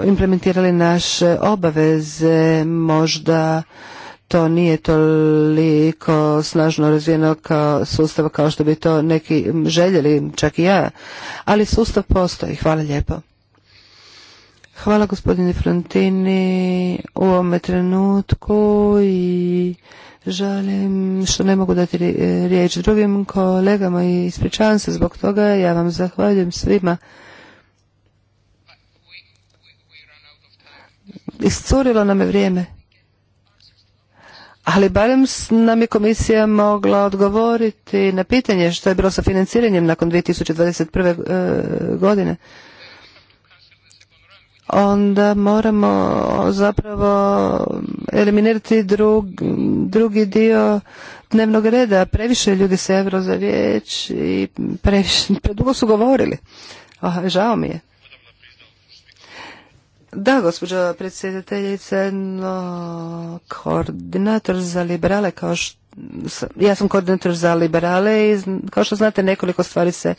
implementirali naše obaveze možda to nije toliko snažno razvijeno kao sustav kao što bi to neki željeli, čak i ja, ali sustav postoji. Hvala lijepo. Hvala gospodine Frontini u ovome trenutku i žalim što ne mogu dati riječ drugim kolegama i ispričavam se zbog toga. Ja vam zahvaljujem svima. Iscurilo nam je vrijeme. Ali barem nam je komisija mogla odgovoriti na pitanje što je bilo sa financiranjem nakon 2021. E, godine onda moramo zapravo eliminirati drug, drugi dio dnevnog reda. Previše ljudi se evro za riječ i previše, predugo su govorili. Oh, žao mi je. Da, gospođo predsjedateljice, no, koordinator za liberale, kao što ja sam koordinator za liberale i kao što znate nekoliko stvari se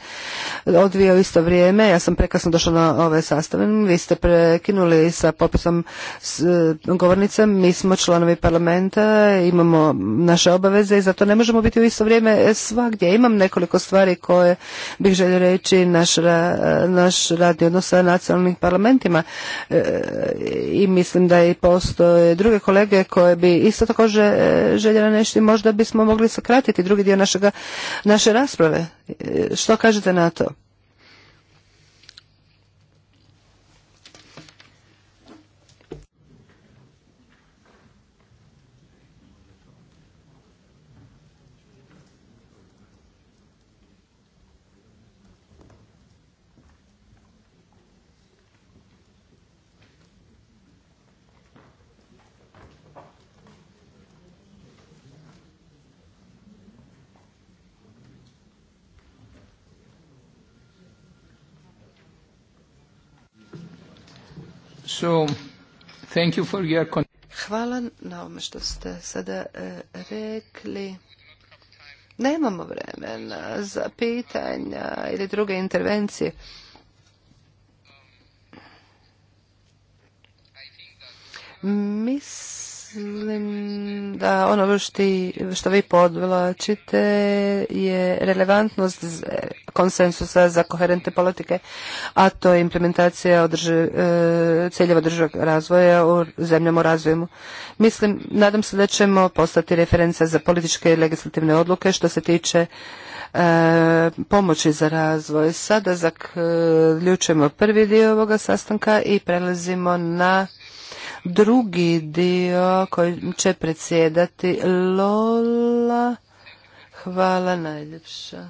odvija u isto vrijeme. Ja sam prekasno došla na ove sastave. Vi ste prekinuli sa popisom s e, govornica. Mi smo članovi parlamenta, imamo naše obaveze i zato ne možemo biti u isto vrijeme svagdje. Imam nekoliko stvari koje bih želio reći naš, radni odnos sa nacionalnim parlamentima e, i mislim da i postoje druge kolege koje bi isto tako e, željela nešto možda da bismo mogli sakratiti drugi dio našega, naše rasprave. E, što kažete na to? Hvala na ovome što ste sada e, rekli. Nemamo vremena za pitanja ili druge intervencije. Mislim mislim da ono što vi podvlačite je relevantnost e, konsensusa za koherente politike, a to je implementacija e, ciljeva održivog razvoja u zemljama u razvoju. Mislim, nadam se da ćemo postati referenca za političke i legislativne odluke što se tiče e, pomoći za razvoj. Sada zaključujemo prvi dio ovoga sastanka i prelazimo na Drugi dio koji će predsjedati Lola. Hvala najljepša.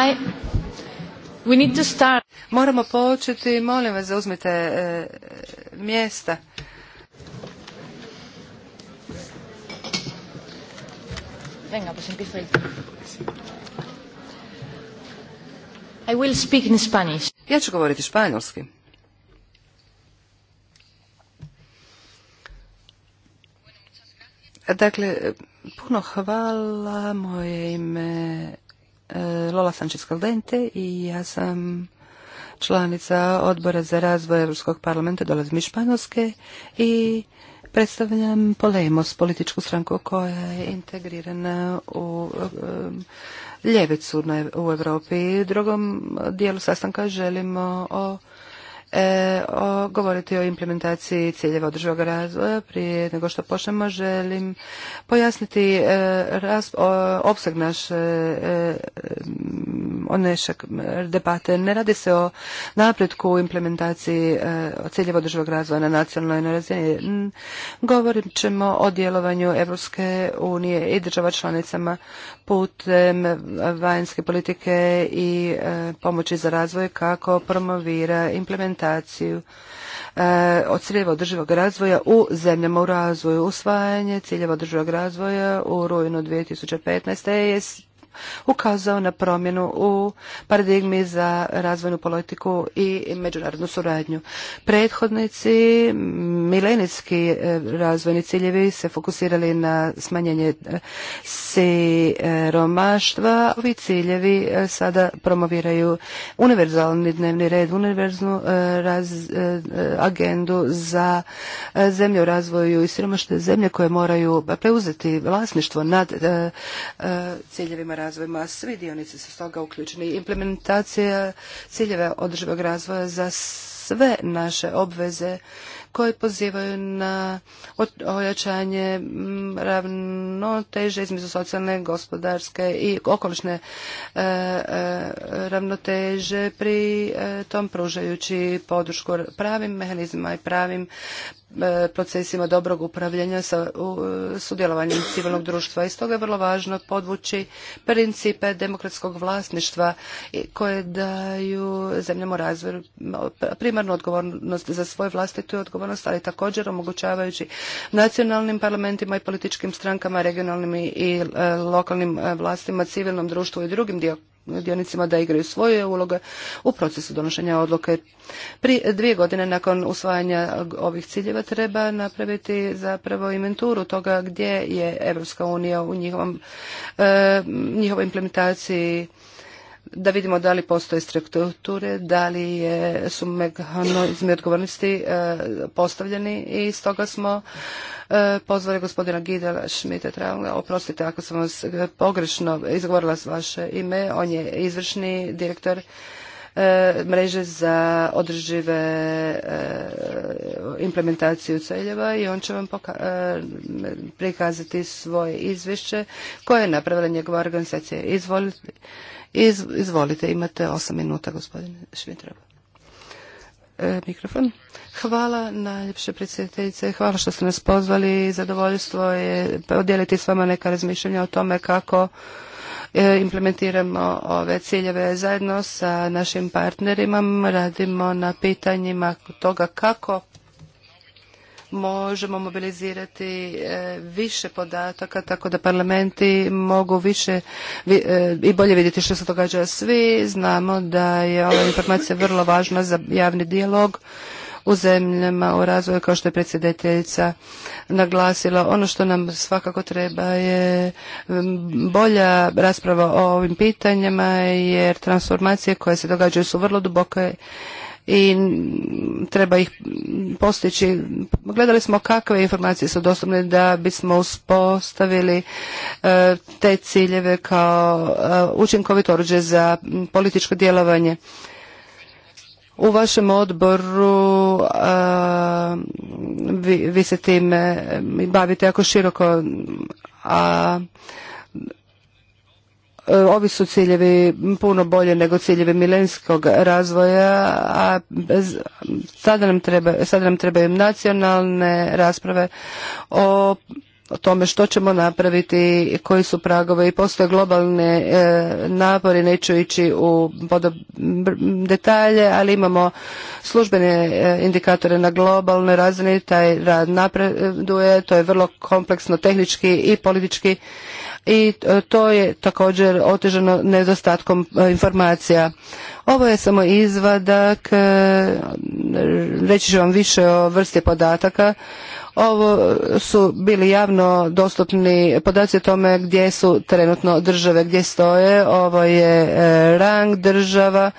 Hi. We need to start. Moramo početi, molim vas zauzmite e, mjesta. Venga, pues empiezo yo. I will speak in Spanish. Ja ću govoriti španjolski. Dakle, puno hvala moje ime E, Lola Sanchez Caldente i ja sam članica odbora za razvoj Europskog parlamenta, dolazim iz Španjolske i predstavljam Polemos, političku stranku koja je integrirana u e, e, ljevicu u Europi. U drugom dijelu sastanka želimo o E, govoriti o implementaciji ciljeva održivog razvoja. Prije nego što počnemo želim pojasniti e, opseg naše e, debate. Ne radi se o napretku u implementaciji e, ciljeva održivog razvoja na nacionalnoj razini. Govorit ćemo o djelovanju Evropske unije i država članicama putem vanjske politike i e, pomoći za razvoj kako promovira implementaciju e, od ciljeva održivog razvoja u zemljama u razvoju. Usvajanje ciljeva održivog razvoja u rujnu 2015. je ukazao na promjenu u paradigmi za razvojnu politiku i međunarodnu suradnju. Prethodnici, milenijski e, razvojni ciljevi se fokusirali na smanjenje e, siromaštva. Ovi ciljevi e, sada promoviraju univerzalni dnevni red, univerzalnu agendu za zemlje u razvoju i siromašte zemlje koje moraju preuzeti vlasništvo nad ciljevima razvojima. Svi dionici su stoga uključeni. Implementacija ciljeva održivog razvoja za sve naše obveze koje pozivaju na ojačanje ravnoteže između socijalne, gospodarske i okolišne e, e, ravnoteže pri e, tom pružajući podršku pravim mehanizmima i pravim E, procesima dobrog upravljanja sa sudjelovanjem civilnog društva. I stoga je vrlo važno podvući principe demokratskog vlasništva koje daju zemljama razvoju primarnu odgovornost za svoju vlastitu odgovornost, ali također omogućavajući nacionalnim parlamentima i političkim strankama, regionalnim i e, lokalnim e, vlastima, civilnom društvu i drugim dionicima da igraju svoje uloge u procesu donošenja odluke. Pri dvije godine nakon usvajanja ovih ciljeva treba napraviti zapravo inventuru toga gdje je europska unija u njihovom, e, njihovoj implementaciji da vidimo da li postoje strukture, da li je, su mehanizmi odgovornosti e, postavljeni i stoga smo e, pozvali gospodina Gidela Šmite Traunga. Oprostite ako sam vas pogrešno izgovorila s vaše ime. On je izvršni direktor e, mreže za održive e, implementaciju celjeva i on će vam prikazati svoje izvješće koje je napravila njegova organizacija. Izvolite izvolite, imate osam minuta, gospodine Šmitrova. E, mikrofon. Hvala najljepše predsjedateljice, hvala što ste nas pozvali. Zadovoljstvo je podijeliti s vama neka razmišljanja o tome kako e, implementiramo ove ciljeve zajedno sa našim partnerima, radimo na pitanjima toga kako možemo mobilizirati e, više podataka tako da parlamenti mogu više e, i bolje vidjeti što se događa svi. Znamo da je ova informacija vrlo važna za javni dijalog u zemljama u razvoju kao što je predsjedateljica naglasila. Ono što nam svakako treba je bolja rasprava o ovim pitanjima jer transformacije koje se događaju su vrlo duboke i treba ih postići. Gledali smo kakve informacije su dostupne da bismo uspostavili e, te ciljeve kao e, učinkovito oruđe za političko djelovanje. U vašem odboru e, vi se time bavite jako široko, a E, ovi su ciljevi puno bolje nego ciljevi milenskog razvoja, a sada nam, treba, sada nam trebaju nacionalne rasprave o tome što ćemo napraviti, koji su pragove i postoje globalne e, napori, neću ići u detalje, ali imamo službene e, indikatore na globalnoj razini, taj rad napreduje, to je vrlo kompleksno tehnički i politički i e, to je također otežano nedostatkom e, informacija. Ovo je samo izvadak, e, reći ću vam više o vrsti podataka. Ovo su bili javno dostupni podaci o tome gdje su trenutno države, gdje stoje. Ovo je rang država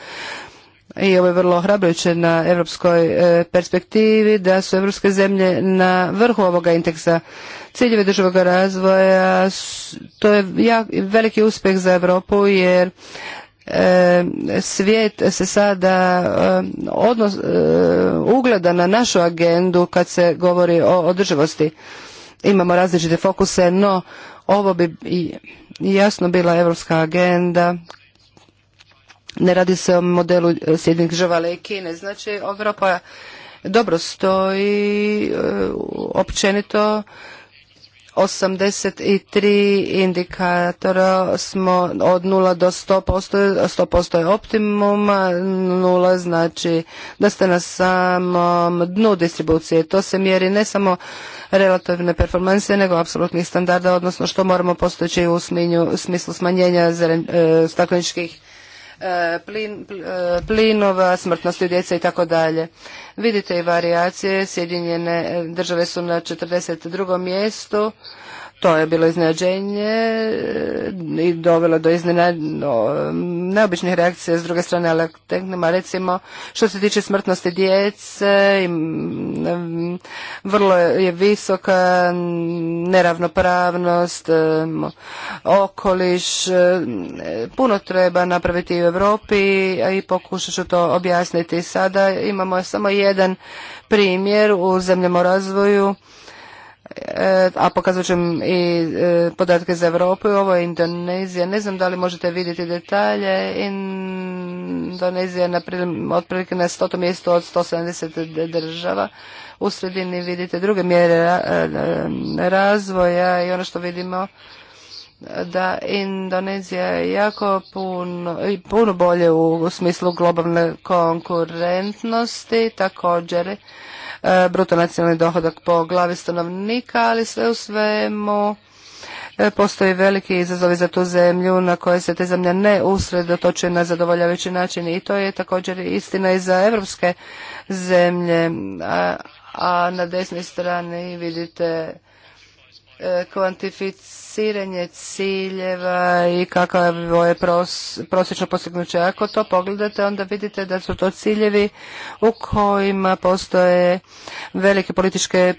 i ovo je vrlo ohrabrujuće na europskoj perspektivi da su europske zemlje na vrhu ovoga indeksa ciljeve državog razvoja. To je veliki uspjeh za Europu jer e, svijet se sada e, odnos, e, ugleda na našu agendu kad se govori o održivosti. Imamo različite fokuse, no ovo bi jasno bila evropska agenda. Ne radi se o modelu Sjedinjenih država, i Kine. Znači, Europa dobro stoji općenito 83 indikatora smo od 0 do 100%, 100% je optimum, 0 znači da ste na samom dnu distribucije. To se mjeri ne samo relativne performanse, nego apsolutnih standarda, odnosno što moramo postojeći u smislu smanjenja e, stakleničkih E, e, plinova, smrtnosti djece i tako dalje. Vidite i varijacije, Sjedinjene e, države su na 42. mjestu, to je bilo iznenađenje i dovelo do iznenađenog neobičnih reakcija s druge strane elekteknima, recimo što se tiče smrtnosti djece, mm, vrlo je visoka neravnopravnost, mm, okoliš, mm, puno treba napraviti u Europi i pokušat ću to objasniti sada. Imamo samo jedan primjer u zemljama razvoju E, a pokazat ću i e, podatke za Europu. Ovo je Indonezija. Ne znam da li možete vidjeti detalje. Indonezija na otprilike na 100. mjestu od 170 država. U sredini vidite druge mjere e, razvoja i ono što vidimo da Indonezija je jako puno, puno bolje u, u smislu globalne konkurentnosti. Također E, bruto nacionalni dohodak po glavi stanovnika, ali sve u svemu e, postoji veliki izazovi za tu zemlju na koje se te zemlje ne usredotočuje na zadovoljavajući način i to je također istina i za evropske zemlje. A, na desnoj strani vidite e, kvantificiranje financiranje ciljeva i kakvo je prosječno postignuće. Ako to pogledate, onda vidite da su to ciljevi u kojima postoje velike političke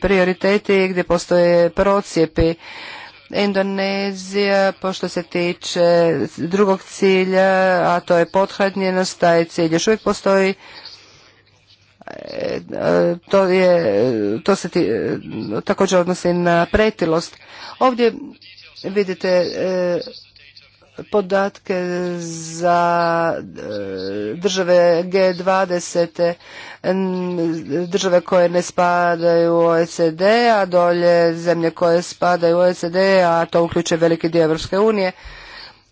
prioriteti gdje postoje procijepi. Indonezija, pošto se tiče drugog cilja, a to je pothradnjenost, taj cilj još uvijek postoji E, e, to, je, to se ti, e, također odnosi na pretilost. Ovdje vidite podatke za države G20, države koje ne spadaju u OECD, a dolje zemlje koje spadaju u OECD, a to uključuje veliki dio Evropske unije.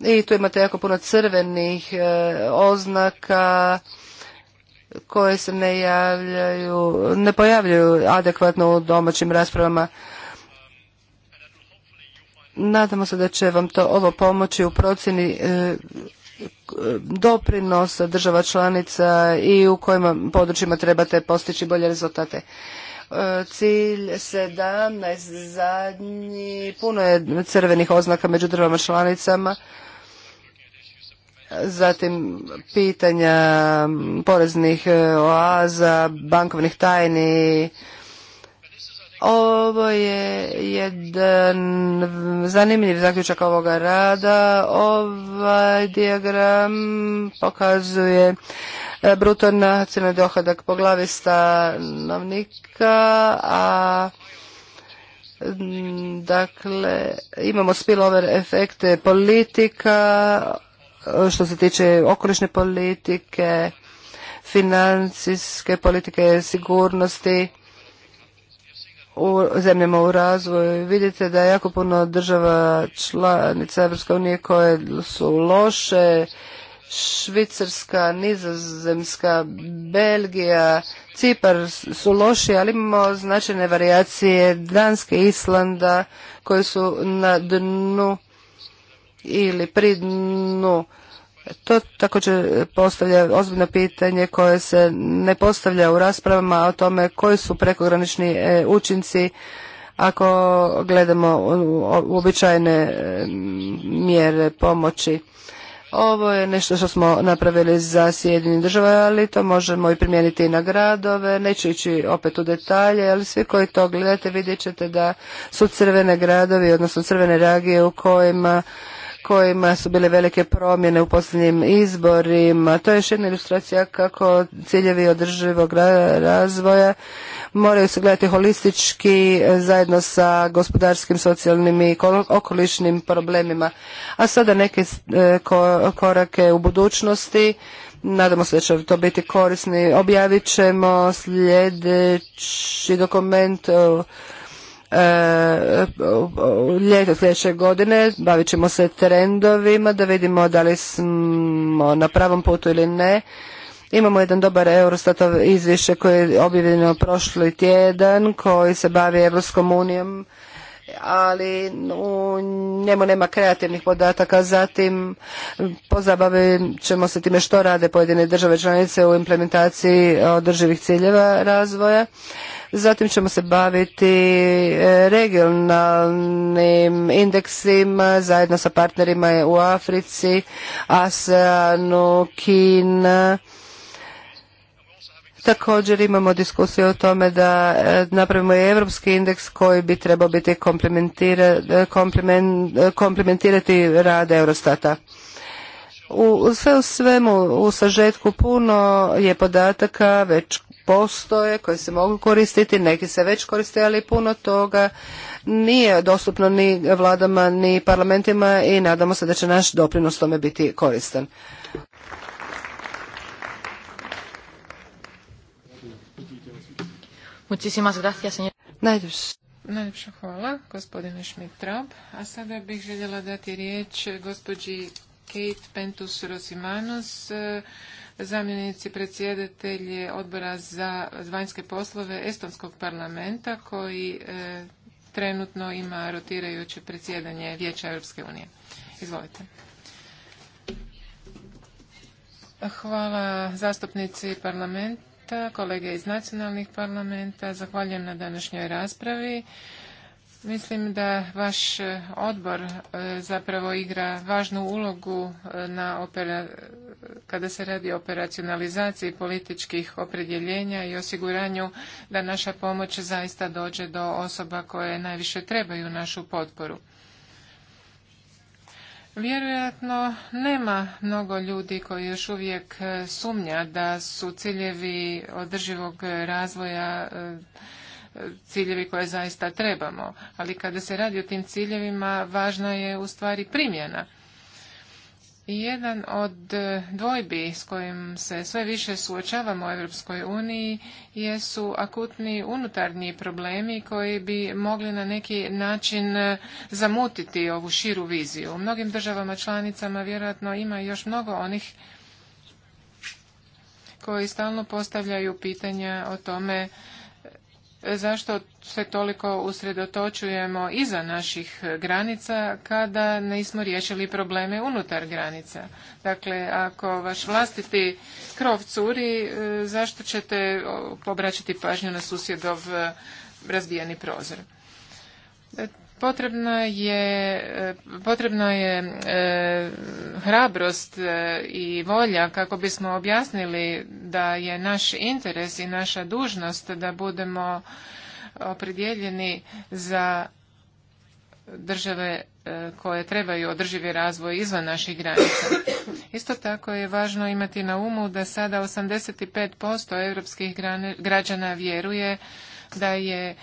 I tu imate jako puno crvenih oznaka, koje se ne javljaju, ne pojavljuju adekvatno u domaćim raspravama. Nadamo se da će vam to ovo pomoći u procjeni e, doprinosa država članica i u kojim područjima trebate postići bolje rezultate. E, cilj 17, zadnji, puno je crvenih oznaka među državama članicama zatim pitanja poreznih e, oaza, bankovnih tajni. Ovo je jedan zanimljiv zaključak ovoga rada. Ovaj diagram pokazuje e, bruto nacionalni dohodak po glavi stanovnika, a dakle imamo spillover efekte politika E, što se tiče okolišne politike, financijske politike, sigurnosti u zemljama u razvoju. Vidite da je jako puno država članica Evropske unije koje su loše, Švicarska, Nizozemska, Belgija, Cipar su loši, ali imamo značajne varijacije Danske, Islanda koje su na dnu ili pri To također postavlja ozbiljno pitanje koje se ne postavlja u raspravama o tome koji su prekogranični e, učinci ako gledamo uobičajene e, mjere pomoći. Ovo je nešto što smo napravili za Sjedinje države, ali to možemo i primijeniti i na gradove. Neću ići opet u detalje, ali svi koji to gledate vidjet ćete da su crvene gradovi, odnosno crvene reagije u kojima kojima su bile velike promjene u posljednjim izborima. To je još jedna ilustracija kako ciljevi održivog razvoja moraju se gledati holistički e, zajedno sa gospodarskim, socijalnim i okolišnim problemima. A sada neke e, korake u budućnosti. Nadamo se da će to biti korisni. Objavit ćemo sljedeći dokument e, E, ljeto sljedeće godine bavit ćemo se trendovima da vidimo da li smo na pravom putu ili ne. Imamo jedan dobar Eurostatov izvješće koje je objavljeno prošli tjedan koji se bavi Evropskom unijom ali u njemu nema kreativnih podataka. Zatim pozabavit ćemo se time što rade pojedine države članice u implementaciji održivih ciljeva razvoja. Zatim ćemo se baviti e, regionalnim indeksima zajedno sa partnerima u Africi, ASEANu, Kina. Također imamo diskusiju o tome da e, napravimo i evropski indeks koji bi trebao biti e, komplementirati rad Eurostata. U sve u svemu, u sažetku puno je podataka već postoje, koje se mogu koristiti, neki se već koriste, ali puno toga nije dostupno ni vladama, ni parlamentima i nadamo se da će naš doprinos tome biti koristan. Najljepša. hvala, gospodine Šmitrab. A sada bih željela dati riječ gospođi Kate Pentus rosimanos zamjenici predsjedatelje odbora za vanjske poslove Estonskog parlamenta koji e, trenutno ima rotirajuće predsjedanje Vijeća Europske unije. Izvolite. Hvala zastupnici parlamenta, kolege iz nacionalnih parlamenta. Zahvaljujem na današnjoj raspravi. Mislim da vaš e, odbor e, zapravo igra važnu ulogu e, na kada se radi o operacionalizaciji političkih opredjeljenja i osiguranju da naša pomoć zaista dođe do osoba koje najviše trebaju našu potporu. Vjerojatno nema mnogo ljudi koji još uvijek sumnja da su ciljevi održivog razvoja ciljevi koje zaista trebamo. Ali kada se radi o tim ciljevima, važna je u stvari primjena. I jedan od e, dvojbi s kojim se sve više suočavamo u Europskoj uniji jesu akutni unutarnji problemi koji bi mogli na neki način e, zamutiti ovu širu viziju. U mnogim državama članicama vjerojatno ima još mnogo onih koji stalno postavljaju pitanja o tome zašto se toliko usredotočujemo iza naših granica kada nismo riješili probleme unutar granica. Dakle, ako vaš vlastiti krov curi, e, zašto ćete obraćati pažnju na susjedov e, razbijeni prozor? Potrebna je, e, potrebna je e, hrabrost e, i volja kako bismo objasnili da je naš interes i naša dužnost da budemo opredjeljeni za države koje trebaju održivi razvoj izvan naših granica. Isto tako je važno imati na umu da sada 85% europskih građana vjeruje da je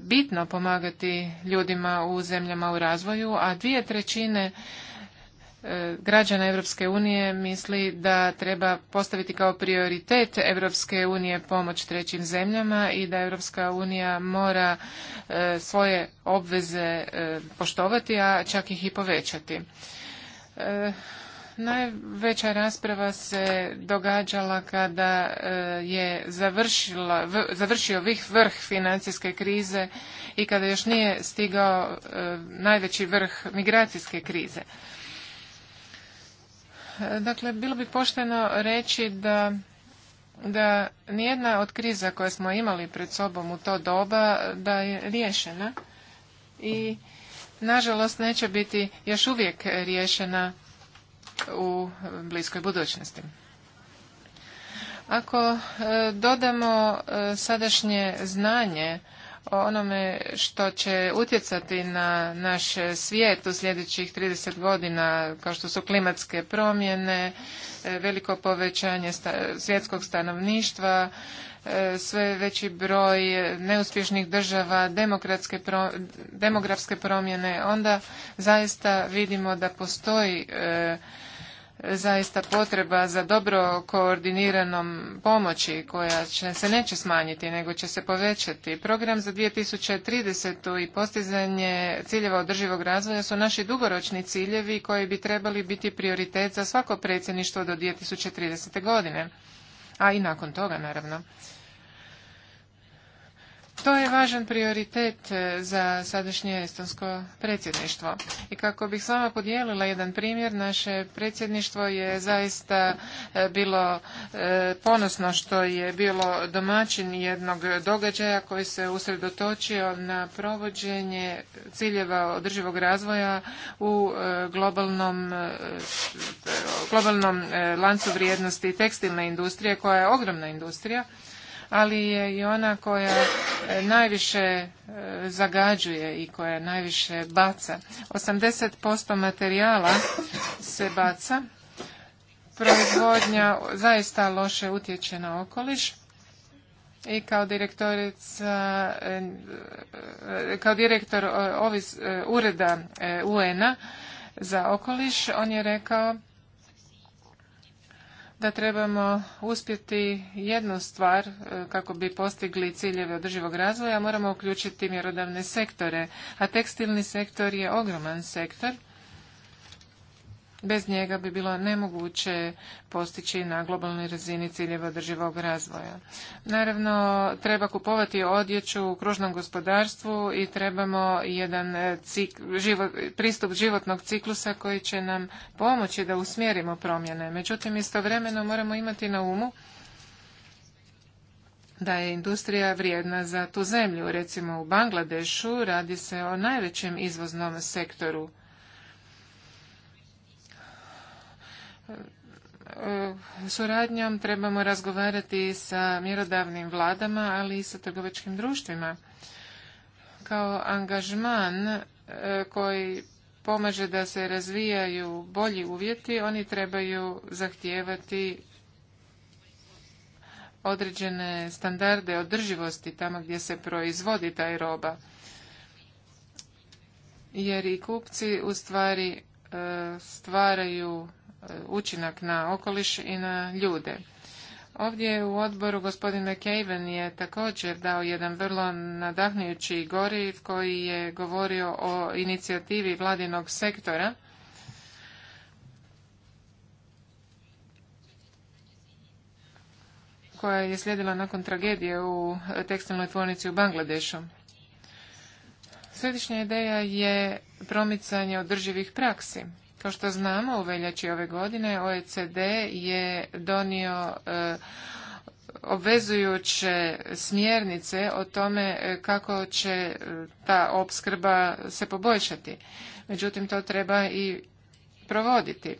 bitno pomagati ljudima u zemljama u razvoju, a dvije trećine e, građana Europske unije misli da treba postaviti kao prioritet Europske unije pomoć trećim zemljama i da Europska unija mora e, svoje obveze e, poštovati, a čak ih i povećati. Najveća rasprava se događala kada e, je završio vrh financijske krize i kada još nije stigao e, najveći vrh migracijske krize. Dakle, bilo bi pošteno reći da da nijedna od kriza koje smo imali pred sobom u to doba da je riješena i nažalost neće biti još uvijek riješena u bliskoj budućnosti. Ako e, dodamo e, sadašnje znanje o onome što će utjecati na naš svijet u sljedećih 30 godina, kao što su klimatske promjene, e, veliko povećanje svjetskog stanovništva, sve veći broj neuspješnih država, demografske promjene, onda zaista vidimo da postoji zaista potreba za dobro koordiniranom pomoći koja će, se neće smanjiti nego će se povećati. Program za 2030. i postizanje ciljeva održivog razvoja su naši dugoročni ciljevi koji bi trebali biti prioritet za svako predsjedništvo do 2030. godine, a i nakon toga naravno. To je važan prioritet e, za sadašnje estonsko predsjedništvo. I kako bih s vama podijelila jedan primjer, naše predsjedništvo je zaista e, bilo e, ponosno što je bilo domaćin jednog događaja koji se usredotočio na provođenje ciljeva održivog razvoja u globalnom, globalnom lancu vrijednosti tekstilne industrije koja je ogromna industrija ali je i ona koja e, najviše e, zagađuje i koja najviše baca. 80% materijala se baca. Proizvodnja zaista loše utječe na okoliš i kao e, kao direktor ovis, ureda UN-a za okoliš on je rekao da trebamo uspjeti jednu stvar e, kako bi postigli ciljeve održivog razvoja, moramo uključiti mjerodavne sektore, a tekstilni sektor je ogroman sektor Bez njega bi bilo nemoguće postići na globalnoj razini ciljeva održivog razvoja. Naravno, treba kupovati odjeću u kružnom gospodarstvu i trebamo jedan e, pristup životnog ciklusa koji će nam pomoći da usmjerimo promjene. Međutim, istovremeno moramo imati na umu da je industrija vrijedna za tu zemlju. Recimo u Bangladešu radi se o najvećem izvoznom sektoru suradnjom trebamo razgovarati sa mjerodavnim vladama, ali i sa trgovačkim društvima. Kao angažman e, koji pomaže da se razvijaju bolji uvjeti, oni trebaju zahtijevati određene standarde održivosti tamo gdje se proizvodi taj roba. Jer i kupci u stvari e, stvaraju učinak na okoliš i na ljude. Ovdje u odboru gospodin McAven je također dao jedan vrlo nadahnujući goriv koji je govorio o inicijativi vladinog sektora koja je slijedila nakon tragedije u tekstilnoj tvornici u Bangladešu. Središnja ideja je promicanje održivih praksi kao što znamo, u veljači ove godine OECD je donio e, obvezujuće smjernice o tome e, kako će e, ta opskrba se poboljšati. Međutim, to treba i provoditi.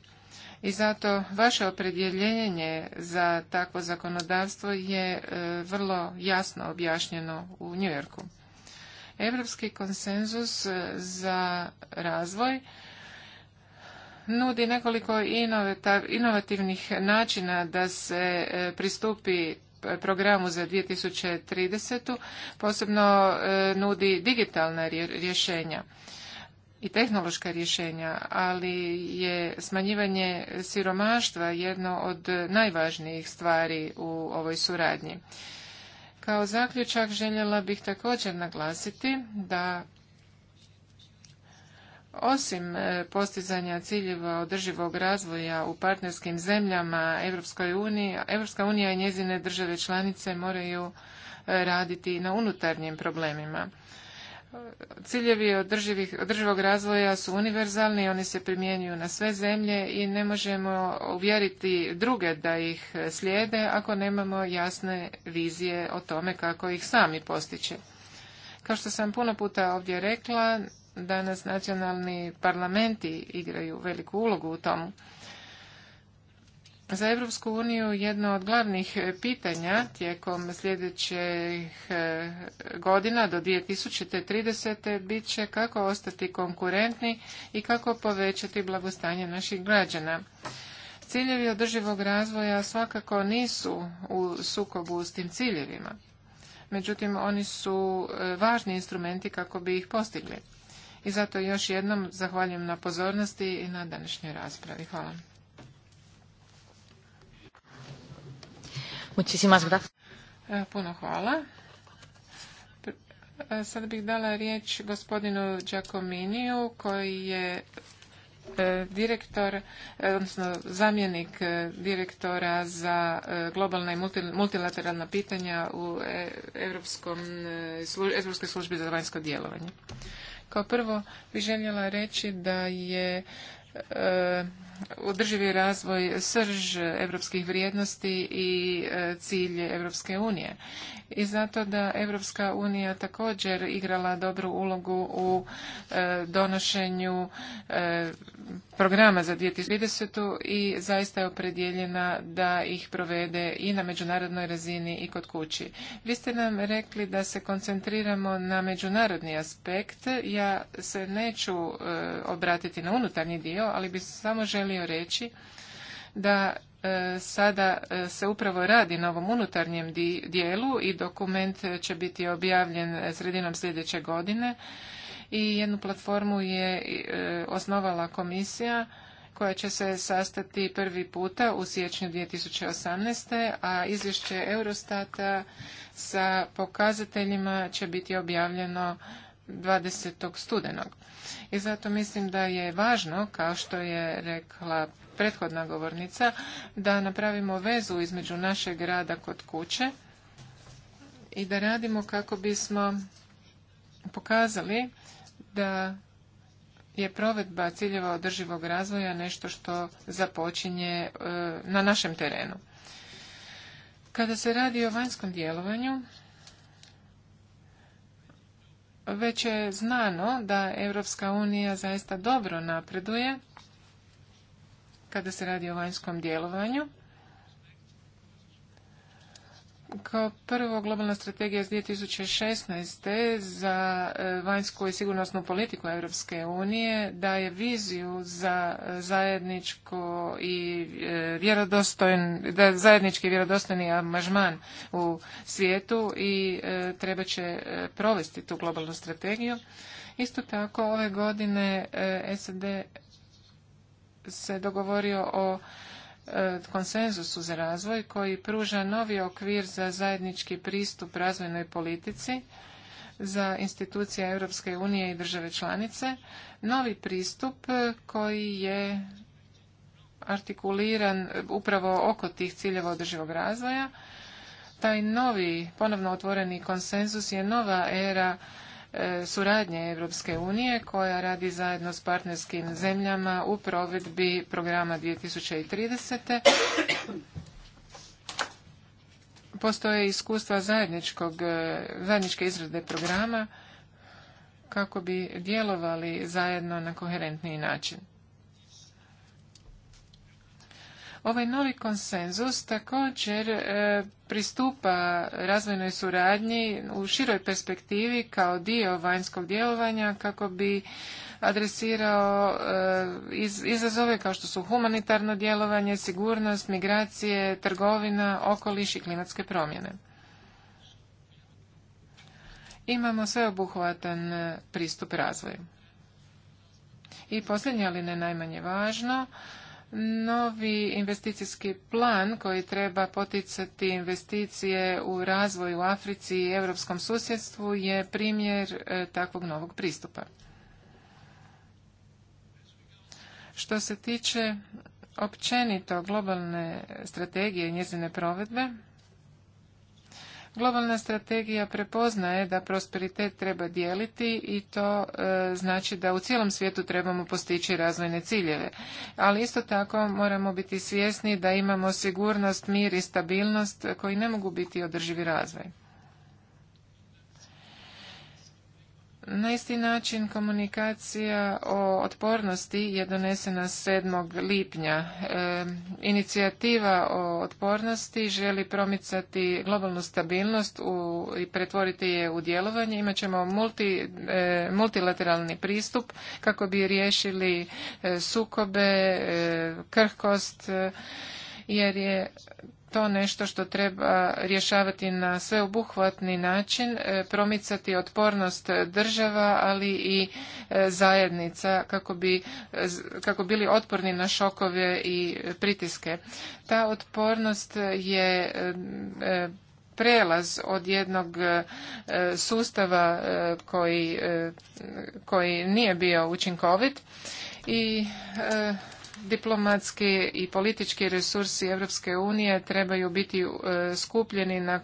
I zato vaše opredjeljenje za takvo zakonodavstvo je vrlo jasno objašnjeno u Njujorku. Europski konsenzus za razvoj nudi nekoliko inovativnih načina da se e, pristupi programu za 2030. posebno e, nudi digitalna rješenja i tehnološka rješenja, ali je smanjivanje siromaštva jedno od najvažnijih stvari u ovoj suradnji. Kao zaključak željela bih također naglasiti da osim e, postizanja ciljeva održivog razvoja u partnerskim zemljama Europskoj uniji, Europska unija i njezine države članice moraju e, raditi na unutarnjim problemima. E, ciljevi održivog razvoja su univerzalni, oni se primjenjuju na sve zemlje i ne možemo uvjeriti druge da ih slijede ako nemamo jasne vizije o tome kako ih sami postići. Kao što sam puno puta ovdje rekla, danas nacionalni parlamenti igraju veliku ulogu u tomu. Za Europsku uniju jedno od glavnih pitanja tijekom sljedećih e, godina do 2030. bit će kako ostati konkurentni i kako povećati blagostanje naših građana. Ciljevi održivog razvoja svakako nisu u sukobu s tim ciljevima. Međutim, oni su e, važni instrumenti kako bi ih postigli. I zato još jednom zahvaljujem na pozornosti i na današnjoj raspravi. Hvala. E, puno hvala. E, sada bih dala riječ gospodinu Giacominiju koji je e, direktor, odnosno zamjenik direktora za globalna i multilateralna pitanja u Europskoj službi za vanjsko djelovanje. Kao prvo bih željela reći da je e, održivi razvoj srž europskih vrijednosti i e, cilj Europske unije. I zato da Europska unija također igrala dobru ulogu u e, donošenju e, programa za 2030. i zaista je opredjeljena da ih provede i na međunarodnoj razini i kod kući. Vi ste nam rekli da se koncentriramo na međunarodni aspekt. Ja se neću obratiti na unutarnji dio, ali bi samo želio želio reći da e, sada e, se upravo radi na ovom unutarnjem dijelu i dokument će biti objavljen sredinom sljedeće godine i jednu platformu je e, osnovala komisija koja će se sastati prvi puta u siječnju 2018. a izvješće Eurostata sa pokazateljima će biti objavljeno 20. studenog. I zato mislim da je važno, kao što je rekla prethodna govornica, da napravimo vezu između našeg rada kod kuće i da radimo kako bismo pokazali da je provedba ciljeva održivog razvoja nešto što započinje e, na našem terenu. Kada se radi o vanjskom djelovanju, već je znano da Europska unija zaista dobro napreduje kada se radi o vanjskom djelovanju kao prvo, globalna strategija iz 2016. za e, vanjsku i sigurnosnu politiku Europske unije daje viziju za e, zajedničko i e, vjerodostojan, da zajednički vjerodostojni amažman u svijetu i treba će provesti tu globalnu strategiju. Isto tako, ove godine SAD se dogovorio o E, konsenzusu za razvoj koji pruža novi okvir za zajednički pristup razvojnoj politici za institucije Europske unije i države članice, novi pristup e, koji je artikuliran e, upravo oko tih ciljeva održivog razvoja. Taj novi, ponovno otvoreni konsenzus je nova era E, suradnje Europske unije koja radi zajedno s partnerskim zemljama u provedbi programa 2030. Postoje iskustva zajedničkog, e, zajedničke izrade programa kako bi djelovali zajedno na koherentniji način. Ovaj novi konsenzus također e, pristupa razvojnoj suradnji u široj perspektivi kao dio vanjskog djelovanja kako bi adresirao e, izazove kao što su humanitarno djelovanje, sigurnost, migracije, trgovina, okoliš i klimatske promjene. Imamo sveobuhvatan e, pristup razvoju. I posljednje, ali ne najmanje važno, Novi investicijski plan koji treba poticati investicije u razvoju u Africi i europskom susjedstvu je primjer e, takvog novog pristupa. Što se tiče općenito globalne strategije i njezine provedbe, Globalna strategija prepoznaje da prosperitet treba dijeliti i to e, znači da u cijelom svijetu trebamo postići razvojne ciljeve. Ali isto tako moramo biti svjesni da imamo sigurnost, mir i stabilnost koji ne mogu biti održivi razvoj. Na isti način komunikacija o otpornosti je donesena 7. lipnja. E, inicijativa o otpornosti želi promicati globalnu stabilnost i pretvoriti je u djelovanje. Imaćemo multi, e, multilateralni pristup kako bi riješili e, sukobe, krhkost jer je to nešto što treba rješavati na sveobuhvatni način, e, promicati otpornost država, ali i e, zajednica kako bi e, kako bili otporni na šokove i pritiske. Ta otpornost je prelaz od jednog sustava koji, koji nije bio učinkovit i Diplomatski i politički resursi Europske unije trebaju biti e, skupljeni na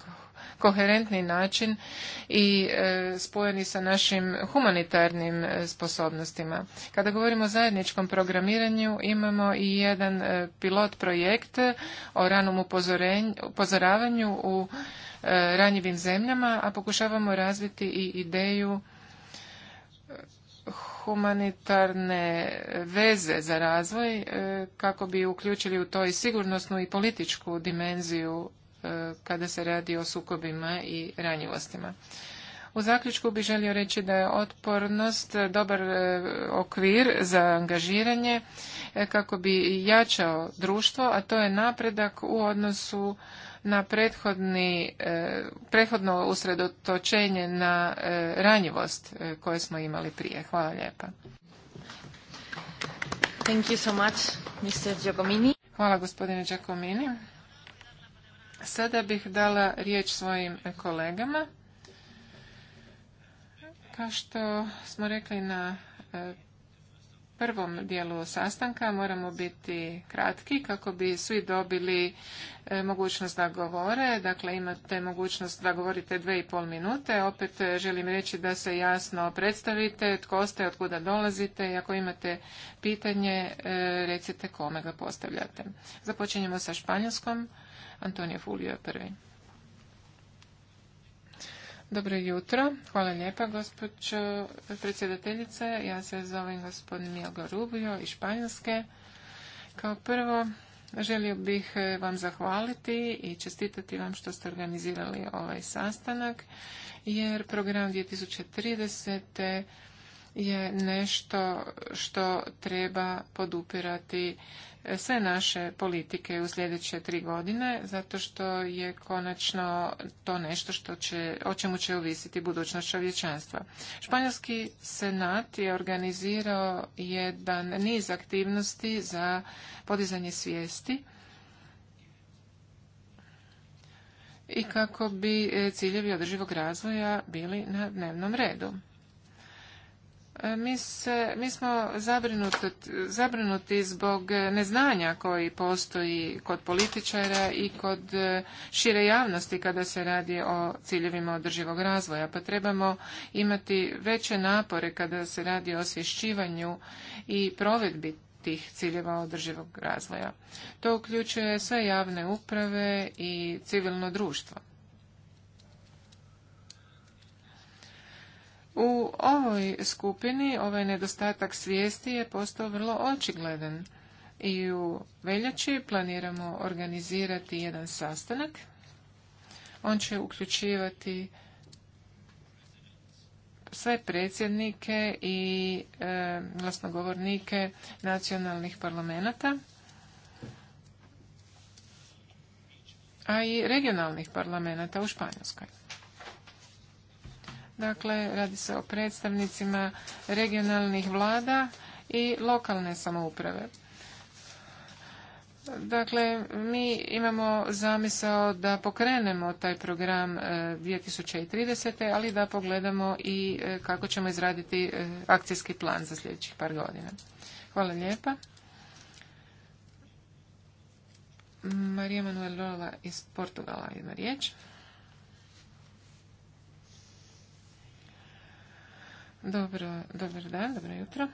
koherentni način i e, spojeni sa našim humanitarnim e, sposobnostima. Kada govorimo o zajedničkom programiranju, imamo i jedan pilot projekt o ranom upozoravanju u ranjivim zemljama, a pokušavamo razviti i ideju humanitarne veze za razvoj e, kako bi uključili u to i sigurnosnu i političku dimenziju e, kada se radi o sukobima i ranjivostima. U zaključku bih želio reći da je otpornost dobar e, okvir za angažiranje kako bi jačao društvo, a to je napredak u odnosu na prethodni, e, prethodno usredotočenje na e, ranjivost e, koje smo imali prije. Hvala lijepa. Thank you so much, Mr. Hvala gospodine Giacomini. Sada bih dala riječ svojim kolegama. Kao što smo rekli na prvom dijelu sastanka moramo biti kratki kako bi svi dobili e, mogućnost da govore. Dakle, imate mogućnost da govorite dve i pol minute. Opet e, želim reći da se jasno predstavite, tko ste, od dolazite i ako imate pitanje, e, recite kome ga postavljate. Započinjemo sa Španjolskom. Antonio Fulio je prvi. Dobro jutro. Hvala lijepa, gospođo predsjedateljice. Ja se zovem gospodin Milgo Rubio iz Španjolske. Kao prvo, želio bih e, vam zahvaliti i čestitati vam što ste organizirali ovaj sastanak, jer program 2030 je nešto što treba podupirati sve naše politike u sljedeće tri godine, zato što je konačno to nešto što će, o čemu će ovisiti budućnost čovječanstva. Španjolski senat je organizirao jedan niz aktivnosti za podizanje svijesti i kako bi ciljevi održivog razvoja bili na dnevnom redu. Mi, se, mi smo zabrinuti, zabrinuti zbog neznanja koji postoji kod političara i kod e, šire javnosti kada se radi o ciljevima održivog razvoja, pa trebamo imati veće napore kada se radi o osvješćivanju i provedbi tih ciljeva održivog razvoja. To uključuje sve javne uprave i civilno društvo. U ovoj skupini ovaj nedostatak svijesti je postao vrlo očigledan i u veljači planiramo organizirati jedan sastanak. On će uključivati sve predsjednike i e, glasnogovornike nacionalnih parlamenata, a i regionalnih parlamenata u Španjolskoj. Dakle, radi se o predstavnicima regionalnih vlada i lokalne samouprave. Dakle, mi imamo zamisao da pokrenemo taj program 2030. E, ali da pogledamo i e, kako ćemo izraditi e, akcijski plan za sljedećih par godina. Hvala lijepa. Marija Manuel iz Portugala ima riječ. Dobro, dobar dan, dobro jutro.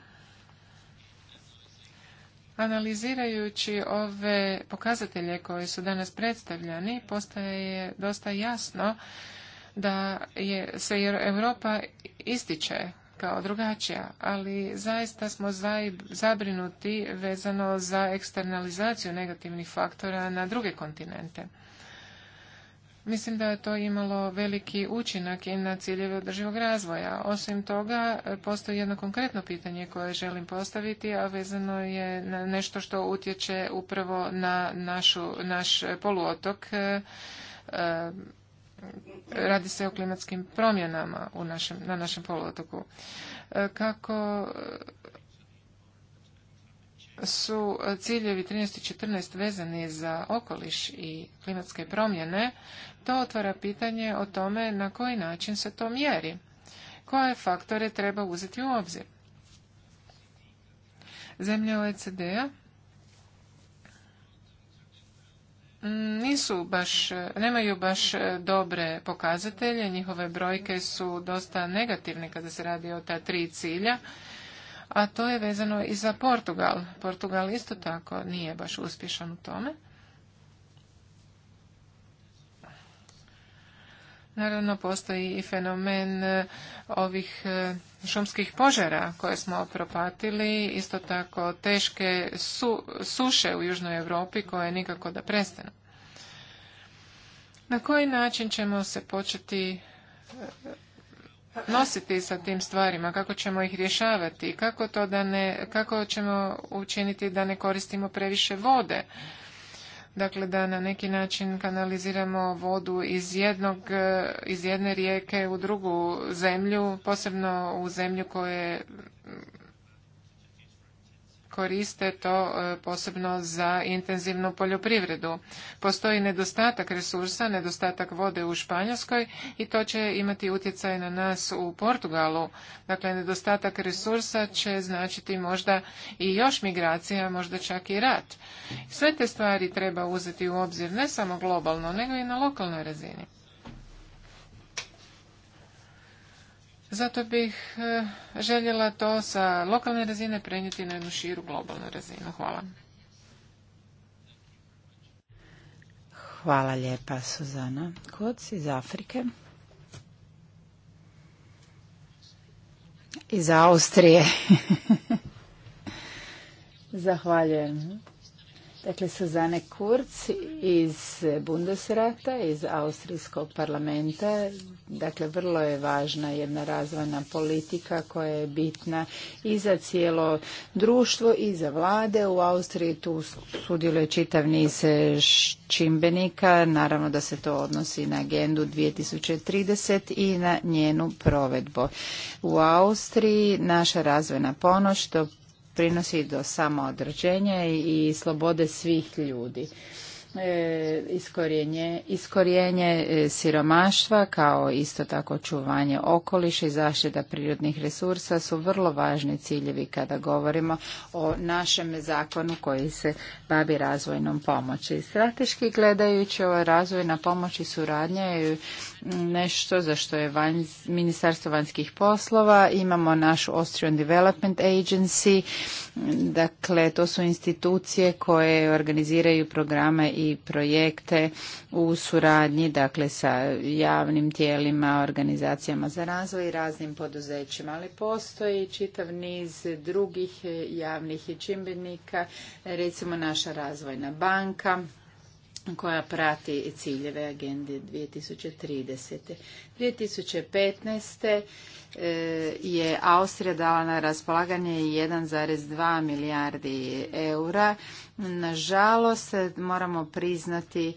Analizirajući ove pokazatelje koji su danas predstavljani, postaje je dosta jasno da je, se Europa ističe kao drugačija, ali zaista smo zabrinuti vezano za eksternalizaciju negativnih faktora na druge kontinente. Mislim da je to imalo veliki učinak i na ciljeve održivog razvoja. Osim toga, postoji jedno konkretno pitanje koje želim postaviti, a vezano je na nešto što utječe upravo na našu, naš poluotok. E, e, radi se o klimatskim promjenama u našem, na našem poluotoku. E, kako su ciljevi 13 i 14 vezani za okoliš i klimatske promjene, to otvara pitanje o tome na koji način se to mjeri, koje faktore treba uzeti u obzir. Zemlje OECD-a nisu baš, nemaju baš dobre pokazatelje, njihove brojke su dosta negativne kada se radi o ta tri cilja a to je vezano i za Portugal. Portugal isto tako nije baš uspješan u tome. Naravno, postoji i fenomen e, ovih e, šumskih požara koje smo propatili, isto tako teške suše u Južnoj Europi koje nikako da prestanu. Na koji način ćemo se početi e, nositi sa tim stvarima, kako ćemo ih rješavati, kako, to da ne, kako ćemo učiniti da ne koristimo previše vode. Dakle, da na neki način kanaliziramo vodu iz, jednog, iz jedne rijeke u drugu zemlju, posebno u zemlju koje koriste to e, posebno za intenzivnu poljoprivredu. Postoji nedostatak resursa, nedostatak vode u Španjolskoj i to će imati utjecaj na nas u Portugalu. Dakle, nedostatak resursa će značiti možda i još migracija, možda čak i rat. Sve te stvari treba uzeti u obzir ne samo globalno, nego i na lokalnoj razini. Zato bih e, željela to sa lokalne razine prenijeti na jednu širu globalnu razinu. Hvala. Hvala lijepa Suzana Koc iz Afrike. Iz Austrije. Zahvaljujem. Dakle, Suzane Kurz iz Bundesrata, iz Austrijskog parlamenta. Dakle, vrlo je važna jedna razvojna politika koja je bitna i za cijelo društvo i za vlade. U Austriji tu sudjeluje čitav niz čimbenika. Naravno da se to odnosi na agendu 2030 i na njenu provedbu. U Austriji naša razvojna ponoć, to prinosi do samoodređenja i slobode svih ljudi. E, iskorjenje e, siromaštva kao isto tako čuvanje okoliša i zaštita prirodnih resursa su vrlo važni ciljevi kada govorimo o našem zakonu koji se bavi razvojnom pomoći. Strateški gledajući ova razvojna pomoć i suradnja je nešto za što je Ministarstvo vanjskih poslova, imamo naš Austrian Development Agency, dakle to su institucije koje organiziraju programe i i projekte u suradnji dakle sa javnim tijelima, organizacijama za razvoj i raznim poduzećima. Ali postoji čitav niz drugih javnih čimbenika, recimo naša razvojna banka koja prati ciljeve agende 2030. 2015 e, je Austrija dala na raspolaganje 1,2 milijardi eura Nažalost, moramo priznati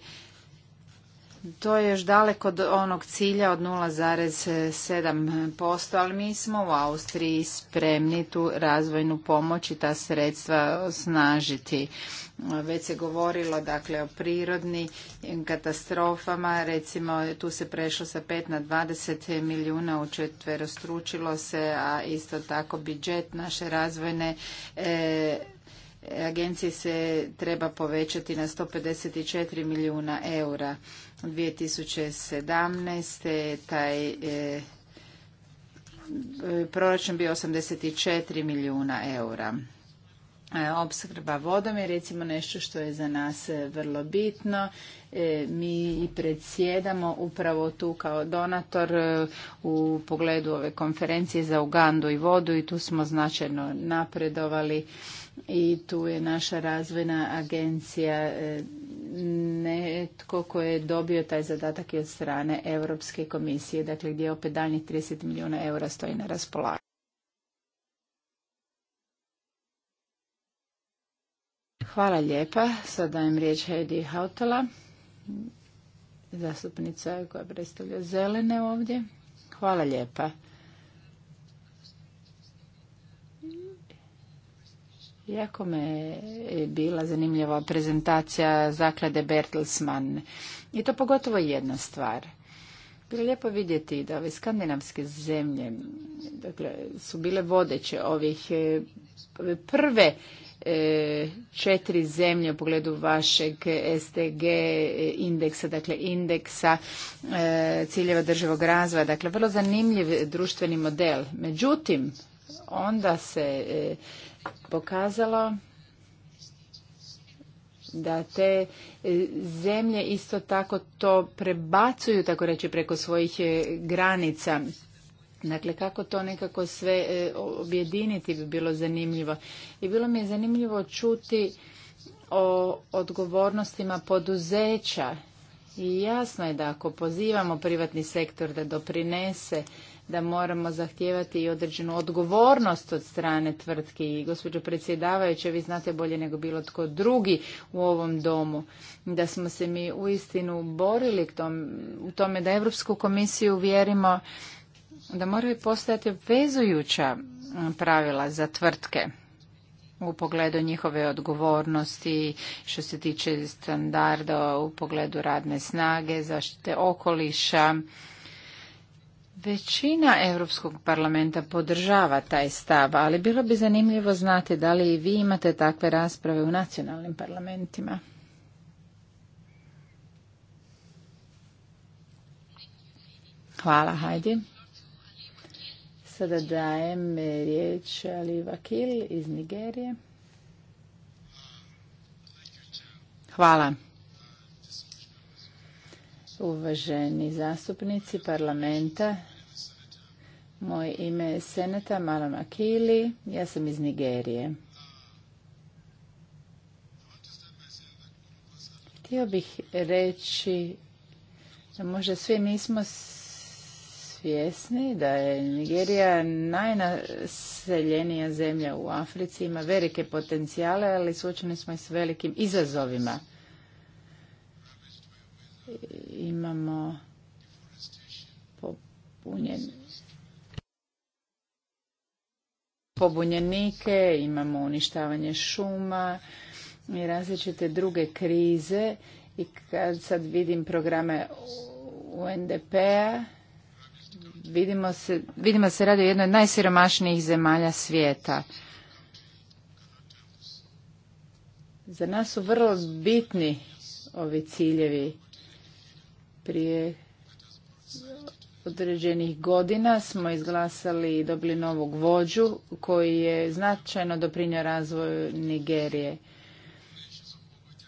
to je još daleko od onog cilja od 0,7%, ali mi smo u Austriji spremni tu razvojnu pomoć i ta sredstva osnažiti. Već se govorilo dakle o prirodnim katastrofama, recimo tu se prešlo sa 5 na 20 milijuna, učetverostručilo se, a isto tako budžet naše razvojne e, agencije se treba povećati na 154 milijuna eura. 2017. taj e, proračun bio 84 milijuna eura. Obskrba e, Opskrba vodom je recimo nešto što je za nas vrlo bitno. E, mi i predsjedamo upravo tu kao donator u pogledu ove konferencije za Ugandu i vodu i tu smo značajno napredovali i tu je naša razvojna agencija e, netko ko je dobio taj zadatak i od strane Europske komisije, dakle gdje opet daljnjih 30 milijuna eura stoji na raspolaganju. Hvala lijepa. Sada dajem riječ Hedi Hautala, zastupnica koja predstavlja zelene ovdje. Hvala lijepa. Jako me je bila zanimljiva prezentacija zaklade Bertelsmann. I to pogotovo jedna stvar. Bilo je lijepo vidjeti da ove skandinavske zemlje dakle, su bile vodeće ovih e, prve e, četiri zemlje u pogledu vašeg SDG e, indeksa, dakle indeksa ciljeva državog razvoja. Dakle, vrlo zanimljiv društveni model. Međutim, onda se pokazalo da te e, zemlje isto tako to prebacuju, tako reći, preko svojih e, granica. Dakle, kako to nekako sve e, objediniti bi bilo zanimljivo. I bilo mi je zanimljivo čuti o odgovornostima poduzeća. I jasno je da ako pozivamo privatni sektor da doprinese da moramo zahtijevati i određenu odgovornost od strane tvrtki. I gospođo predsjedavajuće, vi znate bolje nego bilo tko drugi u ovom domu, da smo se mi uistinu borili u tome da Europsku komisiju vjerimo da moraju postojati obvezujuća pravila za tvrtke u pogledu njihove odgovornosti što se tiče standarda u pogledu radne snage, zaštite okoliša, Većina Europskog parlamenta podržava taj stav, ali bilo bi zanimljivo znati da li i vi imate takve rasprave u nacionalnim parlamentima. Hvala, Hajdi. Sada dajem riječ Ali Vakil iz Nigerije. Hvala. Uvaženi zastupnici parlamenta, moje ime je Seneta Akili, ja sam iz Nigerije. Htio bih reći da možda svi nismo svjesni da je Nigerija najnaseljenija zemlja u Africi, ima velike potencijale, ali suočeni smo i s velikim izazovima imamo pobunjenike, imamo uništavanje šuma i različite druge krize i kad sad vidim programe UNDP-a vidimo se, vidimo se radi o jednoj od najsiromašnijih zemalja svijeta. Za nas su vrlo bitni ovi ciljevi prije određenih godina smo izglasali i dobili novog vođu koji je značajno doprinio razvoju Nigerije.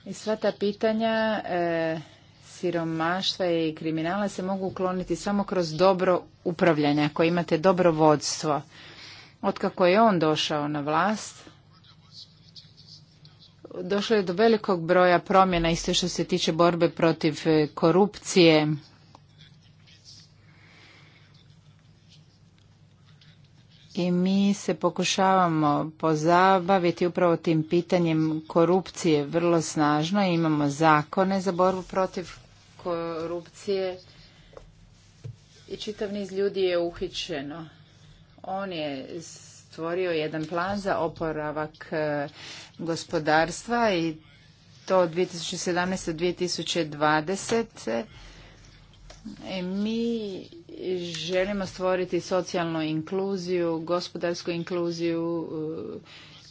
I sva ta pitanja e, siromaštva i kriminala se mogu ukloniti samo kroz dobro upravljanje, ako imate dobro vodstvo. Otkako je on došao na vlast, došlo je do velikog broja promjena isto što se tiče borbe protiv e, korupcije. I mi se pokušavamo pozabaviti upravo tim pitanjem korupcije vrlo snažno. Imamo zakone za borbu protiv korupcije i čitav niz ljudi je uhićeno. On je stvorio jedan plan za oporavak e, gospodarstva i to od 2017. do 2020. E, mi želimo stvoriti socijalnu inkluziju, gospodarsku inkluziju, e,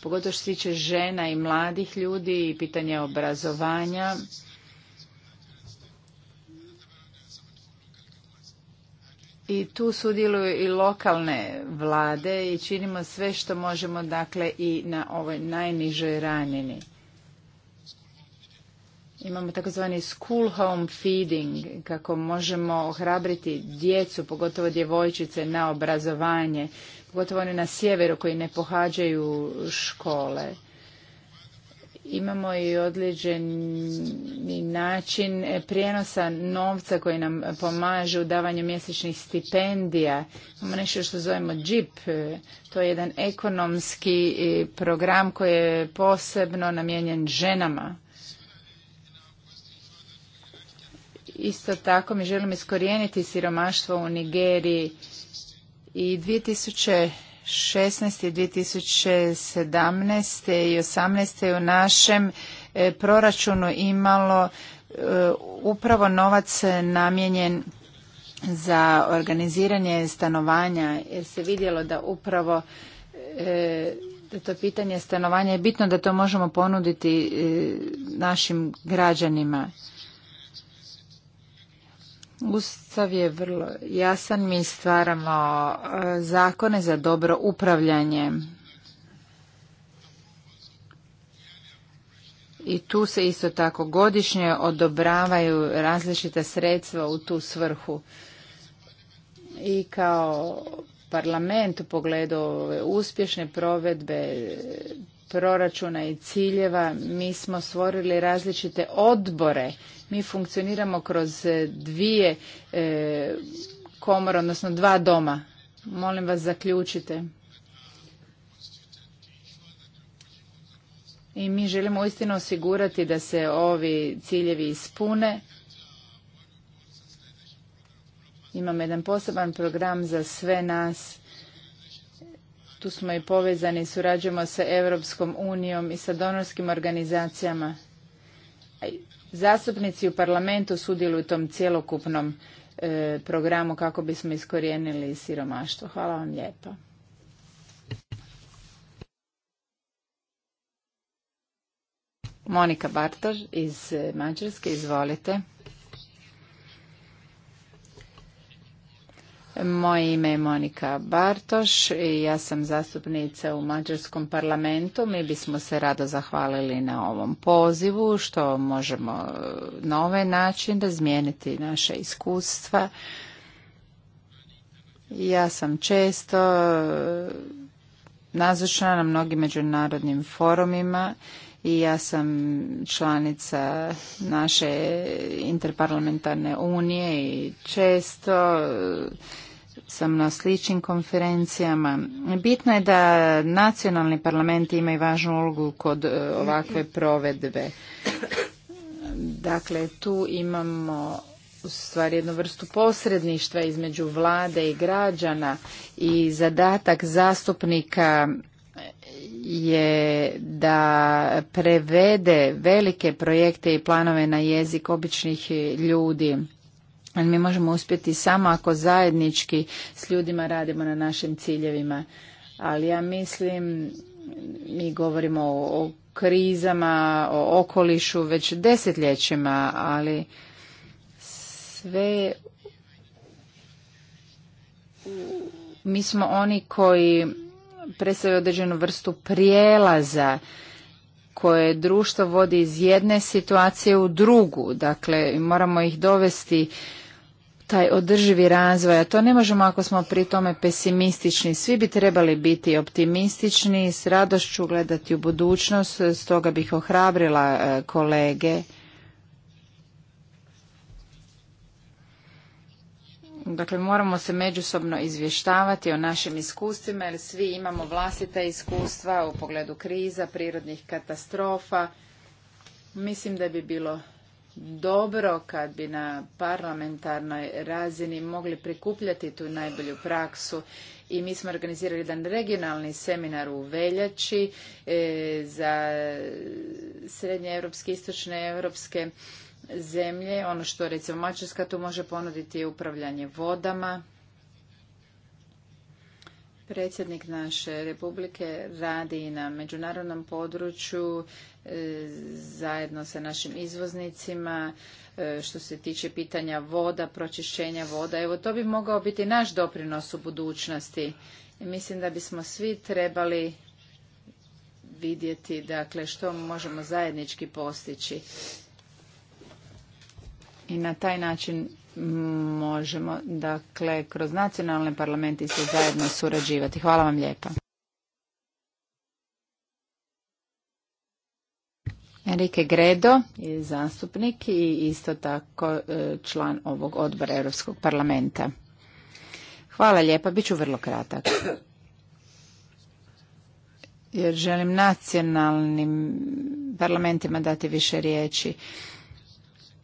pogotovo što se tiče žena i mladih ljudi i pitanje obrazovanja. i tu sudjeluju i lokalne vlade i činimo sve što možemo dakle i na ovoj najnižoj ranini. Imamo takozvani school home feeding, kako možemo ohrabriti djecu, pogotovo djevojčice, na obrazovanje, pogotovo one na sjeveru koji ne pohađaju škole imamo i određeni način prijenosa novca koji nam pomaže u davanju mjesečnih stipendija. Imamo nešto što zovemo Džip. To je jedan ekonomski program koji je posebno namijenjen ženama. Isto tako mi želimo iskorijeniti siromaštvo u Nigeriji i 2000 2016. 2017. i 2018. u našem e, proračunu imalo e, upravo novac namijenjen za organiziranje stanovanja jer se vidjelo da upravo e, da to pitanje stanovanja je bitno da to možemo ponuditi našim građanima Ustav je vrlo jasan, mi stvaramo e, zakone za dobro upravljanje. I tu se isto tako godišnje odobravaju različita sredstva u tu svrhu. I kao parlament u pogledu uspješne provedbe proračuna i ciljeva mi smo stvorili različite odbore. Mi funkcioniramo kroz e, dvije e, komore, odnosno dva doma. Molim vas zaključite. I mi želimo uistinu osigurati da se ovi ciljevi ispune. Imamo jedan poseban program za sve nas tu smo i povezani, surađujemo sa Europskom unijom i sa donorskim organizacijama. Zastupnici u parlamentu sudjeluju u tom cjelokupnom e, programu kako bismo iskorijenili siromaštvo. Hvala vam lijepa. Monika Bartoš iz e, Mađarske, izvolite. Moje ime je Monika Bartoš i ja sam zastupnica u Mađarskom parlamentu. Mi bismo se rado zahvalili na ovom pozivu što možemo e, na ovaj način razmijeniti naše iskustva. Ja sam često e, nazočna na mnogim međunarodnim forumima i ja sam članica naše interparlamentarne unije i često e, sam na sličnim konferencijama. Bitno je da nacionalni parlamenti imaju važnu ulogu kod e, ovakve provedbe. Dakle, tu imamo u stvari jednu vrstu posredništva između vlade i građana i zadatak zastupnika je da prevede velike projekte i planove na jezik običnih ljudi mi možemo uspjeti samo ako zajednički s ljudima radimo na našim ciljevima. Ali ja mislim, mi govorimo o, o krizama, o okolišu već desetljećima, ali sve mi smo oni koji predstavljaju određenu vrstu prijelaza koje društvo vodi iz jedne situacije u drugu. Dakle, moramo ih dovesti taj održivi razvoj, a to ne možemo ako smo pri tome pesimistični. Svi bi trebali biti optimistični, s radošću gledati u budućnost, stoga bih ohrabrila e, kolege. Dakle, moramo se međusobno izvještavati o našim iskustvima, jer svi imamo vlastita iskustva u pogledu kriza, prirodnih katastrofa. Mislim da bi bilo dobro kad bi na parlamentarnoj razini mogli prikupljati tu najbolju praksu i mi smo organizirali jedan regionalni seminar u Veljači e, za srednje europske, istočne europske zemlje. Ono što recimo Mađarska tu može ponuditi je upravljanje vodama. Predsjednik naše republike radi i na međunarodnom području E, zajedno sa našim izvoznicima e, što se tiče pitanja voda, pročišćenja voda. Evo to bi mogao biti naš doprinos u budućnosti. mislim da bismo svi trebali vidjeti dakle što možemo zajednički postići. I na taj način možemo dakle kroz nacionalne parlamente se zajedno surađivati. Hvala vam lijepa. Enrique Gredo je zastupnik i isto tako e, član ovog odbora Europskog parlamenta. Hvala lijepa, bit ću vrlo kratak. Jer želim nacionalnim parlamentima dati više riječi.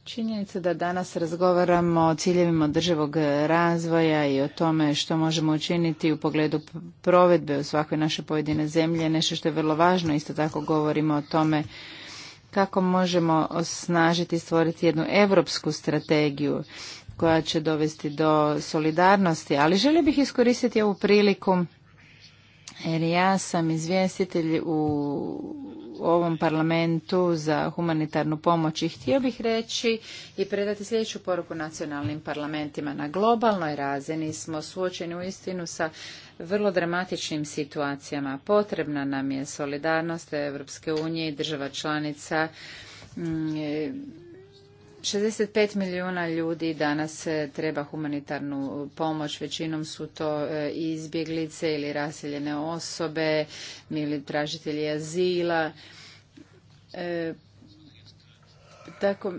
Činjenica da danas razgovaramo o ciljevima održivog razvoja i o tome što možemo učiniti u pogledu provedbe u svakoj naše pojedine zemlje, nešto što je vrlo važno. Isto tako govorimo o tome kako možemo osnažiti i stvoriti jednu europsku strategiju koja će dovesti do solidarnosti, ali želio bih iskoristiti ovu priliku jer ja sam izvjestitelj u ovom parlamentu za humanitarnu pomoć i htio bih reći i predati sljedeću poruku nacionalnim parlamentima. Na globalnoj razini smo suočeni u istinu sa vrlo dramatičnim situacijama. Potrebna nam je solidarnost Europske unije i država članica mm, 65 milijuna ljudi danas e, treba humanitarnu pomoć, većinom su to e, izbjeglice ili raseljene osobe ili tražitelji azila. E, tako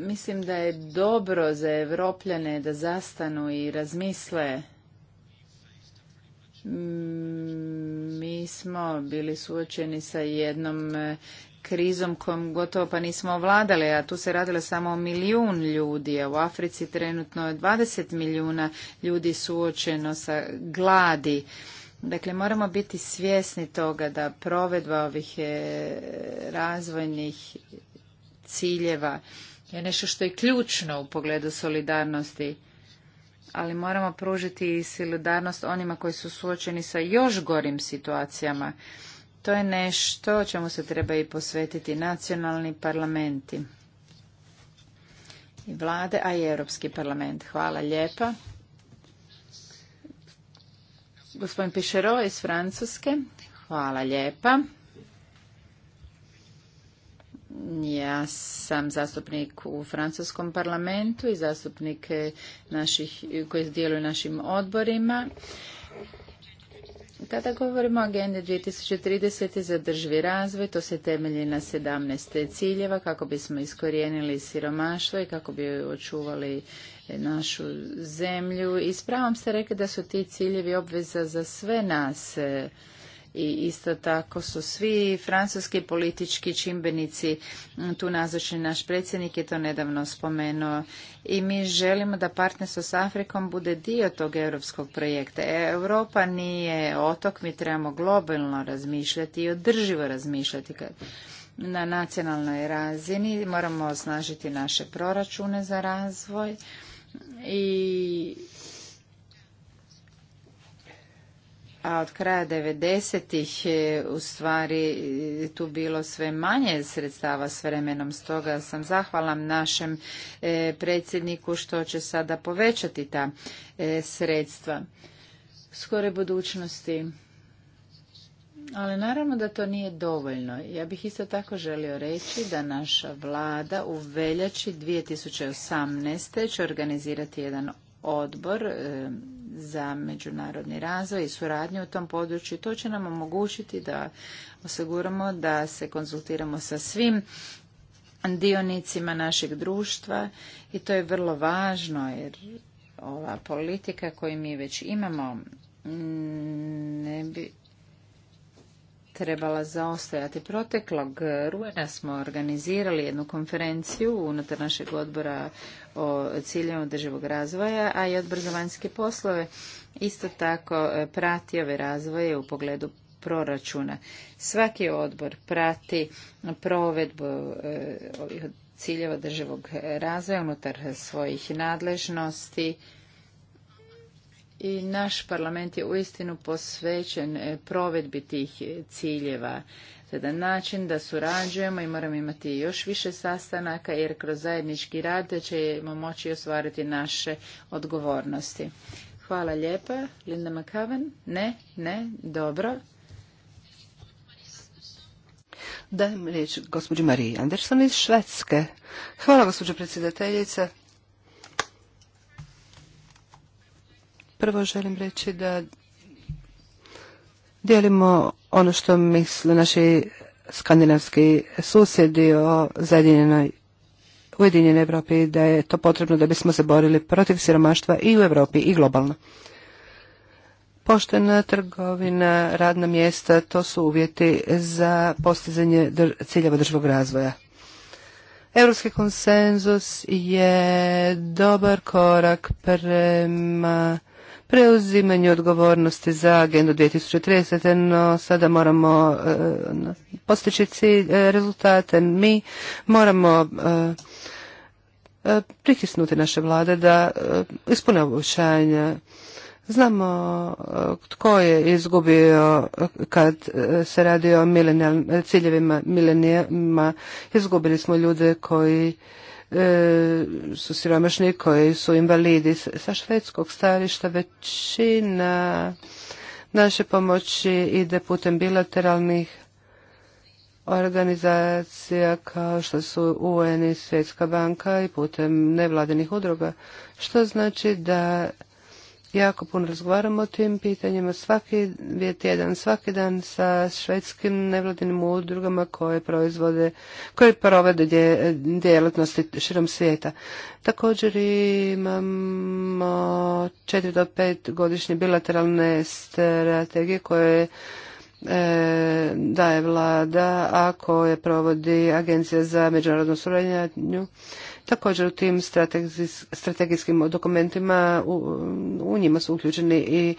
mislim da je dobro za Evropljane da zastanu i razmisle. Mi smo bili suočeni sa jednom krizom kojom gotovo pa nismo ovladali, a tu se radilo samo milijun ljudi, a u Africi trenutno je 20 milijuna ljudi suočeno sa gladi. Dakle, moramo biti svjesni toga da provedba ovih e, razvojnih ciljeva je nešto što je ključno u pogledu solidarnosti, ali moramo pružiti i solidarnost onima koji su suočeni sa još gorim situacijama. To je nešto čemu se treba i posvetiti nacionalni parlamenti i vlade, a i Europski parlament. Hvala lijepa. Gospodin Pišero iz Francuske. Hvala lijepa. Ja sam zastupnik u francuskom parlamentu i zastupnik naših, koji djeluju našim odborima. Kada govorimo o agendi 2030. za državi razvoj, to se temelji na 17 ciljeva kako bismo iskorijenili siromaštvo i kako bi očuvali našu zemlju. I s pravom ste rekli da su ti ciljevi obveza za sve nas i isto tako su svi francuski politički čimbenici tu nazočni. Naš predsjednik je to nedavno spomenuo i mi želimo da partnerstvo s Afrikom bude dio tog europskog projekta. E, Europa nije otok, mi trebamo globalno razmišljati i održivo razmišljati na nacionalnoj razini. Moramo osnažiti naše proračune za razvoj i a od kraja 90-ih e, u stvari e, tu bilo sve manje sredstava s vremenom. Stoga sam zahvalam našem e, predsjedniku što će sada povećati ta sredstva skore budućnosti. Ali naravno da to nije dovoljno. Ja bih isto tako želio reći da naša vlada u veljači 2018. će organizirati jedan odbor za međunarodni razvoj i suradnju u tom području. To će nam omogućiti da osiguramo da se konzultiramo sa svim dionicima našeg društva i to je vrlo važno jer ova politika koju mi već imamo ne bi trebala zaostajati. Proteklog rujna smo organizirali jednu konferenciju unutar našeg odbora o ciljevima održivog razvoja, a i odbor za vanjske poslove isto tako e, prati ove razvoje u pogledu proračuna. Svaki odbor prati provedbu e, ovih ciljeva održivog razvoja unutar svojih nadležnosti i naš parlament je uistinu posvećen e, provedbi tih e, ciljeva. na način da surađujemo i moramo imati još više sastanaka jer kroz zajednički rad ćemo moći ostvariti naše odgovornosti. Hvala lijepa. Linda McCaven? Ne, ne, dobro. Dajem riječ gospođi Mariji Anderson iz Švedske. Hvala gospođo predsjedateljice. Prvo želim reći da dijelimo ono što misle naši skandinavski susjedi o Zajedinjenoj Ujedinjenoj Europi da je to potrebno da bismo se borili protiv siromaštva i u Europi i globalno. Poštena trgovina, radna mjesta, to su uvjeti za postizanje ciljeva državog razvoja. Europski konsenzus je dobar korak prema preuzimanju odgovornosti za agendu 2030. No sada moramo eh, postići eh, rezultate. Mi moramo eh, pritisnuti naše vlade da ispune obećanja. Znamo tko je izgubio kad se radi o ciljevima milenijama. Izgubili smo ljude koji E, su siromašni koji su invalidi. Sa švedskog stajališta većina naše pomoći ide putem bilateralnih organizacija kao što su UN i Svjetska banka i putem nevladinih udruga, što znači da Jako puno razgovaramo o tim pitanjima svaki tjedan, svaki dan sa švedskim nevladinim udrugama koje proizvode, koje provode djelatnosti širom svijeta. Također imamo četiri do pet godišnje bilateralne strategije koje e, daje vlada, a koje provodi Agencija za međunarodno suradnju Također u tim strategijskim dokumentima u, njima su uključeni i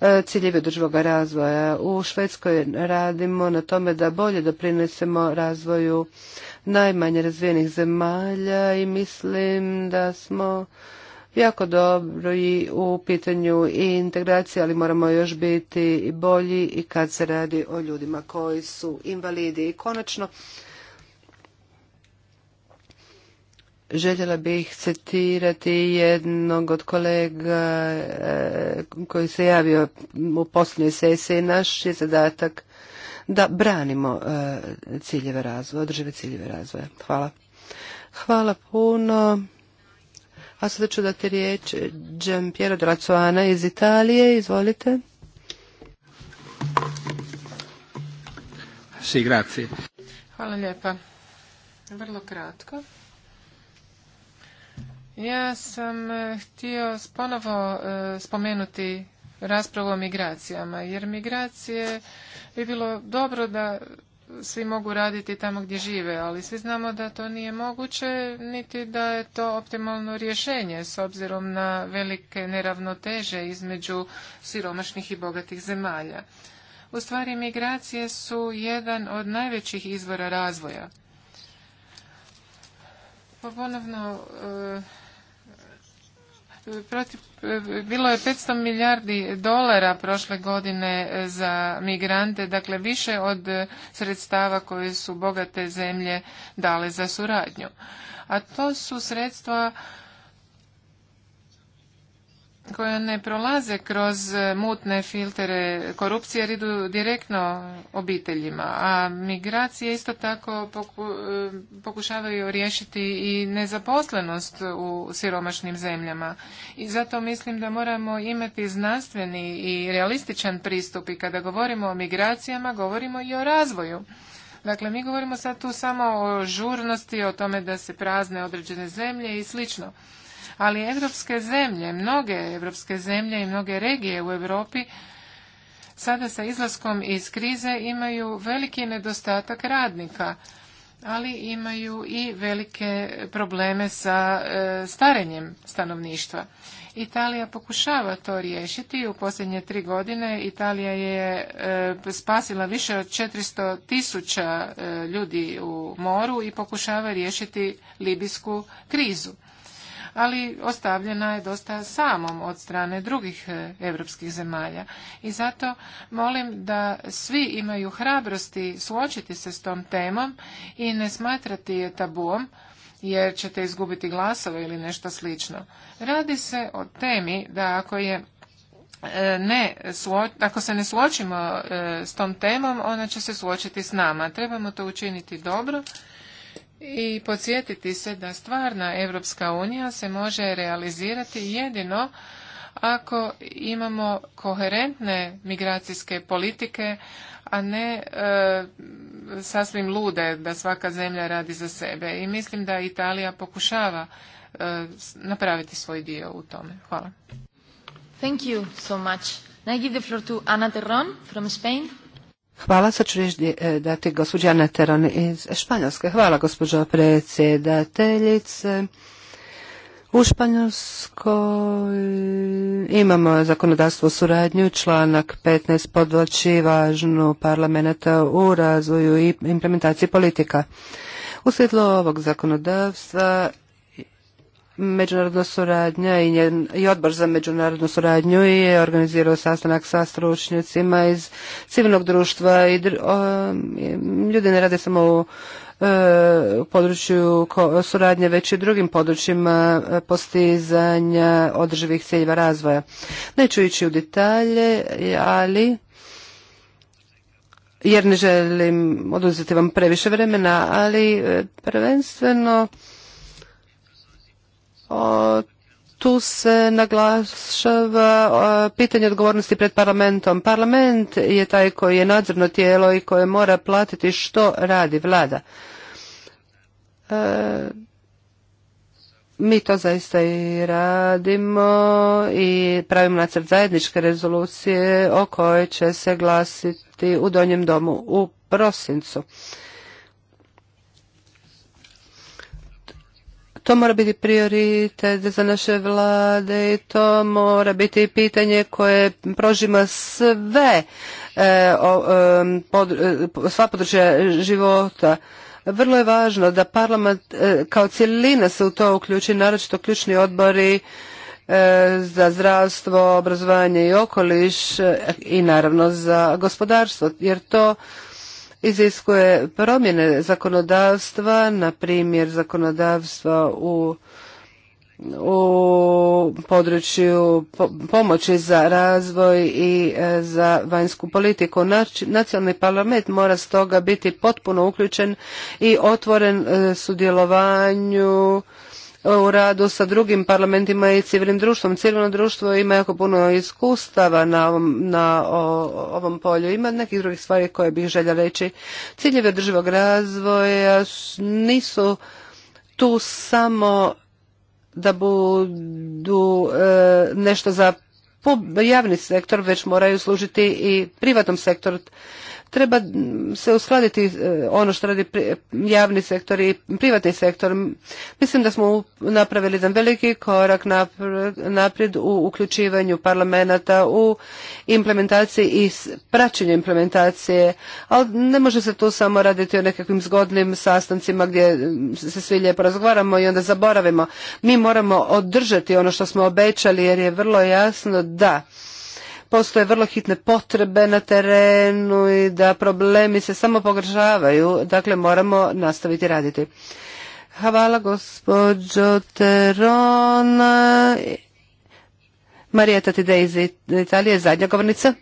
e, ciljevi održivog razvoja. U Švedskoj radimo na tome da bolje doprinesemo razvoju najmanje razvijenih zemalja i mislim da smo jako dobro i u pitanju i integracije, ali moramo još biti i bolji i kad se radi o ljudima koji su invalidi. I konačno, Željela bih citirati jednog od kolega e, koji se javio u posljednjoj sesiji. Naš je zadatak da branimo e, ciljeve razvoja, održive ciljeve razvoja. Hvala. Hvala puno. A sada ću dati riječ Piero Dracuana iz Italije. Izvolite. Hvala lijepa. Vrlo kratko. Ja sam e, htio ponovo e, spomenuti raspravu o migracijama, jer migracije bi bilo dobro da svi mogu raditi tamo gdje žive, ali svi znamo da to nije moguće, niti da je to optimalno rješenje s obzirom na velike neravnoteže između siromašnih i bogatih zemalja. U stvari, migracije su jedan od najvećih izvora razvoja. Pa ponovno, e, bilo je 500 milijardi dolara prošle godine e, za migrante, dakle više od sredstava koje su bogate zemlje dale za suradnju. A to su sredstva koja ne prolaze kroz e, mutne filtere korupcije jer idu direktno obiteljima, a migracije isto tako e, pokušavaju riješiti i nezaposlenost u siromašnim zemljama. I zato mislim da moramo imati znanstveni i realističan pristup i kada govorimo o migracijama govorimo i o razvoju. Dakle, mi govorimo sad tu samo o žurnosti, o tome da se prazne određene zemlje i slično ali evropske zemlje, mnoge evropske zemlje i mnoge regije u Europi sada sa izlaskom iz krize imaju veliki nedostatak radnika, ali imaju i velike probleme sa e, starenjem stanovništva. Italija pokušava to riješiti. U posljednje tri godine Italija je e, spasila više od 400 tisuća e, ljudi u moru i pokušava riješiti libijsku krizu ali ostavljena je dosta samom od strane drugih europskih zemalja. I zato molim da svi imaju hrabrosti suočiti se s tom temom i ne smatrati je tabuom jer ćete izgubiti glasove ili nešto slično. Radi se o temi da ako je e, ne, ako se ne suočimo e, s tom temom, ona će se suočiti s nama. Trebamo to učiniti dobro i podsjetiti se da stvarna Europska unija se može realizirati jedino ako imamo koherentne migracijske politike, a ne e, sasvim lude da svaka zemlja radi za sebe. I mislim da Italija pokušava e, napraviti svoj dio u tome. Hvala. Thank you so much. I give Ana Terron from Spain. Hvala, sad ću reći e, dati gospođa Ana iz Španjolske. Hvala gospođo predsjedateljice. U Španjolskoj imamo zakonodavstvo suradnju, članak 15 podloči važnu parlamenta u razvoju i implementaciji politika. U svjetlo ovog zakonodavstva međunarodna suradnja i, njen, i odbor za međunarodnu suradnju je organizirao sastanak sa stručnjacima iz civilnog društva i ljudi ne rade samo u e, području suradnje već i drugim područjima e, postizanja održivih ciljeva razvoja. Neću ići u detalje, ali jer ne želim oduzeti vam previše vremena, ali e, prvenstveno tu se naglašava pitanje odgovornosti pred parlamentom. Parlament je taj koji je nadzorno tijelo i koje mora platiti što radi vlada. E, mi to zaista i radimo i pravimo nacrt zajedničke rezolucije o kojoj će se glasiti u Donjem domu u prosincu. To mora biti prioritet za naše vlade i to mora biti pitanje koje prožima sve e, e, e, sva područja života. Vrlo je važno da parlament kao cjelina se u to uključi, naročito ključni odbori za zdravstvo, obrazovanje i okoliš i naravno za gospodarstvo, jer to iziskuje promjene zakonodavstva, na primjer zakonodavstva u u području pomoći za razvoj i e, za vanjsku politiku. Nacionalni parlament mora stoga biti potpuno uključen i otvoren e, sudjelovanju u radu sa drugim parlamentima i civilnim društvom. Civilno društvo ima jako puno iskustava na ovom, na ovom polju. Ima nekih drugih stvari koje bih želja reći. Ciljeve održivog razvoja nisu tu samo da budu e, nešto za javni sektor, već moraju služiti i privatnom sektoru. Treba se uskladiti e, ono što radi javni sektor i privatni sektor. Mislim da smo napravili jedan veliki korak naprijed u uključivanju parlamenta u implementaciji i praćenju implementacije, ali ne može se tu samo raditi o nekakvim zgodnim sastancima gdje se svi lijepo razgovaramo i onda zaboravimo. Mi moramo održati ono što smo obećali jer je vrlo jasno da postoje vrlo hitne potrebe na terenu i da problemi se samo pogržavaju. Dakle, moramo nastaviti raditi. Hvala gospođo Terona. Marijeta Tidej iz Italije, zadnja govornica.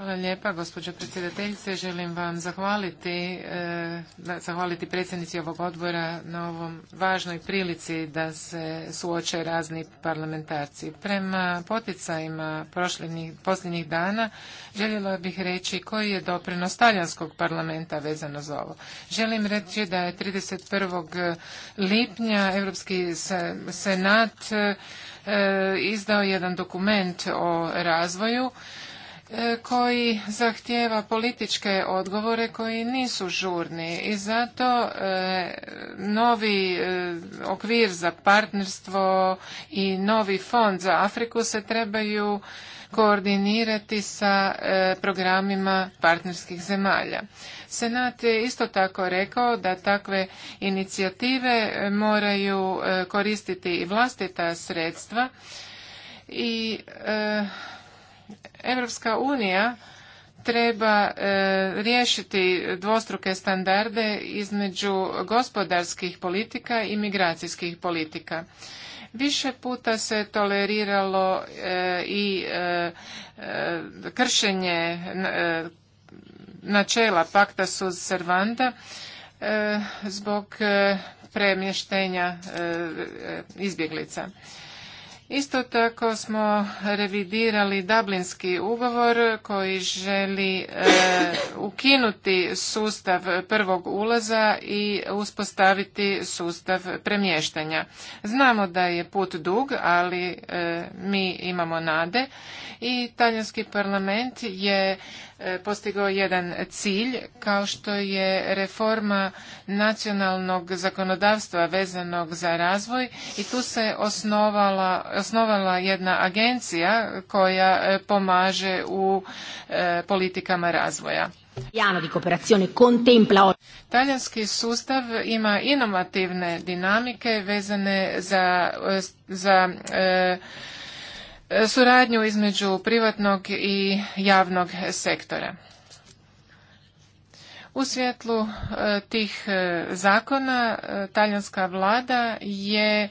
Hvala lijepa, gospođo predsjedateljice. Želim vam zahvaliti, e, zahvaliti predsjednici ovog odbora na ovom važnoj prilici da se suoče razni parlamentarci. Prema poticajima prošljenih, posljednjih dana željela bih reći koji je doprinos talijanskog parlamenta vezano za ovo. Želim reći da je 31. lipnja Europski senat e, izdao jedan dokument o razvoju E, koji zahtjeva političke odgovore koji nisu žurni i zato e, novi e, okvir za partnerstvo i novi fond za Afriku se trebaju koordinirati sa programima partnerskih zemalja. Senat je isto tako rekao da takve inicijative moraju koristiti i vlastita sredstva i Europska unija treba e, riješiti dvostruke standarde između gospodarskih politika i migracijskih politika. Više puta se toleriralo e, i e, kršenje načela pakta su servanda zbog premještenja izbjeglica. Isto tako smo revidirali Dublinski ugovor koji želi e, ukinuti sustav prvog ulaza i uspostaviti sustav premještanja. Znamo da je put dug, ali e, mi imamo nade i talijanski parlament je E, postigao jedan cilj kao što je reforma nacionalnog zakonodavstva vezanog za razvoj i tu se osnovala, osnovala jedna agencija koja e, pomaže u e, politikama razvoja. Talijanski sustav ima inovativne dinamike vezane za, za suradnju između privatnog i javnog sektora. U svjetlu e, tih e, zakona e, talijanska vlada je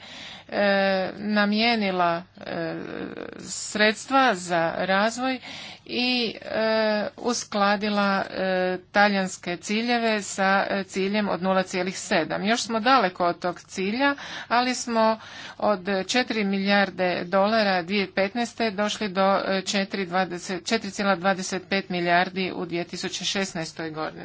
E, namijenila e, sredstva za razvoj i e, uskladila talijanske ciljeve sa ciljem od 0,7. Još smo daleko od tog cilja, ali smo od 4 milijarde dolara 2015. došli do 4,25 milijardi u 2016. godini.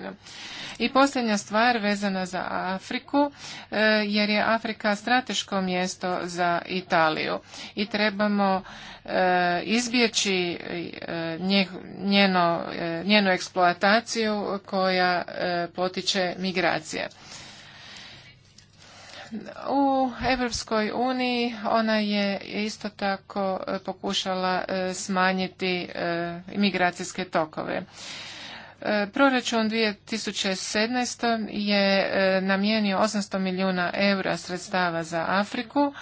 I posljednja stvar vezana za Afriku, e, jer je Afrika strateško mjesto za Italiju i trebamo e, izbjeći e, njeno, njenu eksploataciju koja potiče migracije. U Europskoj uniji ona je isto tako pokušala smanjiti migracijske tokove. E, proračun 2017. je e, namijenio 800 milijuna eura sredstava za Afriku,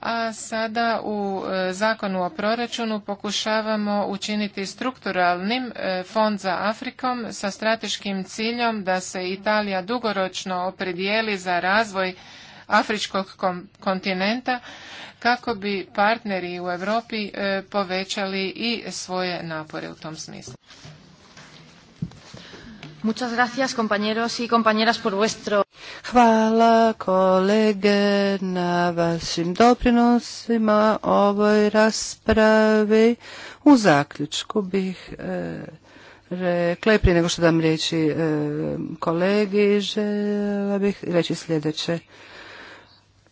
a sada u e, zakonu o proračunu pokušavamo učiniti strukturalnim fond za Afrikom sa strateškim ciljom da se Italija dugoročno opredijeli za razvoj afričkog kontinenta kako bi partneri u Europi povećali i svoje napore u tom smislu. Muchas gracias, compañeros y compañeras, Hvala kolege na vašim doprinosima ovoj raspravi. U zaključku bih e, rekla i prije nego što dam riječi e, kolegi, žela bih reći sljedeće.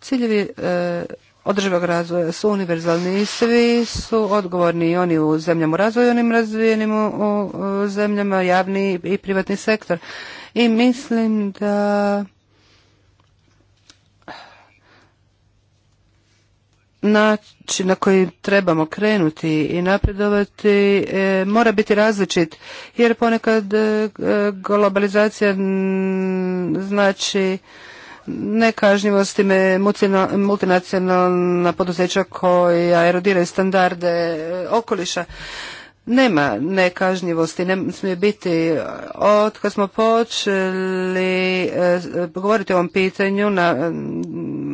Ciljevi e, održivog razvoja su univerzalni i svi su odgovorni i oni u zemljama u razvoju, onim razvijenim u zemljama, javni i privatni sektor. I mislim da način na koji trebamo krenuti i napredovati e, mora biti različit jer ponekad e, globalizacija znači nekažnjivosti me multinacionalna poduzeća koja erodira standarde e, okoliša. Nema nekažnjivosti, ne smije biti. Od kad smo počeli e, govoriti o ovom pitanju,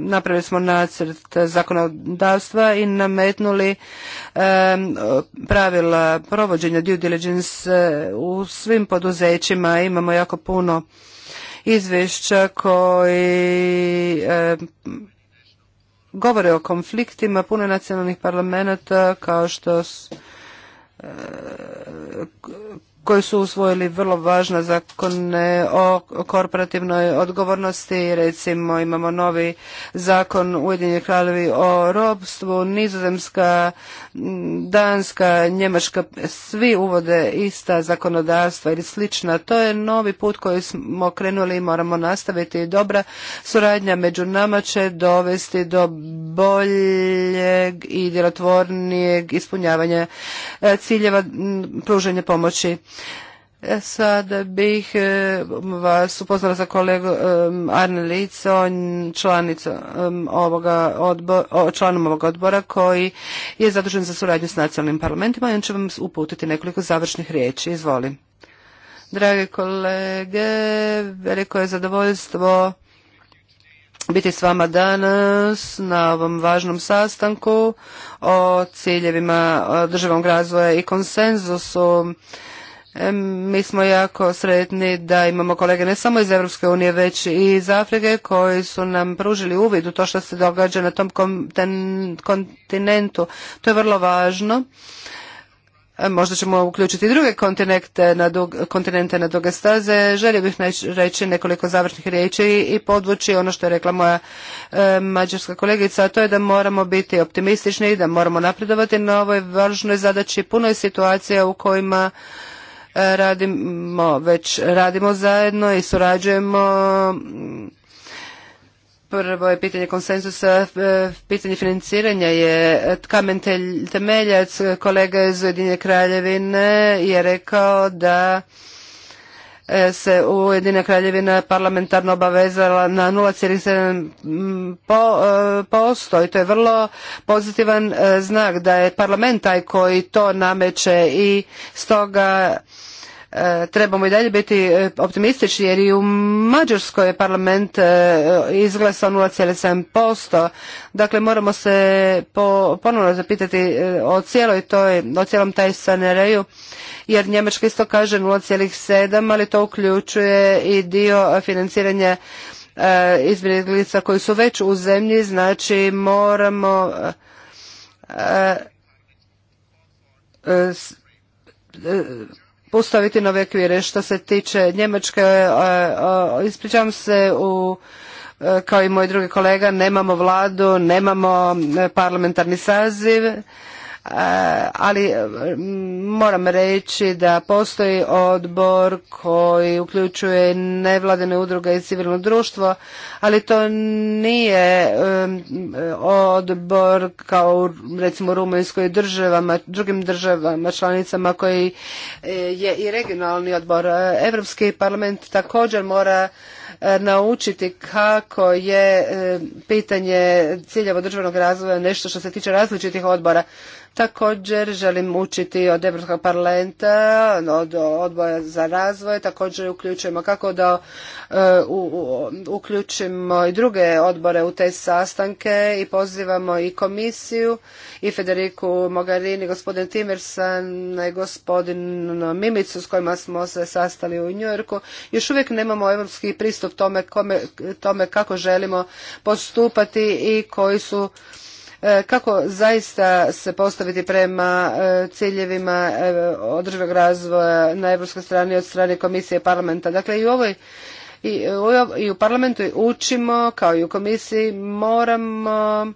napravili smo nacrt zakonodavstva i nametnuli e, pravila provođenja due diligence u svim poduzećima. Imamo jako puno izvješća koji e, govore o konfliktima puno nacionalnih parlamenta kao što e, koji su usvojili vrlo važne zakone o korporativnoj odgovornosti. Recimo imamo novi zakon Ujedinjenih kraljevi o robstvu, nizozemska Danska, Njemačka, svi uvode ista zakonodavstva ili slična. To je novi put koji smo krenuli i moramo nastaviti. Dobra suradnja među nama će dovesti do boljeg i djelotvornijeg ispunjavanja e, ciljeva pružanja pomoći. Sada bih e, vas upoznala za kolegu Arne Lico, članicom ovoga članom ovog odbora koji je zadužen za suradnju s nacionalnim parlamentima i on će vam uputiti nekoliko završnih riječi. Izvoli. Drage kolege, veliko je zadovoljstvo biti s vama danas na ovom važnom sastanku o ciljevima državnog razvoja i konsenzusu mi smo jako sretni da imamo kolege ne samo iz Europske unije već i iz Afrike koji su nam pružili uvid u to što se događa na tom kontinentu. To je vrlo važno. Možda ćemo uključiti i druge kontinente na, dug, kontinente na duge staze. Želio bih reći nekoliko završnih riječi i podvući ono što je rekla moja mađarska kolegica, a to je da moramo biti optimistični i da moramo napredovati na ovoj važnoj zadaći. Puno je situacija u kojima radimo, već radimo zajedno i surađujemo Prvo je pitanje konsensusa, e, pitanje financiranja je kamen temeljac kolega iz Ujedinje Kraljevine je rekao da E, se Ujedina kraljevina parlamentarno obavezala na 0,7 mm, e, posto i to je vrlo pozitivan e, znak da je parlament taj koji to nameće i stoga trebamo i dalje biti optimistični jer i u Mađarskoj je parlament izglasao 0,7%. Dakle, moramo se ponovno zapitati o cijeloj toj, o cijelom taj scenariju jer Njemačka isto kaže 0,7, ali to uključuje i dio financiranja e, izbjeglica koji su već u zemlji, znači moramo e, e, postaviti nove kvire. Što se tiče Njemačke, ispričavam se u kao i moj drugi kolega, nemamo vladu, nemamo parlamentarni saziv, Eh, ali eh, moram reći da postoji odbor koji uključuje nevladene udruge i civilno društvo, ali to nije odbor kao recimo u Rumunjskoj državama, drugim državama članicama koji eh, je i regionalni odbor. Europski parlament također mora naučiti kako je pitanje ciljeva državnog razvoja nešto što se tiče različitih odbora. Također želim učiti od Evropskog parlamenta, od odboja za razvoj, također uključujemo kako da e, uključimo i druge odbore u te sastanke i pozivamo i komisiju i Federiku Mogarini, gospodin Timersan i gospodin Mimicu s kojima smo se sastali u Njujorku. Još uvijek nemamo europski pristup tome, kome, tome kako želimo postupati i koji su E, kako zaista se postaviti prema e, ciljevima e, održivog razvoja na europskoj strani od strane komisije parlamenta. Dakle i u ovoj i u parlamentu učimo kao i u komisiji moramo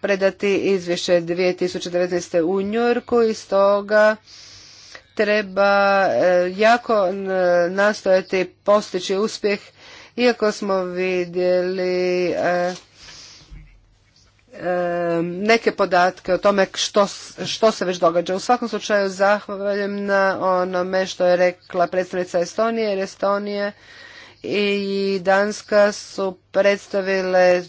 predati izvješće 2019. u Njurku i stoga treba jako nastojati postići uspjeh iako smo vidjeli neke podatke o tome što, što se već događa. U svakom slučaju zahvaljujem na onome što je rekla predstavnica Estonije jer Estonije i Danska su predstavile e,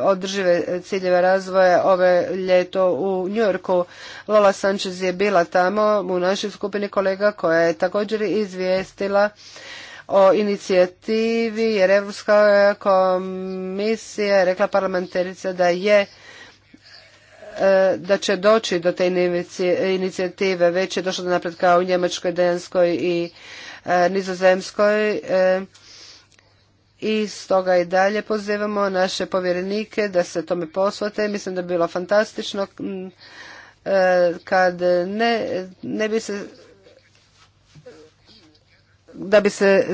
održive ciljeve razvoja ove ljeto u Njujorku. Lola Sanchez je bila tamo u našoj skupini kolega koja je također izvijestila o inicijativi jer Europska komisija je rekla parlamentarica da je e, da će doći do te inicijative. Već je došlo do napretka u Njemačkoj, Danskoj i e, Nizozemskoj e, i stoga i dalje pozivamo naše povjerenike da se tome posvate. Mislim da bi bilo fantastično kad ne, ne bi se da bi se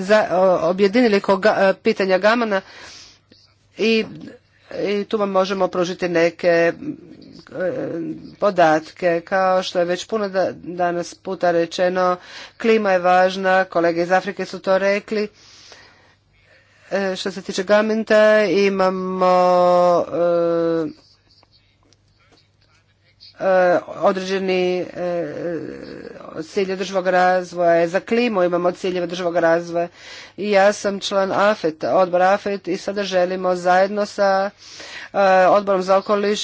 objedinili ko e, pitanja Gamana i, tu vam možemo pružiti neke e, podatke. Kao što je već puno danas puta rečeno, klima je važna, kolege iz Afrike su to rekli. E, što se tiče gamenta, imamo E, određeni e, cilje državog razvoja za klimu, imamo ciljeve državog razvoja. I ja sam član AFET, odbor AFET i sada želimo zajedno sa e, odborom za okoliš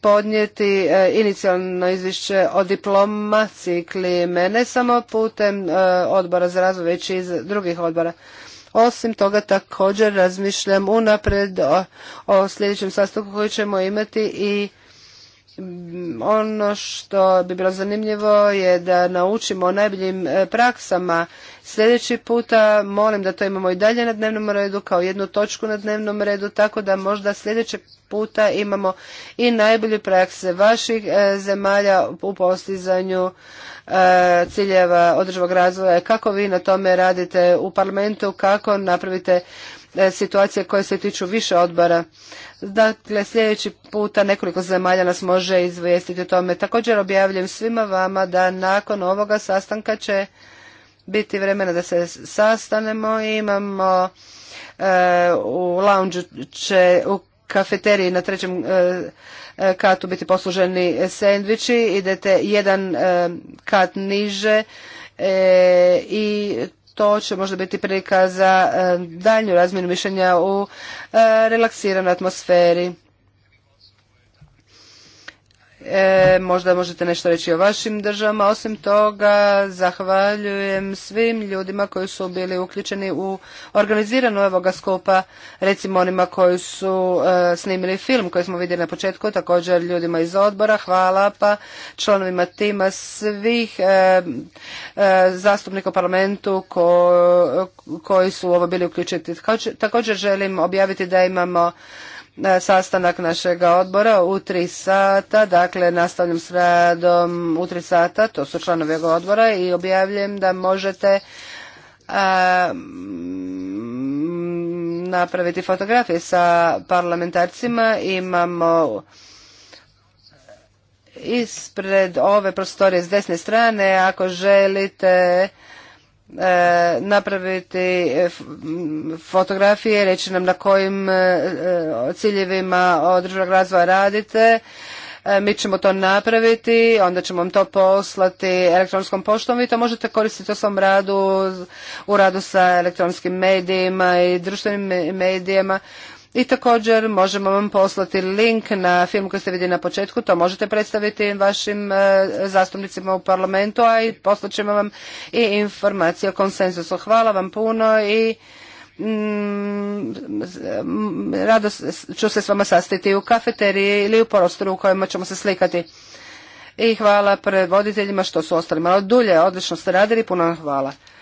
podnijeti inicijalno izvješće o diplomaciji klime, ne samo putem odbora za razvoj, već i iz drugih odbora. Osim toga također razmišljam unapred o, o sljedećem sastanku koji ćemo imati i ono što bi bilo zanimljivo je da naučimo o najboljim e, praksama. Sljedeći puta molim da to imamo i dalje na dnevnom redu kao jednu točku na dnevnom redu tako da možda sljedećeg puta imamo i najbolje prakse vaših e, zemalja u postizanju e, ciljeva održivog razvoja. Kako vi na tome radite u parlamentu, kako napravite E, situacije koje se tiču više odbora. Dakle, sljedeći puta nekoliko zemalja nas može izvijestiti o tome. Također objavljujem svima vama da nakon ovoga sastanka će biti vremena da se sastanemo. Imamo e, u lounge će u kafeteriji na trećem e, katu biti posluženi sendviči. Idete jedan kat niže i to će možda biti prilika za eh, daljnju razmjenu mišljenja u eh, relaksiranoj atmosferi. E, možda možete nešto reći o vašim državama. Osim toga, zahvaljujem svim ljudima koji su bili uključeni u organiziranu ovoga skupa, recimo onima koji su e, snimili film koji smo vidjeli na početku, također ljudima iz odbora, hvala pa članovima tima svih e, e, zastupnika u parlamentu koji su u ovo bili uključeni. Također želim objaviti da imamo sastanak našega odbora u tri sata, dakle nastavljam s radom u tri sata, to su članovi odbora i objavljujem da možete mm, napraviti fotografije sa parlamentarcima. Imamo ispred ove prostorije s desne strane, ako želite E, napraviti e, fotografije, reći nam na kojim e, ciljevima održavnog razvoja radite. Mi ćemo to napraviti, onda ćemo vam to poslati elektronskom poštom. Vi to možete koristiti u svom radu, u radu sa elektronskim medijima i društvenim medijima i također možemo vam poslati link na film koji ste vidjeli na početku, to možete predstaviti vašim e, zastupnicima u parlamentu, a i poslat ćemo vam i informacije o konsenzusu. Hvala vam puno i mm, rado ću se s vama sastiti u kafeteriji ili u prostoru u kojima ćemo se slikati. I hvala prevoditeljima što su ostali malo dulje, odlično ste radili, puno vam hvala.